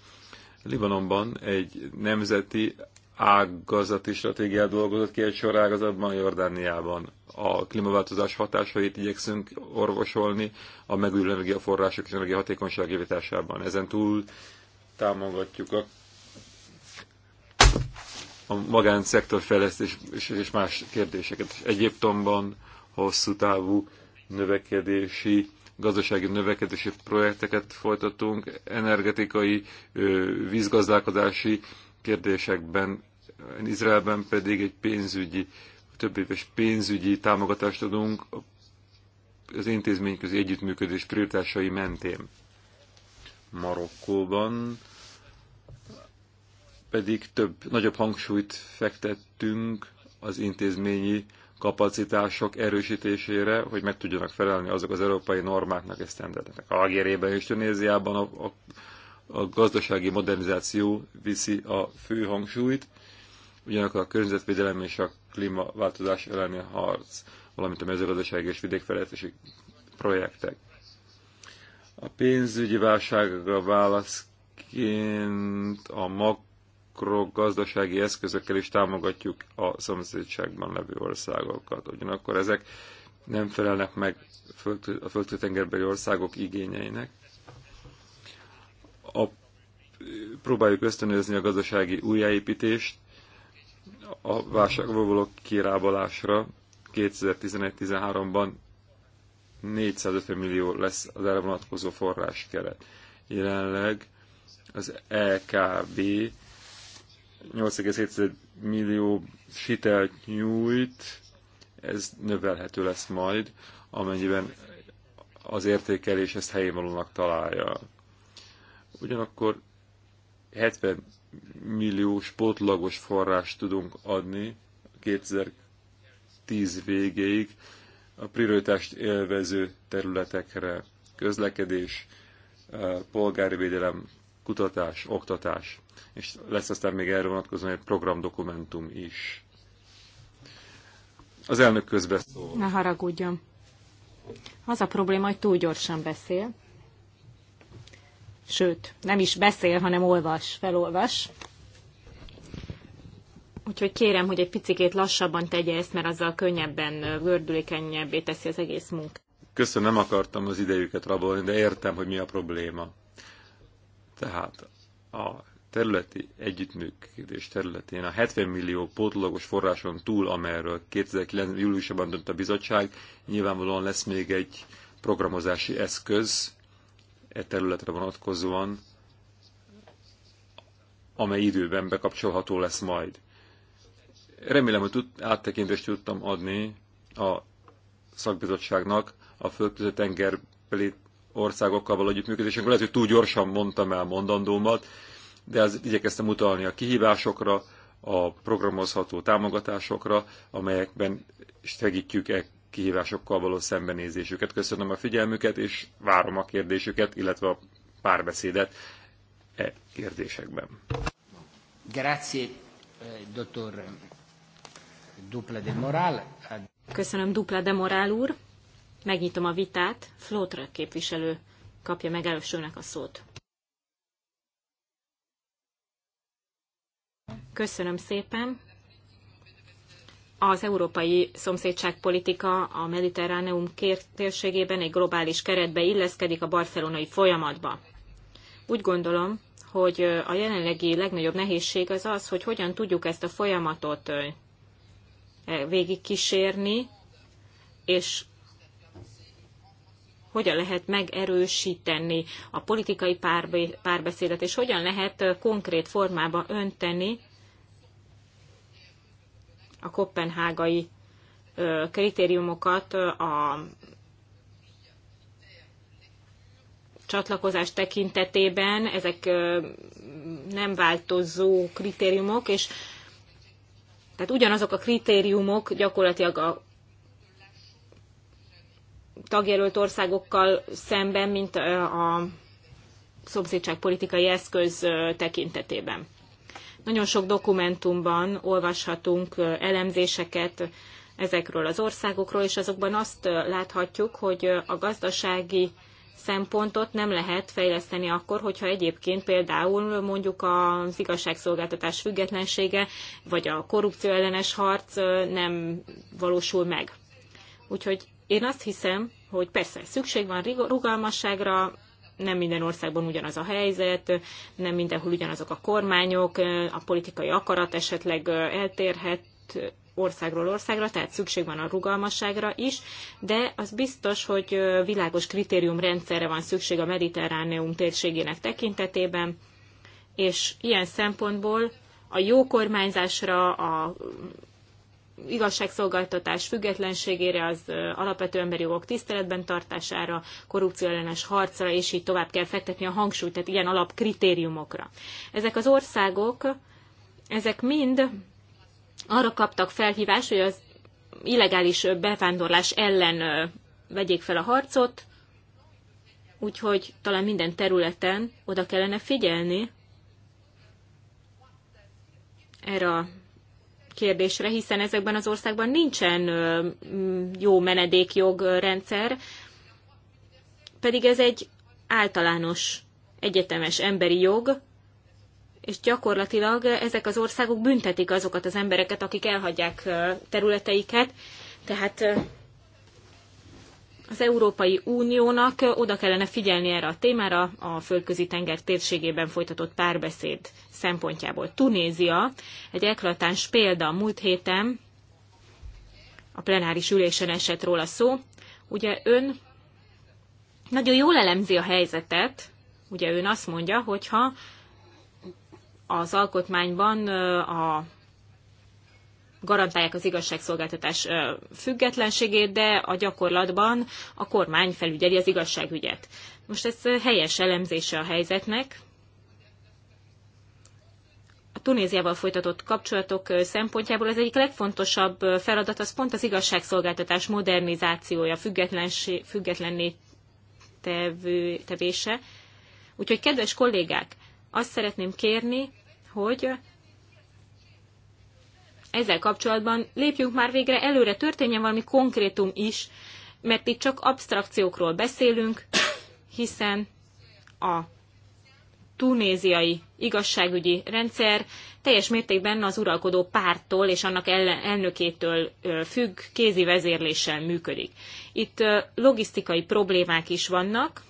Libanonban egy nemzeti ágazati stratégiát dolgozott ki egy sor ágazatban, Jordániában. A klímaváltozás hatásait igyekszünk orvosolni a megújuló energiaforrások és hatékonyság javításában. Ezen túl támogatjuk a, a magánszektor fejlesztés és, és más kérdéseket. Egyiptomban hosszú távú növekedési gazdasági növekedési projekteket folytatunk, energetikai, vízgazdálkodási kérdésekben Izraelben pedig egy pénzügyi, több éves pénzügyi támogatást adunk az intézményközi együttműködés prioritásai mentén. Marokkóban pedig több, nagyobb hangsúlyt fektettünk az intézményi kapacitások erősítésére, hogy meg tudjanak felelni azok az európai normáknak és sztenderdeknek. Algériában és Tunéziában a, a, a gazdasági modernizáció viszi a fő hangsúlyt, ugyanakkor a környezetvédelem és a klímaváltozás elleni harc, valamint a mezőgazdaság és vidékfejlesztési projektek. A pénzügyi válságra válaszként a makrogazdasági eszközökkel is támogatjuk a szomszédságban levő országokat. Ugyanakkor ezek nem felelnek meg a földtengerbeli országok igényeinek. A, próbáljuk ösztönözni a gazdasági újjáépítést, a válságból való kirábalásra 2011-13-ban 450 millió lesz az erre vonatkozó keret. Jelenleg az LKB e 8,7 millió sitelt nyújt, ez növelhető lesz majd, amennyiben az értékelés ezt helyén találja. Ugyanakkor 70 milliós pótlagos forrást tudunk adni 2010 végéig a prioritást élvező területekre, közlekedés, eh, polgári védelem, kutatás, oktatás, és lesz aztán még erre vonatkozó egy programdokumentum is. Az elnök közbeszól. Ne haragudjon. Az a probléma, hogy túl gyorsan beszél sőt, nem is beszél, hanem olvas, felolvas. Úgyhogy kérem, hogy egy picikét lassabban tegye ezt, mert azzal könnyebben, gördülékenyebbé teszi az egész munkát. Köszönöm, nem akartam az idejüket rabolni, de értem, hogy mi a probléma. Tehát a területi együttműködés területén a 70 millió pótlagos forráson túl, amerről 2009. júliusában dönt a bizottság, nyilvánvalóan lesz még egy programozási eszköz, e területre vonatkozóan, amely időben bekapcsolható lesz majd. Remélem, hogy tud, áttekintést tudtam adni a szakbizottságnak a földközi tengerbeli országokkal való együttműködésünk. Lehet, hogy túl gyorsan mondtam el mondandómat, de az igyekeztem utalni a kihívásokra, a programozható támogatásokra, amelyekben segítjük e kihívásokkal való szembenézésüket. Köszönöm a figyelmüket, és várom a kérdésüket, illetve a párbeszédet e kérdésekben. Grazie, eh, dottor Dupla de Moral. Köszönöm, Dupla de Moral úr. Megnyitom a vitát. Flótra képviselő kapja meg elősőnek a szót. Köszönöm szépen az európai szomszédságpolitika a Mediterráneum térségében egy globális keretbe illeszkedik a barcelonai folyamatba. Úgy gondolom, hogy a jelenlegi legnagyobb nehézség az az, hogy hogyan tudjuk ezt a folyamatot e, végigkísérni, és hogyan lehet megerősíteni a politikai párbeszédet, és hogyan lehet konkrét formába önteni a kopenhágai kritériumokat a csatlakozás tekintetében, ezek nem változó kritériumok, és tehát ugyanazok a kritériumok gyakorlatilag a tagjelölt országokkal szemben, mint a szomszédságpolitikai eszköz tekintetében. Nagyon sok dokumentumban olvashatunk elemzéseket ezekről az országokról, és azokban azt láthatjuk, hogy a gazdasági szempontot nem lehet fejleszteni akkor, hogyha egyébként például mondjuk az igazságszolgáltatás függetlensége, vagy a korrupció ellenes harc nem valósul meg. Úgyhogy én azt hiszem, hogy persze szükség van rugalmasságra, nem minden országban ugyanaz a helyzet, nem mindenhol ugyanazok a kormányok, a politikai akarat esetleg eltérhet országról országra, tehát szükség van a rugalmasságra is, de az biztos, hogy világos kritériumrendszerre van szükség a mediterráneum térségének tekintetében, és ilyen szempontból a jó kormányzásra, a igazságszolgáltatás függetlenségére, az alapvető emberi jogok tiszteletben tartására, korrupció ellenes harcra, és így tovább kell fektetni a hangsúlyt, tehát ilyen alapkritériumokra. Ezek az országok, ezek mind arra kaptak felhívást, hogy az illegális bevándorlás ellen vegyék fel a harcot, úgyhogy talán minden területen oda kellene figyelni erre a kérdésre, hiszen ezekben az országban nincsen jó menedékjogrendszer, pedig ez egy általános, egyetemes emberi jog, és gyakorlatilag ezek az országok büntetik azokat az embereket, akik elhagyják területeiket, tehát az Európai Uniónak oda kellene figyelni erre a témára a földközi tenger térségében folytatott párbeszéd szempontjából. Tunézia egy eklatáns példa a múlt héten, a plenáris ülésen esett róla szó. Ugye ön nagyon jól elemzi a helyzetet, ugye ön azt mondja, hogyha az alkotmányban a garantálják az igazságszolgáltatás függetlenségét, de a gyakorlatban a kormány felügyeli az igazságügyet. Most ez helyes elemzése a helyzetnek. A Tunéziával folytatott kapcsolatok szempontjából az egyik legfontosabb feladat az pont az igazságszolgáltatás modernizációja, függetlenné tevő, tevése. Úgyhogy, kedves kollégák, azt szeretném kérni, hogy ezzel kapcsolatban lépjünk már végre előre, történjen valami konkrétum is, mert itt csak abstrakciókról beszélünk, hiszen a tunéziai igazságügyi rendszer teljes mértékben az uralkodó párttól és annak elnökétől függ kézi vezérléssel működik. Itt logisztikai problémák is vannak.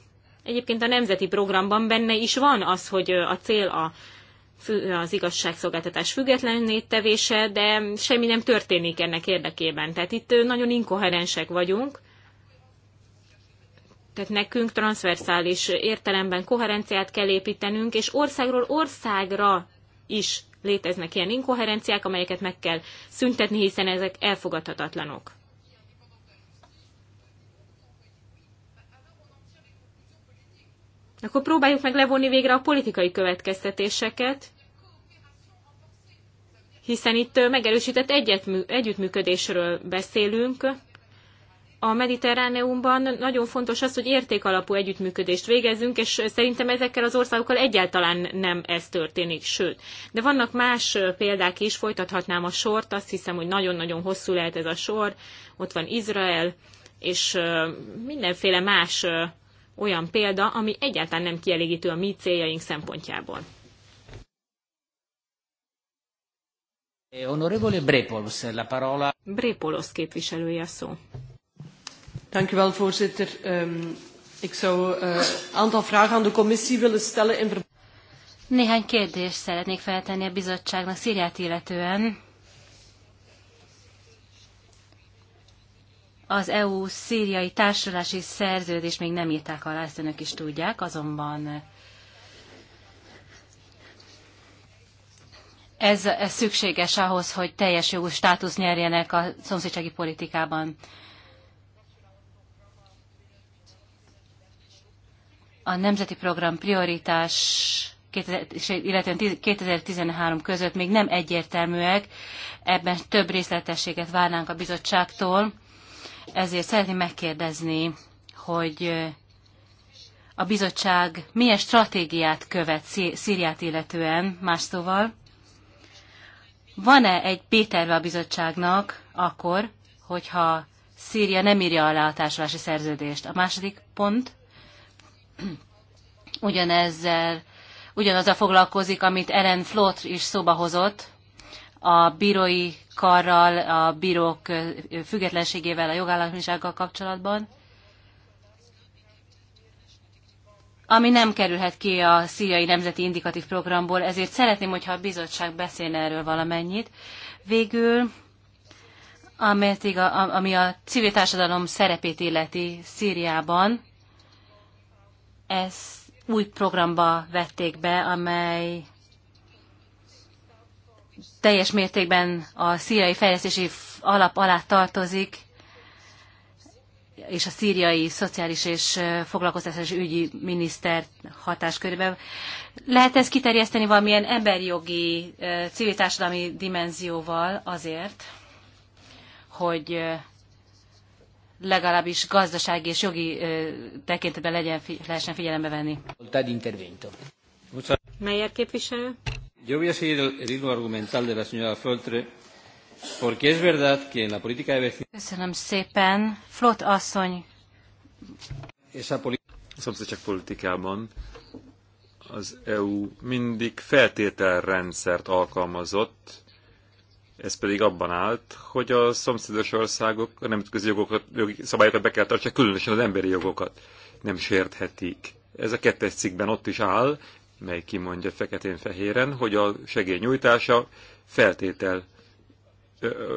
Egyébként a nemzeti programban benne is van az, hogy a cél a az igazságszolgáltatás függetlenné tevése, de semmi nem történik ennek érdekében. Tehát itt nagyon inkoherensek vagyunk, tehát nekünk transzverszális értelemben koherenciát kell építenünk, és országról országra is léteznek ilyen inkoherenciák, amelyeket meg kell szüntetni, hiszen ezek elfogadhatatlanok. akkor próbáljuk meg levonni végre a politikai következtetéseket, hiszen itt megerősített egyetmű, együttműködésről beszélünk. A Mediterráneumban nagyon fontos az, hogy értékalapú együttműködést végezzünk, és szerintem ezekkel az országokkal egyáltalán nem ez történik, sőt. De vannak más példák is, folytathatnám a sort, azt hiszem, hogy nagyon-nagyon hosszú lehet ez a sor. Ott van Izrael, és mindenféle más olyan példa, ami egyáltalán nem kielégítő a mi céljaink szempontjából. Honorevole eh, Brepolos, la parola. Brepolos képviselője a szó. Dank u wel, voorzitter. Um, ik zou een uh, aantal vragen aan de commissie willen stellen in Néhány kérdést szeretnék feltenni a bizottságnak Szíriát illetően Az EU szíriai társulási szerződés még nem írták alá, ezt önök is tudják, azonban ez, ez szükséges ahhoz, hogy teljes jogú státusz nyerjenek a szomszédsági politikában. A nemzeti program prioritás illetve 2013 között még nem egyértelműek, ebben több részletességet várnánk a bizottságtól. Ezért szeretném megkérdezni, hogy a bizottság milyen stratégiát követ Szíriát illetően, más szóval. Van-e egy b a bizottságnak akkor, hogyha Szíria nem írja alá a társulási szerződést? A második pont ugyanezzel, ugyanazzal foglalkozik, amit Ellen Flotr is szóba hozott, a bírói karral, a bírók függetlenségével, a jogállamisággal kapcsolatban, ami nem kerülhet ki a szíriai nemzeti indikatív programból, ezért szeretném, hogyha a bizottság beszélne erről valamennyit. Végül, ami a civil társadalom szerepét illeti Szíriában, ezt új programba vették be, amely teljes mértékben a szíriai fejlesztési alap alá tartozik, és a szíriai szociális és foglalkoztatási ügyi miniszter hatáskörében. Lehet ezt kiterjeszteni valamilyen emberjogi, civil társadalmi dimenzióval azért, hogy legalábbis gazdasági és jogi tekintetben legyen, lehessen figyelembe venni. Meyer képviselő. Yo voy a seguir el, el hilo argumental de la señora Föltre, porque es verdad que en la política de vecindad... Köszönöm szépen. Flott asszony. Esa a szomszédságpolitikában az EU mindig feltételrendszert alkalmazott, ez pedig abban állt, hogy a szomszédos országok a nemzetközi jogokat, jogi szabályokat be kell tartsák, különösen az emberi jogokat nem sérthetik. Ez a kettes cikkben ott is áll, mely kimondja feketén-fehéren, hogy a segély nyújtása feltétel,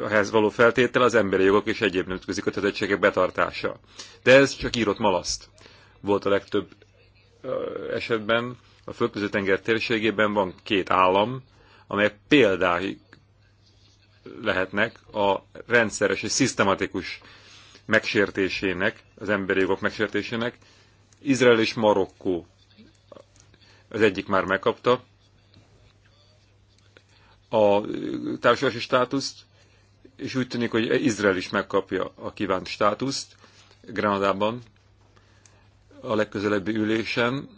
ehhez való feltétel az emberi jogok és egyéb nemzetközi kötelezettségek betartása. De ez csak írott malaszt. Volt a legtöbb esetben a földközi tenger térségében van két állam, amelyek példái lehetnek a rendszeres és szisztematikus megsértésének, az emberi jogok megsértésének, Izrael és Marokkó az egyik már megkapta a társadalmi státuszt, és úgy tűnik, hogy Izrael is megkapja a kívánt státuszt Granadában a legközelebbi ülésen.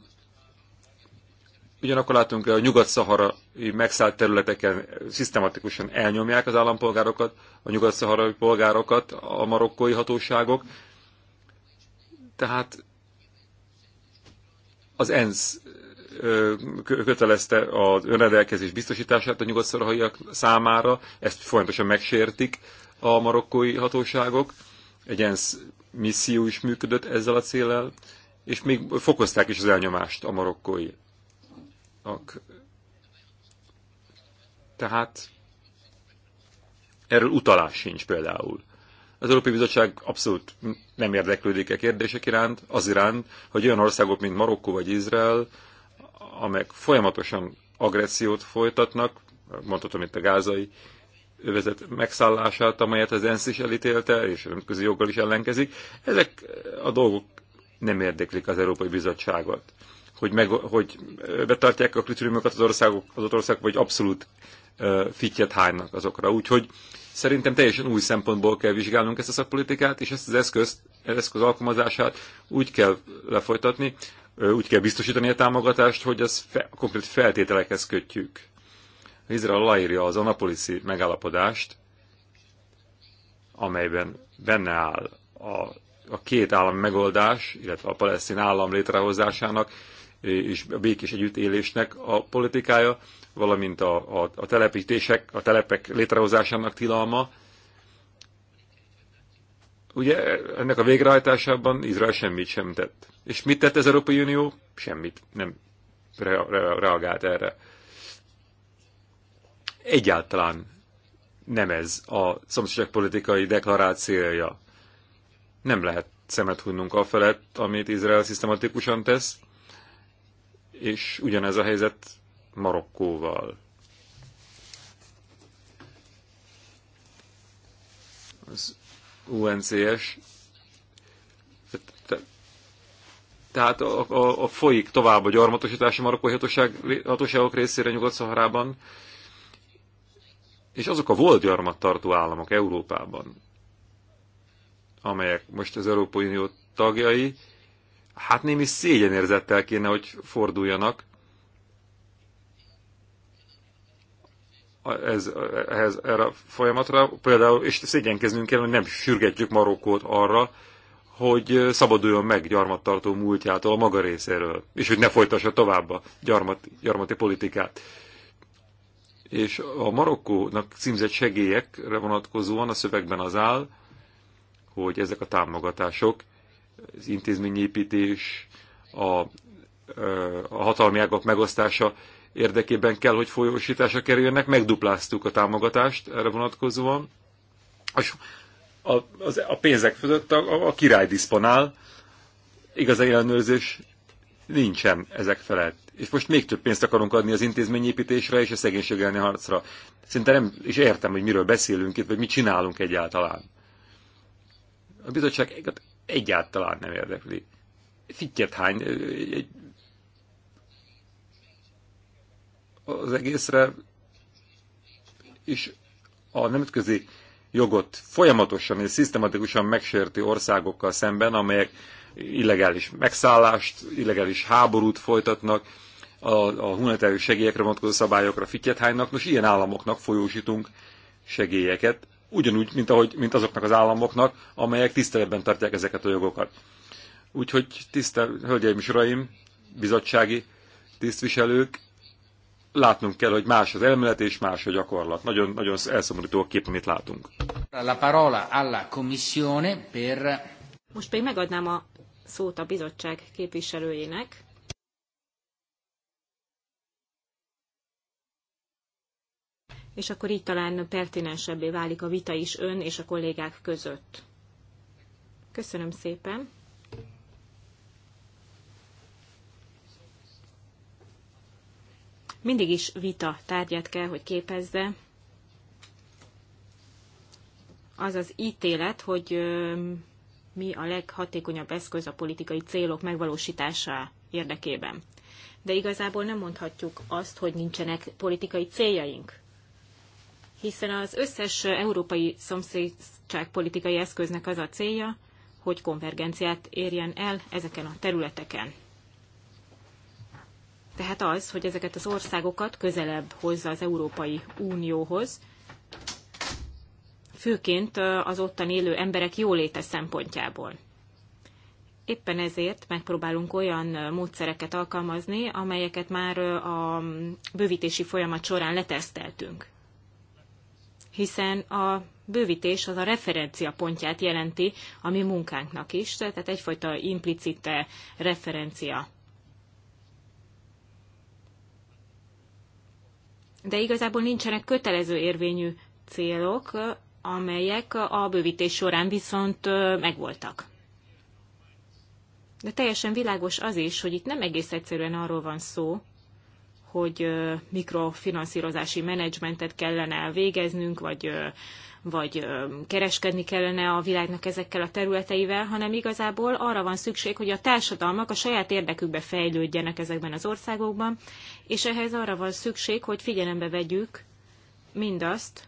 Ugyanakkor látunk, hogy a nyugat-szaharai megszállt területeken szisztematikusan elnyomják az állampolgárokat, a nyugat-szaharai polgárokat a marokkói hatóságok. Tehát az ENSZ kötelezte az önrendelkezés biztosítását a nyugat számára, ezt folyamatosan megsértik a marokkói hatóságok. Egy ENSZ misszió is működött ezzel a célral, és még fokozták is az elnyomást a marokkói. Tehát erről utalás sincs például. Az Európai Bizottság abszolút nem érdeklődik a e kérdések iránt, az iránt, hogy olyan országok, mint Marokkó vagy Izrael amelyek folyamatosan agressziót folytatnak, mondhatom itt a gázai övezet megszállását, amelyet az ENSZ is elítélte, és a nemzetközi joggal is ellenkezik. Ezek a dolgok nem érdeklik az Európai Bizottságot. Hogy, meg, hogy betartják a kritériumokat az országok, az ott országok, vagy abszolút uh, fittyet hánynak azokra. Úgyhogy szerintem teljesen új szempontból kell vizsgálnunk ezt a szakpolitikát, és ezt az eszköz, az eszköz alkalmazását úgy kell lefolytatni, úgy kell biztosítani a támogatást, hogy az fe, konkrét feltételekhez kötjük. Izrael aláírja az anapoliszi megállapodást, amelyben benne áll a, a két állam megoldás, illetve a palesztin állam létrehozásának és a békés együttélésnek a politikája, valamint a, a, a telepítések, a telepek létrehozásának tilalma, Ugye ennek a végrehajtásában Izrael semmit sem tett. És mit tett az Európai Unió? Semmit. Nem re re reagált erre. Egyáltalán nem ez a politikai deklarációja. Nem lehet szemet hunnunk a felett, amit Izrael szisztematikusan tesz, és ugyanez a helyzet Marokkóval. Az UNCS, tehát a, a, a folyik tovább a a marokkói hatóság, hatóságok részére Nyugat-Szaharában, és azok a volt gyarmattartó államok Európában, amelyek most az Európai Unió tagjai, hát némi szégyenérzettel kéne, hogy forduljanak ez, ehhez, erre a folyamatra. Például, és szégyenkeznünk kell, hogy nem sürgetjük Marokkót arra, hogy szabaduljon meg gyarmattartó múltjától a maga részéről, és hogy ne folytassa tovább a gyarmat, gyarmati politikát. És a Marokkónak címzett segélyekre vonatkozóan a szövegben az áll, hogy ezek a támogatások, az intézményépítés, a, a hatalmi ágak megosztása érdekében kell, hogy folyósításra kerüljenek. Megdupláztuk a támogatást erre vonatkozóan. A, a, a pénzek között a, a király diszponál, igaz ellenőrzés nincsen ezek felett. És most még több pénzt akarunk adni az intézményépítésre és a szegénység elleni harcra. Szinte nem is értem, hogy miről beszélünk itt, vagy mit csinálunk egyáltalán. A bizottság egyáltalán nem érdekli. Fittyet hány egy az egészre, és a nemzetközi jogot folyamatosan és szisztematikusan megsérti országokkal szemben, amelyek illegális megszállást, illegális háborút folytatnak, a, a humanitárius segélyekre vonatkozó szabályokra fityet hánynak, nos ilyen államoknak folyósítunk segélyeket, ugyanúgy, mint, ahogy, mint azoknak az államoknak, amelyek tiszteletben tartják ezeket a jogokat. Úgyhogy tisztel Hölgyeim és Uraim, bizottsági tisztviselők, látnunk kell, hogy más az elmélet és más a gyakorlat. Nagyon, nagyon elszomorító a kép, amit látunk. La parola alla commissione per... Most pedig megadnám a szót a bizottság képviselőjének. És akkor így talán pertinensebbé válik a vita is ön és a kollégák között. Köszönöm szépen. mindig is vita tárgyát kell, hogy képezze az az ítélet, hogy mi a leghatékonyabb eszköz a politikai célok megvalósítása érdekében. De igazából nem mondhatjuk azt, hogy nincsenek politikai céljaink. Hiszen az összes európai szomszédságpolitikai eszköznek az a célja, hogy konvergenciát érjen el ezeken a területeken tehát az, hogy ezeket az országokat közelebb hozza az Európai Unióhoz, főként az ottan élő emberek jóléte szempontjából. Éppen ezért megpróbálunk olyan módszereket alkalmazni, amelyeket már a bővítési folyamat során leteszteltünk. Hiszen a bővítés az a referencia pontját jelenti a mi munkánknak is, tehát egyfajta implicite referencia de igazából nincsenek kötelező érvényű célok, amelyek a bővítés során viszont megvoltak. De teljesen világos az is, hogy itt nem egész egyszerűen arról van szó, hogy mikrofinanszírozási menedzsmentet kellene végeznünk, vagy vagy kereskedni kellene a világnak ezekkel a területeivel, hanem igazából arra van szükség, hogy a társadalmak a saját érdekükbe fejlődjenek ezekben az országokban, és ehhez arra van szükség, hogy figyelembe vegyük mindazt,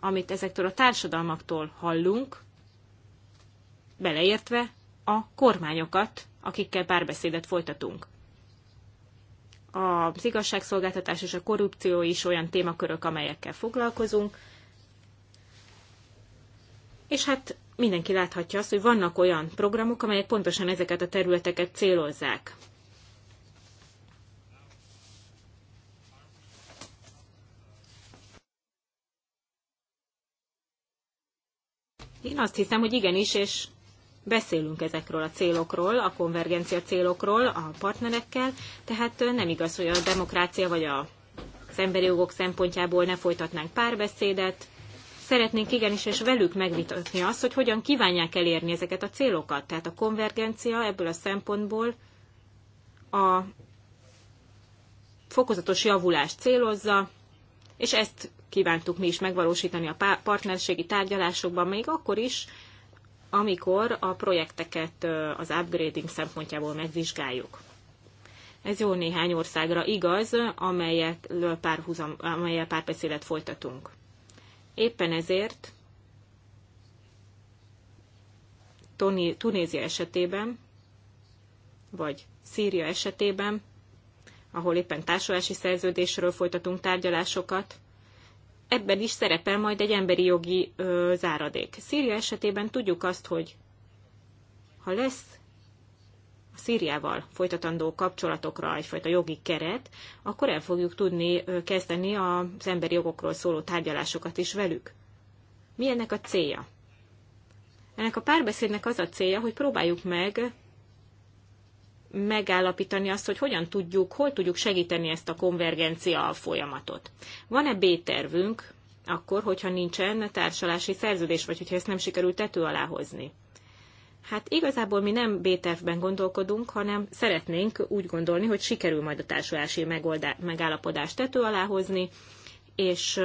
amit ezektől a társadalmaktól hallunk, beleértve a kormányokat, akikkel párbeszédet folytatunk. Az igazságszolgáltatás és a korrupció is olyan témakörök, amelyekkel foglalkozunk, és hát mindenki láthatja azt, hogy vannak olyan programok, amelyek pontosan ezeket a területeket célozzák. Én azt hiszem, hogy igenis, és beszélünk ezekről a célokról, a konvergencia célokról a partnerekkel, tehát nem igaz, hogy a demokrácia vagy a az emberi jogok szempontjából ne folytatnánk párbeszédet, szeretnénk igenis és velük megvitatni azt, hogy hogyan kívánják elérni ezeket a célokat. Tehát a konvergencia ebből a szempontból a fokozatos javulást célozza, és ezt kívántuk mi is megvalósítani a partnerségi tárgyalásokban, még akkor is, amikor a projekteket az upgrading szempontjából megvizsgáljuk. Ez jó néhány országra igaz, amelyek párhuzam, amelyel párbeszédet folytatunk. Éppen ezért Tunézia esetében, vagy Szíria esetében, ahol éppen társulási szerződésről folytatunk tárgyalásokat, ebben is szerepel majd egy emberi jogi ö, záradék. Szíria esetében tudjuk azt, hogy ha lesz Szíriával folytatandó kapcsolatokra egyfajta jogi keret, akkor el fogjuk tudni kezdeni az emberi jogokról szóló tárgyalásokat is velük. Mi ennek a célja? Ennek a párbeszédnek az a célja, hogy próbáljuk meg megállapítani azt, hogy hogyan tudjuk, hol tudjuk segíteni ezt a konvergencia folyamatot. Van-e B-tervünk, akkor, hogyha nincsen társalási szerződés, vagy hogyha ezt nem sikerült tető alá hozni? Hát igazából mi nem BTF-ben gondolkodunk, hanem szeretnénk úgy gondolni, hogy sikerül majd a társulási megoldá- megállapodást tető alá hozni, és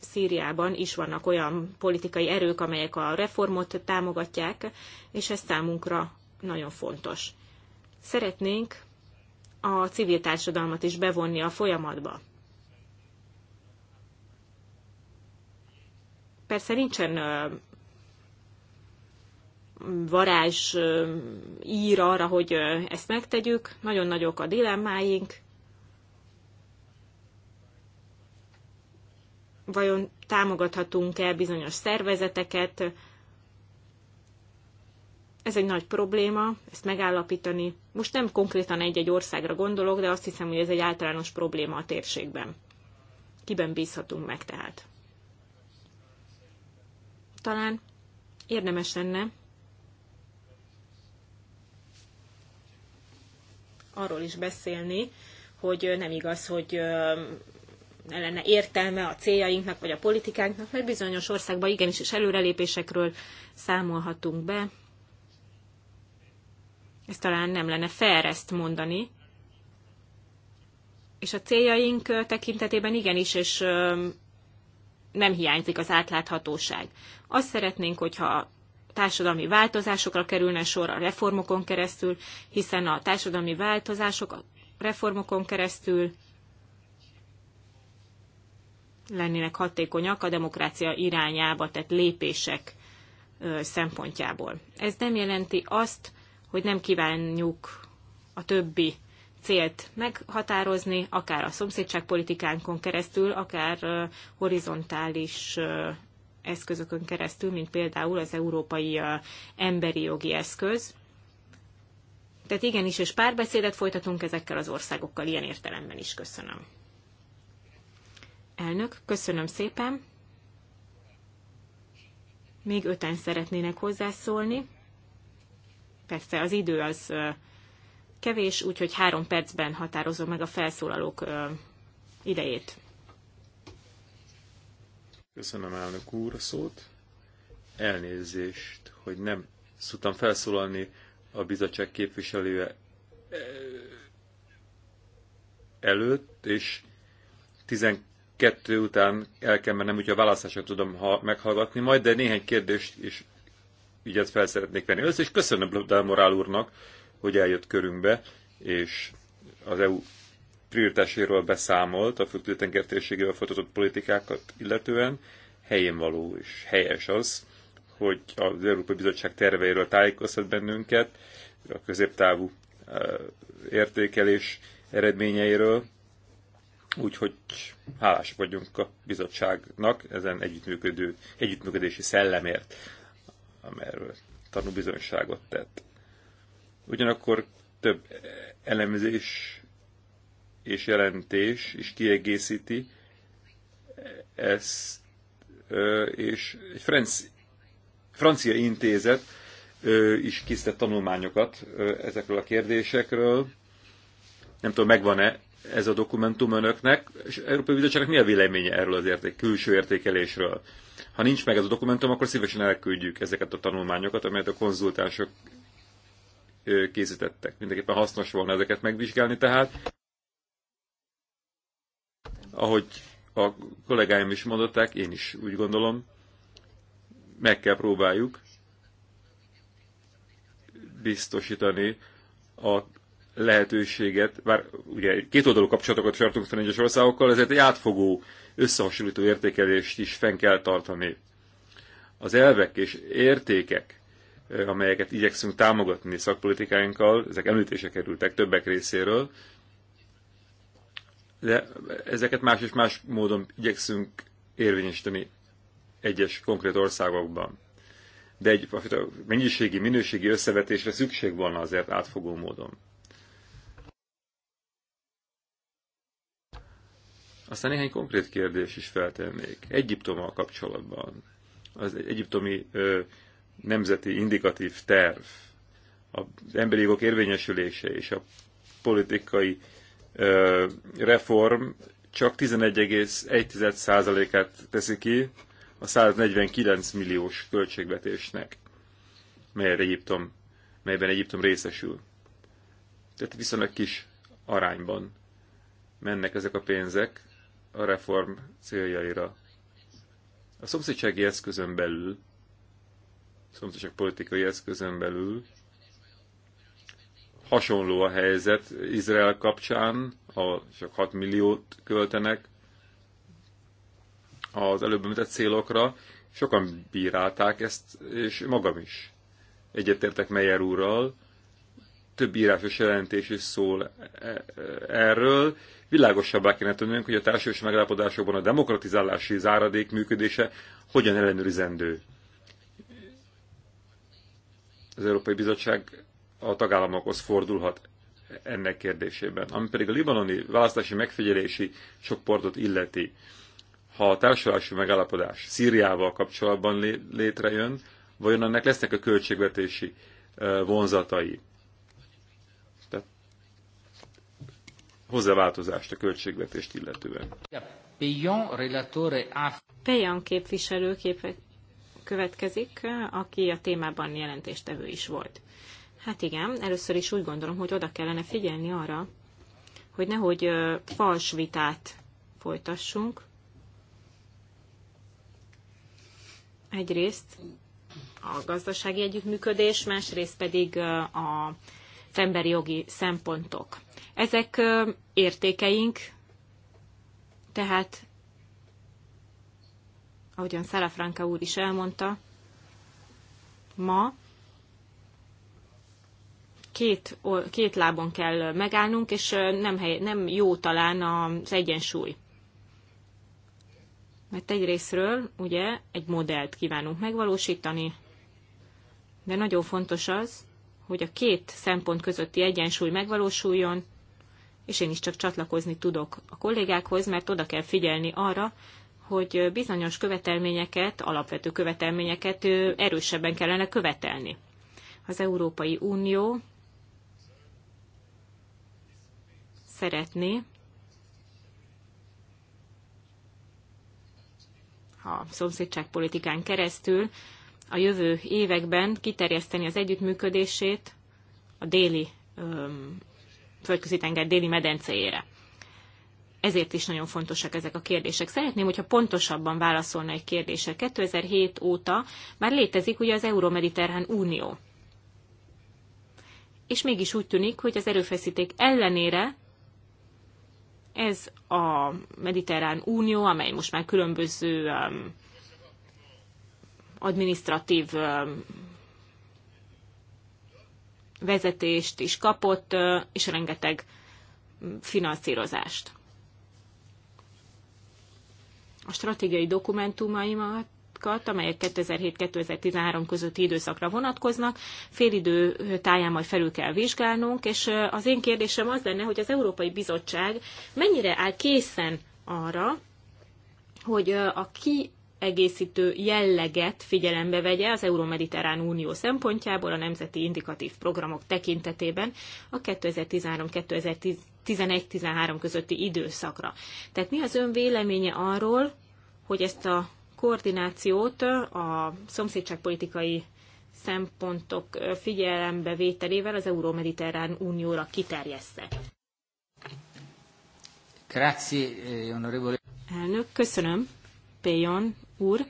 Szíriában is vannak olyan politikai erők, amelyek a reformot támogatják, és ez számunkra nagyon fontos. Szeretnénk a civil társadalmat is bevonni a folyamatba. Persze nincsen varázs ír arra, hogy ezt megtegyük. Nagyon nagyok a dilemmáink. Vajon támogathatunk-e bizonyos szervezeteket? Ez egy nagy probléma, ezt megállapítani. Most nem konkrétan egy-egy országra gondolok, de azt hiszem, hogy ez egy általános probléma a térségben. Kiben bízhatunk meg tehát? Talán érdemes lenne arról is beszélni, hogy nem igaz, hogy ne lenne értelme a céljainknak vagy a politikánknak, mert bizonyos országban igenis is előrelépésekről számolhatunk be. Ez talán nem lenne fair ezt mondani. És a céljaink tekintetében igenis, és nem hiányzik az átláthatóság. Azt szeretnénk, hogyha társadalmi változásokra kerülne sor a reformokon keresztül, hiszen a társadalmi változások a reformokon keresztül lennének hatékonyak a demokrácia irányába tett lépések szempontjából. Ez nem jelenti azt, hogy nem kívánjuk a többi célt meghatározni, akár a szomszédságpolitikánkon keresztül, akár horizontális eszközökön keresztül, mint például az Európai Emberi Jogi Eszköz. Tehát igenis, és párbeszédet folytatunk ezekkel az országokkal ilyen értelemben is. Köszönöm. Elnök, köszönöm szépen. Még öten szeretnének hozzászólni. Persze az idő az kevés, úgyhogy három percben határozom meg a felszólalók idejét. Köszönöm elnök úr a szót. Elnézést, hogy nem tudtam felszólalni a bizottság képviselője eh, előtt, és 12 után el kell mennem, úgyhogy a választásra tudom ha meghallgatni majd, de néhány kérdést és ügyet fel szeretnék venni. Össze, és köszönöm Dalmorál úrnak, hogy eljött körünkbe, és az EU prioritáséről beszámolt a Földtenger térségével folytatott politikákat illetően, helyén való és helyes az, hogy az Európai Bizottság terveiről tájékoztat bennünket, a középtávú eh, értékelés eredményeiről, úgyhogy hálás vagyunk a bizottságnak ezen együttműködő, együttműködési szellemért, amelyről bizonyságot tett. Ugyanakkor több elemzés és jelentés is kiegészíti ezt, és egy franci, francia intézet is készített tanulmányokat ezekről a kérdésekről. Nem tudom, megvan-e ez a dokumentum önöknek, és Európai Bizottságnak mi a véleménye erről az érték, külső értékelésről? Ha nincs meg ez a dokumentum, akkor szívesen elküldjük ezeket a tanulmányokat, amelyet a konzultások készítettek. Mindenképpen hasznos volna ezeket megvizsgálni tehát. Ahogy a kollégáim is mondották, én is úgy gondolom, meg kell próbáljuk biztosítani a lehetőséget, bár ugye két oldalú kapcsolatokat tartunk fel egyes országokkal, ezért egy átfogó, összehasonlító értékelést is fenn kell tartani. Az elvek és értékek, amelyeket igyekszünk támogatni szakpolitikáinkkal, ezek említése kerültek többek részéről, de ezeket más és más módon igyekszünk érvényesíteni egyes konkrét országokban. De egy mennyiségi, minőségi összevetésre szükség van, azért átfogó módon. Aztán néhány konkrét kérdés is feltennék. Egyiptommal kapcsolatban. Az egyiptomi ö, nemzeti indikatív terv, az emberi jogok érvényesülése és a politikai reform csak 11,1%-át teszi ki a 149 milliós költségvetésnek, melyre Egyiptom, melyben Egyiptom részesül. Tehát viszonylag kis arányban mennek ezek a pénzek a reform céljaira. A szomszédsági eszközön belül, szomszédság politikai eszközön belül Hasonló a helyzet Izrael kapcsán, ha csak 6 milliót költenek az előbb említett célokra. Sokan bírálták ezt, és magam is. Egyetértek Meyer úrral, több írásos jelentés is szól e- e- erről. Világosabbá kéne tennünk, hogy a társadalmi megállapodásokban a demokratizálási záradék működése hogyan ellenőrizendő. Az Európai Bizottság a tagállamokhoz fordulhat ennek kérdésében. Ami pedig a libanoni választási megfigyelési csoportot illeti, ha a társulási megállapodás Szíriával kapcsolatban létrejön, vajon ennek lesznek a költségvetési vonzatai? Tehát hozzáváltozást a költségvetést illetően. Pejan képviselő képe következik, aki a témában jelentéstevő is volt. Hát igen, először is úgy gondolom, hogy oda kellene figyelni arra, hogy nehogy ö, fals vitát folytassunk. Egyrészt a gazdasági együttműködés, másrészt pedig a emberi jogi szempontok. Ezek értékeink, tehát, ahogyan Franka úr is elmondta, ma két, két lábon kell megállnunk, és nem, hely, nem jó talán az egyensúly. Mert egyrésztről ugye egy modellt kívánunk megvalósítani, de nagyon fontos az, hogy a két szempont közötti egyensúly megvalósuljon, és én is csak csatlakozni tudok a kollégákhoz, mert oda kell figyelni arra, hogy bizonyos követelményeket, alapvető követelményeket erősebben kellene követelni. Az Európai Unió szeretné, a szomszédságpolitikán keresztül a jövő években kiterjeszteni az együttműködését a déli földközi-tenger déli medencéjére. Ezért is nagyon fontosak ezek a kérdések. Szeretném, hogyha pontosabban válaszolna egy kérdésre. 2007 óta már létezik ugye az Euromediterrán Unió. És mégis úgy tűnik, hogy az erőfeszíték ellenére ez a Mediterrán Unió, amely most már különböző um, administratív um, vezetést is kapott, uh, és rengeteg finanszírozást. A stratégiai dokumentumaimat ajánlásokat, amelyek 2007-2013 közötti időszakra vonatkoznak. Félidő táján majd felül kell vizsgálnunk, és az én kérdésem az lenne, hogy az Európai Bizottság mennyire áll készen arra, hogy a ki egészítő jelleget figyelembe vegye az Euró-Mediterrán Unió szempontjából a nemzeti indikatív programok tekintetében a 2013-2011-13 közötti időszakra. Tehát mi az ön véleménye arról, hogy ezt a koordinációt a szomszédságpolitikai szempontok figyelembe vételével az Euró-Mediterrán Unióra kiterjessze. Grazie, eh, onorevole. Elnök, köszönöm. Péjon úr,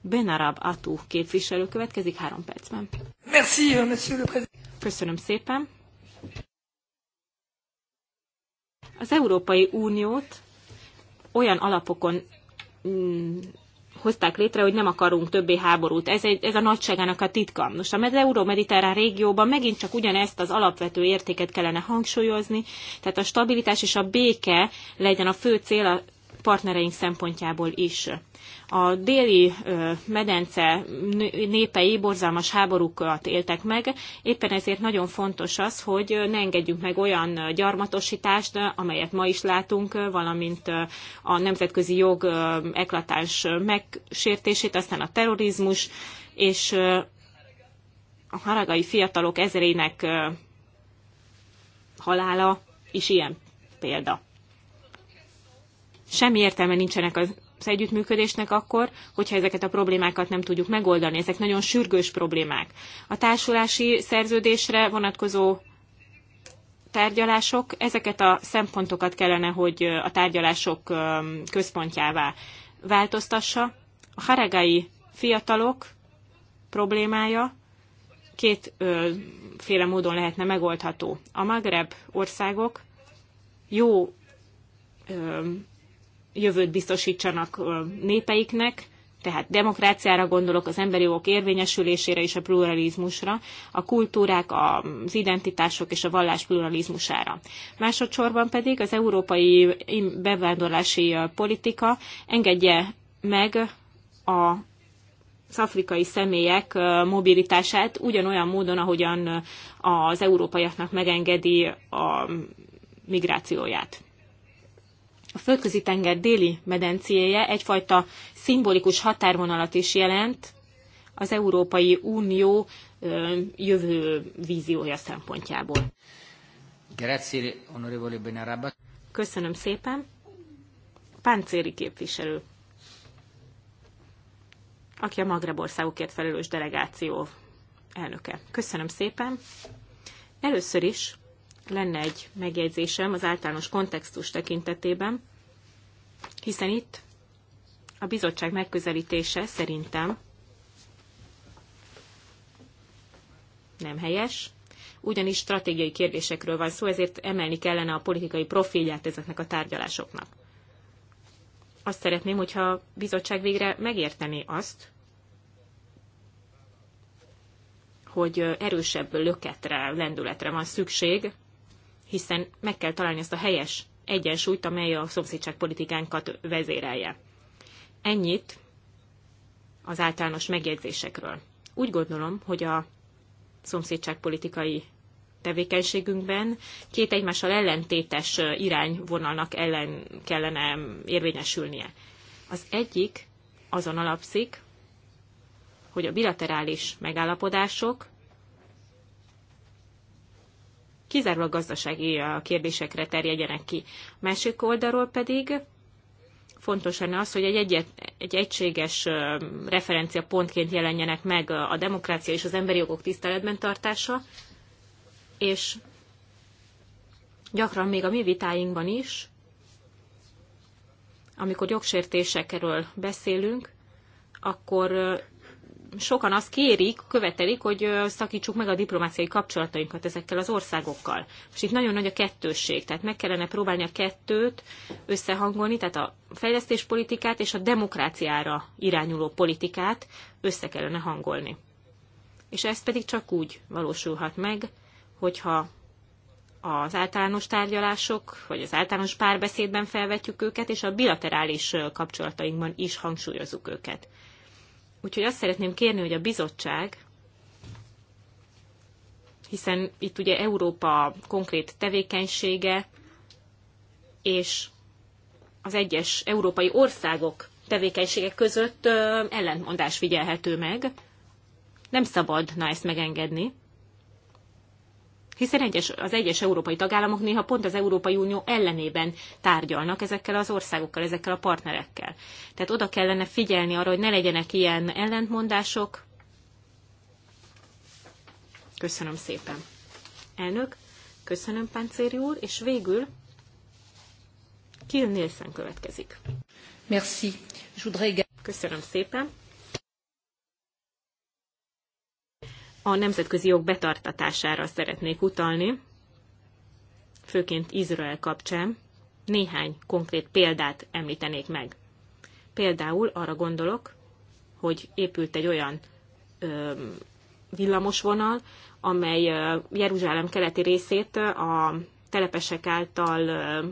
Benarab Atú képviselő következik három percben. Merci, euh, monsieur le président. Köszönöm szépen. Az Európai Uniót olyan alapokon mm, hozták létre, hogy nem akarunk többé háborút. Ez, egy, ez a nagyságának a titka. Most a euró-mediterrán régióban megint csak ugyanezt az alapvető értéket kellene hangsúlyozni, tehát a stabilitás és a béke legyen a fő cél a partnereink szempontjából is. A déli medence népei borzalmas háborúkat éltek meg, éppen ezért nagyon fontos az, hogy ne engedjünk meg olyan gyarmatosítást, amelyet ma is látunk, valamint a nemzetközi jog eklatás megsértését, aztán a terrorizmus, és a haragai fiatalok ezerének halála is ilyen példa semmi értelme nincsenek az együttműködésnek akkor, hogyha ezeket a problémákat nem tudjuk megoldani. Ezek nagyon sürgős problémák. A társulási szerződésre vonatkozó tárgyalások, ezeket a szempontokat kellene, hogy a tárgyalások központjává változtassa. A haragai fiatalok problémája kétféle módon lehetne megoldható. A Magreb országok jó jövőt biztosítsanak népeiknek, tehát demokráciára gondolok, az emberi jogok érvényesülésére és a pluralizmusra, a kultúrák, az identitások és a vallás pluralizmusára. Másodszorban pedig az európai bevándorlási politika engedje meg a az afrikai személyek mobilitását ugyanolyan módon, ahogyan az európaiaknak megengedi a migrációját a földközi tenger déli medencéje egyfajta szimbolikus határvonalat is jelent az Európai Unió jövő víziója szempontjából. Köszönöm szépen. Páncéri képviselő, aki a Magreb országokért felelős delegáció elnöke. Köszönöm szépen. Először is lenne egy megjegyzésem az általános kontextus tekintetében, hiszen itt a bizottság megközelítése szerintem nem helyes, ugyanis stratégiai kérdésekről van szó, ezért emelni kellene a politikai profilját ezeknek a tárgyalásoknak. Azt szeretném, hogyha a bizottság végre megértené azt, hogy erősebb löketre, lendületre van szükség hiszen meg kell találni azt a helyes egyensúlyt, amely a szomszédságpolitikánkat vezérelje. Ennyit az általános megjegyzésekről. Úgy gondolom, hogy a szomszédságpolitikai tevékenységünkben két egymással ellentétes irányvonalnak ellen kellene érvényesülnie. Az egyik azon alapszik, hogy a bilaterális megállapodások kizárólag gazdasági kérdésekre terjedjenek ki. Másik oldalról pedig fontos lenne az, hogy egy, egyet, egy egységes referencia pontként jelenjenek meg a demokrácia és az emberi jogok tiszteletben tartása, és gyakran még a mi vitáinkban is, amikor jogsértésekről beszélünk, akkor sokan azt kérik, követelik, hogy szakítsuk meg a diplomáciai kapcsolatainkat ezekkel az országokkal. És itt nagyon nagy a kettősség, tehát meg kellene próbálni a kettőt összehangolni, tehát a fejlesztéspolitikát és a demokráciára irányuló politikát össze kellene hangolni. És ez pedig csak úgy valósulhat meg, hogyha az általános tárgyalások, vagy az általános párbeszédben felvetjük őket, és a bilaterális kapcsolatainkban is hangsúlyozunk őket. Úgyhogy azt szeretném kérni, hogy a bizottság, hiszen itt ugye Európa konkrét tevékenysége, és az egyes európai országok tevékenysége között ellentmondás figyelhető meg. Nem szabadna ezt megengedni hiszen egyes, az egyes európai tagállamok néha pont az Európai Unió ellenében tárgyalnak ezekkel az országokkal, ezekkel a partnerekkel. Tehát oda kellene figyelni arra, hogy ne legyenek ilyen ellentmondások. Köszönöm szépen. Elnök, köszönöm Páncéri úr, és végül Kill Nielsen következik. Merci. Köszönöm szépen. a nemzetközi jog betartatására szeretnék utalni, főként Izrael kapcsán. Néhány konkrét példát említenék meg. Például arra gondolok, hogy épült egy olyan ö, villamosvonal, amely ö, Jeruzsálem keleti részét a telepesek által ö,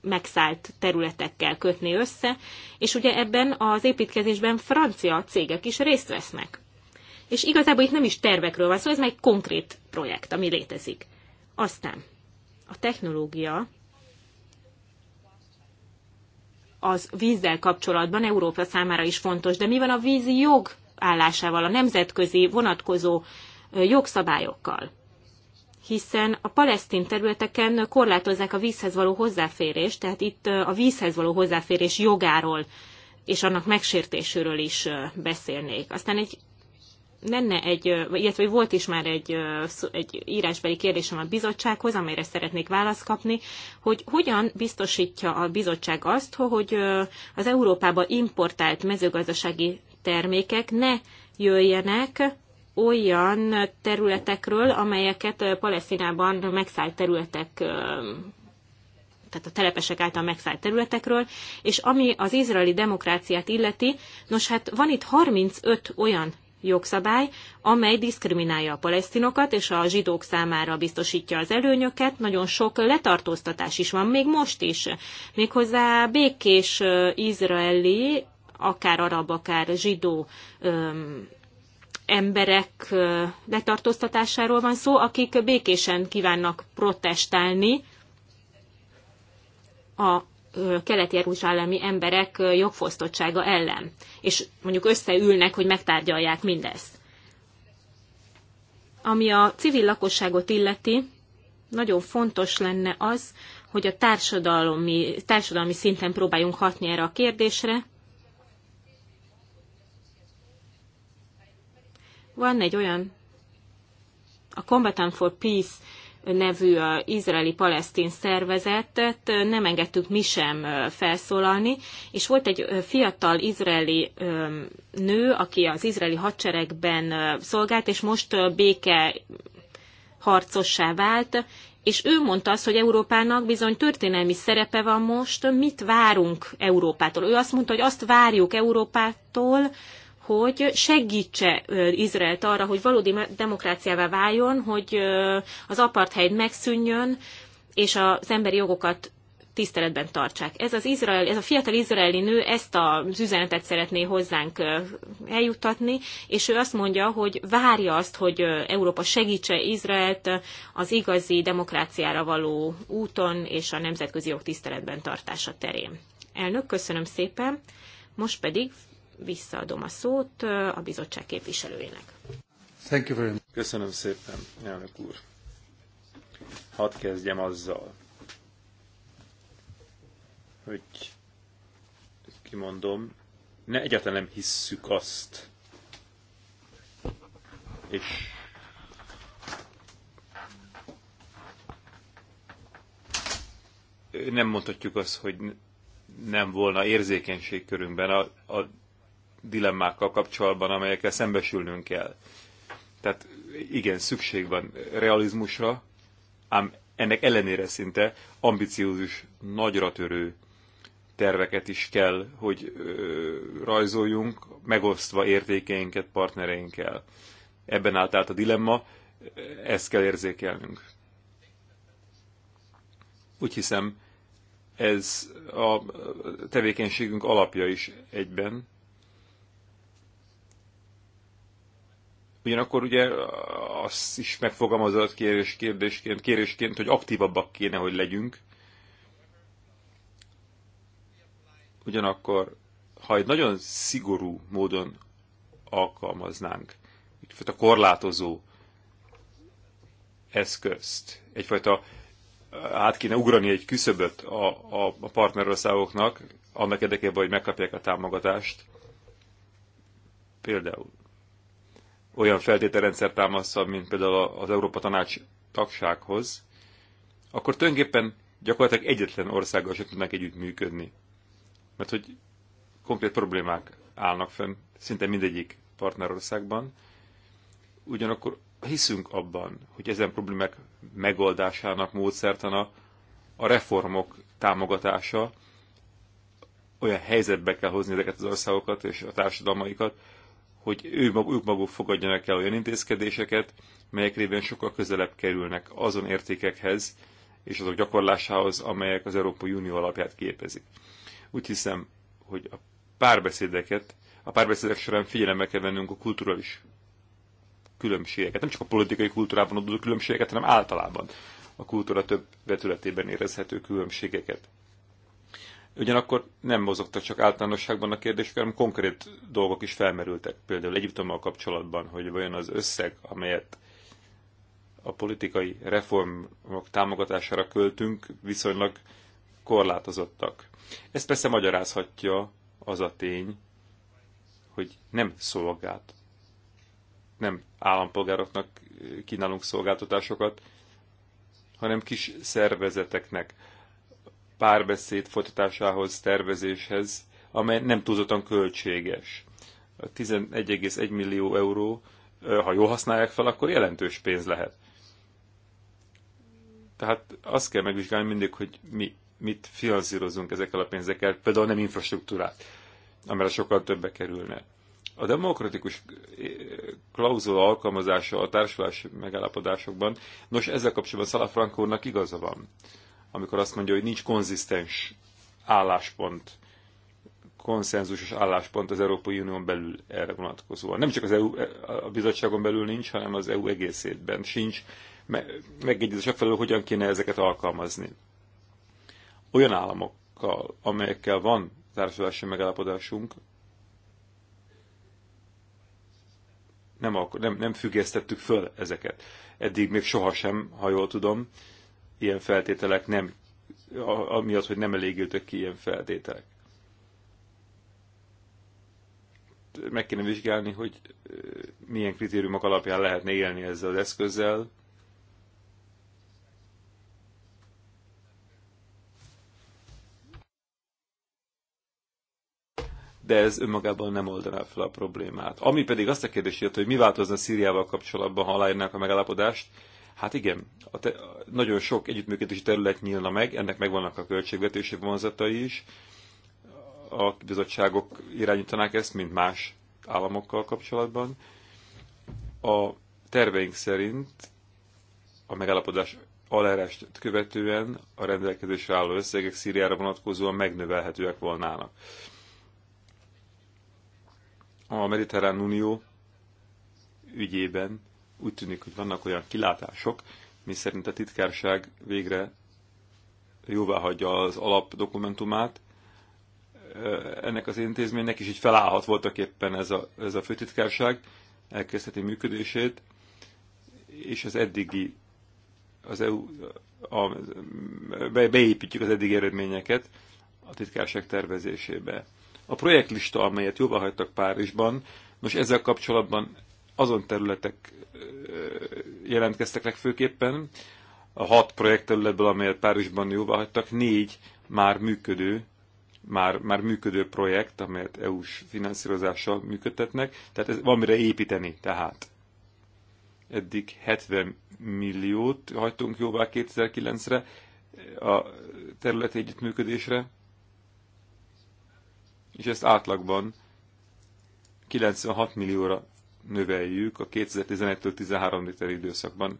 megszállt területekkel kötné össze, és ugye ebben az építkezésben francia cégek is részt vesznek és igazából itt nem is tervekről van szó, szóval ez már egy konkrét projekt, ami létezik. Aztán a technológia az vízzel kapcsolatban Európa számára is fontos, de mi van a vízi jog állásával, a nemzetközi vonatkozó jogszabályokkal? hiszen a palesztin területeken korlátozzák a vízhez való hozzáférést, tehát itt a vízhez való hozzáférés jogáról és annak megsértéséről is beszélnék. Aztán egy lenne egy, illetve volt is már egy, egy írásbeli kérdésem a bizottsághoz, amelyre szeretnék választ kapni, hogy hogyan biztosítja a bizottság azt, hogy az Európába importált mezőgazdasági termékek ne jöjjenek olyan területekről, amelyeket Palesztinában megszállt területek tehát a telepesek által megszállt területekről, és ami az izraeli demokráciát illeti, nos hát van itt 35 olyan jogszabály, amely diszkriminálja a palesztinokat és a zsidók számára biztosítja az előnyöket. Nagyon sok letartóztatás is van, még most is. Méghozzá békés izraeli, akár arab, akár zsidó öm, emberek letartóztatásáról van szó, akik békésen kívánnak protestálni a keleti jeruzsálemi emberek jogfosztottsága ellen, és mondjuk összeülnek, hogy megtárgyalják mindezt. Ami a civil lakosságot illeti, nagyon fontos lenne az, hogy a társadalmi, társadalmi szinten próbáljunk hatni erre a kérdésre. Van egy olyan, a Combatant for Peace nevű izraeli-palesztin szervezetet nem engedtük mi sem felszólalni, és volt egy fiatal izraeli nő, aki az izraeli hadseregben szolgált, és most béke harcossá vált, és ő mondta azt, hogy Európának bizony történelmi szerepe van most, mit várunk Európától. Ő azt mondta, hogy azt várjuk Európától, hogy segítse Izraelt arra, hogy valódi demokráciává váljon, hogy az apartheid megszűnjön, és az emberi jogokat tiszteletben tartsák. Ez, az izrael, ez a fiatal izraeli nő ezt az üzenetet szeretné hozzánk eljuttatni, és ő azt mondja, hogy várja azt, hogy Európa segítse Izraelt az igazi demokráciára való úton és a nemzetközi jog tiszteletben tartása terén. Elnök, köszönöm szépen. Most pedig visszaadom a szót a bizottság képviselőjének. Thank you very much. Köszönöm szépen, elnök úr. Hadd kezdjem azzal, hogy kimondom, ne egyáltalán nem hisszük azt, és nem mondhatjuk azt, hogy nem volna érzékenység körünkben a, a dilemmákkal kapcsolatban, amelyekkel szembesülnünk kell. Tehát igen, szükség van realizmusra, ám ennek ellenére szinte ambiciózus, nagyra törő terveket is kell, hogy ö, rajzoljunk, megosztva értékeinket partnereinkkel. Ebben állt át a dilemma, ezt kell érzékelnünk. Úgy hiszem, ez a tevékenységünk alapja is egyben, Ugyanakkor ugye azt is megfogalmazott kérés kérdésként, kérésként, hogy aktívabbak kéne, hogy legyünk. Ugyanakkor, ha egy nagyon szigorú módon alkalmaznánk, egyfajta korlátozó eszközt, egyfajta át kéne ugrani egy küszöböt a, a, a partnerországoknak, annak érdekében, hogy megkapják a támogatást. Például olyan feltételrendszer támaszza, mint például az Európa Tanács tagsághoz, akkor tulajdonképpen gyakorlatilag egyetlen országgal sem tudnak működni, Mert hogy konkrét problémák állnak fenn szinte mindegyik partnerországban. Ugyanakkor hiszünk abban, hogy ezen problémák megoldásának módszertana a reformok támogatása, olyan helyzetbe kell hozni ezeket az országokat és a társadalmaikat, hogy ők, ők maguk fogadjanak el olyan intézkedéseket, melyek révén sokkal közelebb kerülnek azon értékekhez és azok gyakorlásához, amelyek az Európai Unió alapját képezik. Úgy hiszem, hogy a párbeszédeket, a párbeszédek során figyelembe kell vennünk a kulturális különbségeket, nem csak a politikai kultúrában adódó különbségeket, hanem általában a kultúra több vetületében érezhető különbségeket. Ugyanakkor nem mozogtak csak általánosságban a kérdések, hanem konkrét dolgok is felmerültek. Például Egyiptommal kapcsolatban, hogy vajon az összeg, amelyet a politikai reformok támogatására költünk, viszonylag korlátozottak. Ezt persze magyarázhatja az a tény, hogy nem szolgált, nem állampolgároknak kínálunk szolgáltatásokat, hanem kis szervezeteknek, párbeszéd folytatásához, tervezéshez, amely nem túlzottan költséges. 11,1 millió euró, ha jól használják fel, akkor jelentős pénz lehet. Tehát azt kell megvizsgálni mindig, hogy mi mit finanszírozunk ezekkel a pénzekkel, például nem infrastruktúrát, amire sokkal többe kerülne. A demokratikus klauzula alkalmazása a társulási megállapodásokban, nos ezzel kapcsolatban Szala Frankónak igaza van amikor azt mondja, hogy nincs konzisztens álláspont, konszenzusos álláspont az Európai Unión belül erre vonatkozóan. Nem csak az EU, a bizottságon belül nincs, hanem az EU egészében sincs megegyezés afelől, hogyan kéne ezeket alkalmazni. Olyan államokkal, amelyekkel van társulási megállapodásunk, nem, nem, nem függesztettük föl ezeket. Eddig még sohasem, ha jól tudom, ilyen feltételek nem, ami az, hogy nem elégültek ki ilyen feltételek. Meg kéne vizsgálni, hogy milyen kritériumok alapján lehetne élni ezzel az eszközzel, de ez önmagában nem oldaná fel a problémát. Ami pedig azt a kérdést hogy mi változna Szíriával kapcsolatban, ha aláírnák a megállapodást, Hát igen, a te, nagyon sok együttműködési terület nyílna meg, ennek megvannak a költségvetési vonzatai is. A bizottságok irányítanák ezt, mint más államokkal kapcsolatban. A terveink szerint a megállapodás alárást követően a rendelkezésre álló összegek Szíriára vonatkozóan megnövelhetőek volnának. A Mediterrán Unió ügyében úgy tűnik, hogy vannak olyan kilátások, mi szerint a titkárság végre jóvá hagyja az alapdokumentumát. Ennek az intézménynek is így felállhat voltak éppen ez a, ez a főtitkárság, elkezdheti működését, és az eddigi az EU, a, be, beépítjük az eddigi eredményeket a titkárság tervezésébe. A projektlista, amelyet jóvá hagytak Párizsban, most ezzel kapcsolatban azon területek jelentkeztek legfőképpen, a hat projektterületből, amelyet Párizsban jóvá hagytak, négy már működő, már, már működő projekt, amelyet EU-s finanszírozással működtetnek, tehát ez valamire építeni tehát. Eddig 70 milliót hagytunk jóvá 2009-re a területi együttműködésre, és ezt átlagban 96 millióra növeljük a 2011-től 13 liter időszakban.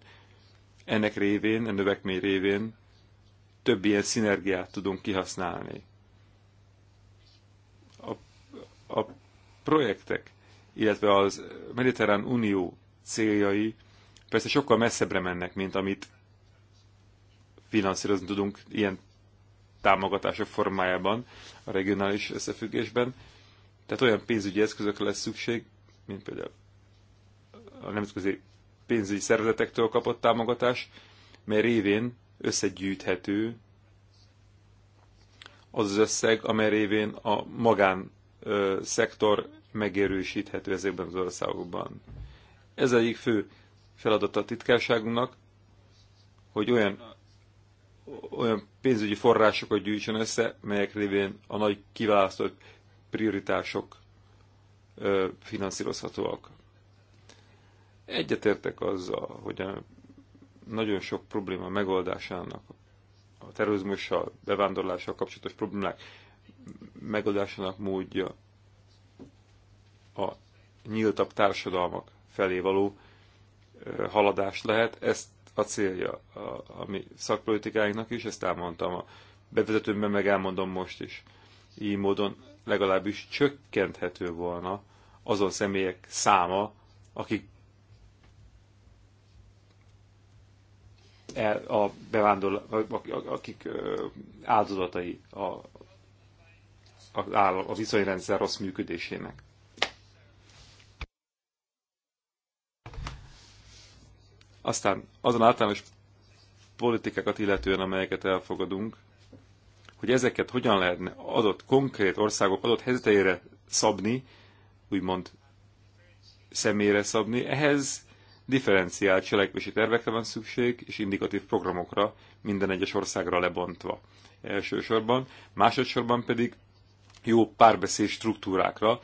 Ennek révén, a növekmény révén több ilyen szinergiát tudunk kihasználni. A, a projektek, illetve az Mediterrán Unió céljai persze sokkal messzebbre mennek, mint amit finanszírozni tudunk ilyen támogatások formájában, a regionális összefüggésben. Tehát olyan pénzügyi eszközökre lesz szükség, mint például a nemzetközi pénzügyi szervezetektől kapott támogatás, mely révén összegyűjthető az az összeg, amely révén a magán ö, szektor megerősíthető ezekben az országokban. Ez egyik fő feladata a titkárságunknak, hogy olyan, olyan pénzügyi forrásokat gyűjtsön össze, melyek révén a nagy kiválasztott prioritások ö, finanszírozhatóak. Egyetértek azzal, hogy a nagyon sok probléma megoldásának, a terrorizmussal, bevándorlással kapcsolatos problémák megoldásának módja a nyíltabb társadalmak felé való haladás lehet. Ezt a célja a, a mi szakpolitikáinknak is, ezt elmondtam a bevezetőmben, meg elmondom most is. Így módon legalábbis csökkenthető volna azon személyek száma, akik E, a bevándorló, akik áldozatai a, a, a viszonyrendszer rossz működésének. Aztán azon általános politikákat illetően, amelyeket elfogadunk, hogy ezeket hogyan lehetne adott konkrét országok adott helyzetére szabni, úgymond személyre szabni, ehhez differenciált cselekvési tervekre van szükség, és indikatív programokra minden egyes országra lebontva. Elsősorban, másodszorban pedig jó párbeszéd struktúrákra,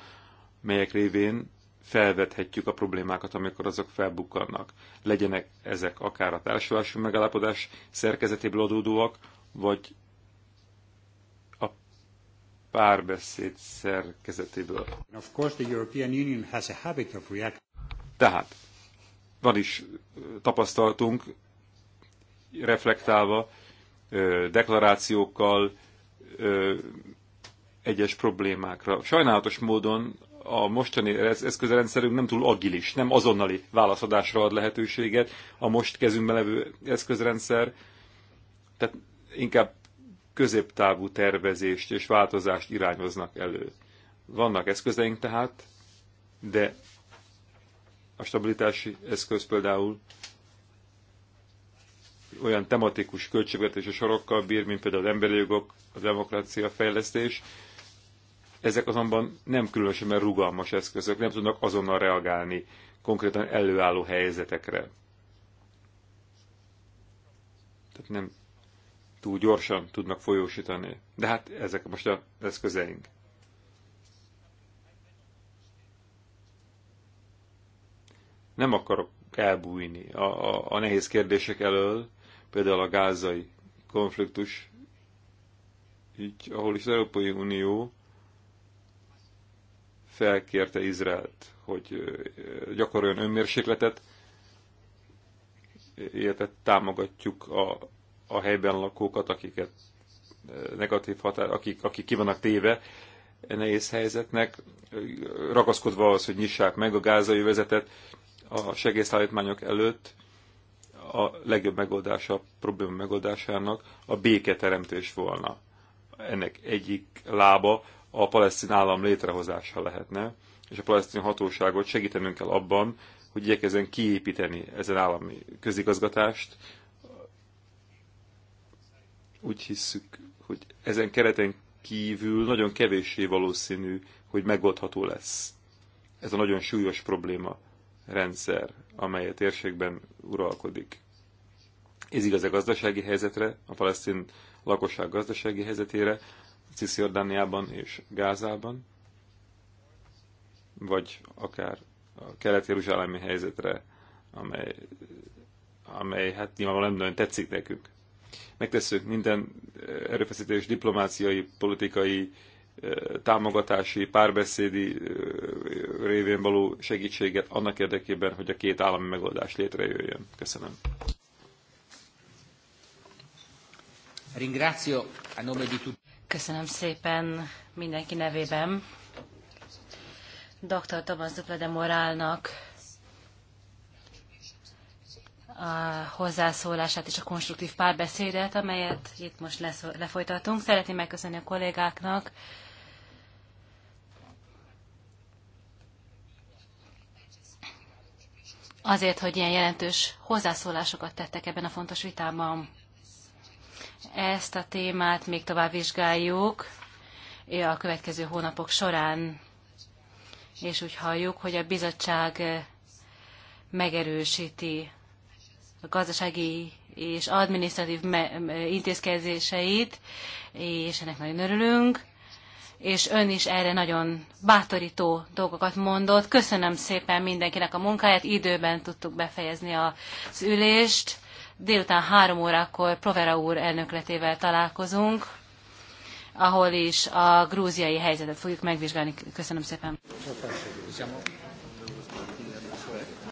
melyek révén felvethetjük a problémákat, amikor azok felbukkannak. Legyenek ezek akár a társulási megállapodás szerkezetéből adódóak, vagy a párbeszéd szerkezetéből. Tehát van is tapasztaltunk, reflektálva, deklarációkkal, egyes problémákra. Sajnálatos módon a mostani eszközrendszerünk nem túl agilis, nem azonnali válaszadásra ad lehetőséget a most kezünkben levő eszközrendszer, tehát inkább középtávú tervezést és változást irányoznak elő. Vannak eszközeink tehát, de a stabilitási eszköz például olyan tematikus költségvetési sorokkal bír, mint például az emberi jogok, a demokrácia fejlesztés. Ezek azonban nem különösen mert rugalmas eszközök, nem tudnak azonnal reagálni konkrétan előálló helyzetekre. Tehát nem túl gyorsan tudnak folyósítani. De hát ezek most az eszközeink. Nem akarok elbújni a, a, a nehéz kérdések elől, például a gázai konfliktus, így, ahol is az Európai Unió felkérte Izraelt, hogy gyakoroljon önmérsékletet, illetve támogatjuk a, a helyben lakókat, akiket negatív határ, akik, akik ki vannak téve nehéz helyzetnek, ragaszkodva ahhoz, hogy nyissák meg a gázai vezetet, a segélyszállítmányok előtt a legjobb megoldása a probléma megoldásának a béketeremtés volna. Ennek egyik lába a palesztin állam létrehozása lehetne, és a palesztin hatóságot segítenünk kell abban, hogy igyekezzen kiépíteni ezen állami közigazgatást. Úgy hiszük, hogy ezen kereten kívül nagyon kevéssé valószínű, hogy megoldható lesz. Ez a nagyon súlyos probléma rendszer, amely a térségben uralkodik. Ez igaz a gazdasági helyzetre, a palesztin lakosság gazdasági helyzetére, Cisziordániában és Gázában, vagy akár a kelet-jeruzsálemi helyzetre, amely, amely hát nyilvánvalóan nem nagyon tetszik nekünk. Megtesszük minden erőfeszítés diplomáciai, politikai támogatási, párbeszédi révén való segítséget annak érdekében, hogy a két állami megoldás létrejöjjön. Köszönöm. Köszönöm szépen mindenki nevében. Dr. Thomas Dupla de Morálnak a hozzászólását és a konstruktív párbeszédet, amelyet itt most lefolytatunk. Szeretném megköszönni a kollégáknak, azért, hogy ilyen jelentős hozzászólásokat tettek ebben a fontos vitában. Ezt a témát még tovább vizsgáljuk eh, a következő hónapok során, és úgy halljuk, hogy a bizottság eh, megerősíti a gazdasági és adminisztratív intézkedéseit, és ennek nagyon örülünk és ön is erre nagyon bátorító dolgokat mondott. Köszönöm szépen mindenkinek a munkáját, időben tudtuk befejezni az ülést. Délután három órakor Provera úr elnökletével találkozunk, ahol is a grúziai helyzetet fogjuk megvizsgálni. Köszönöm szépen.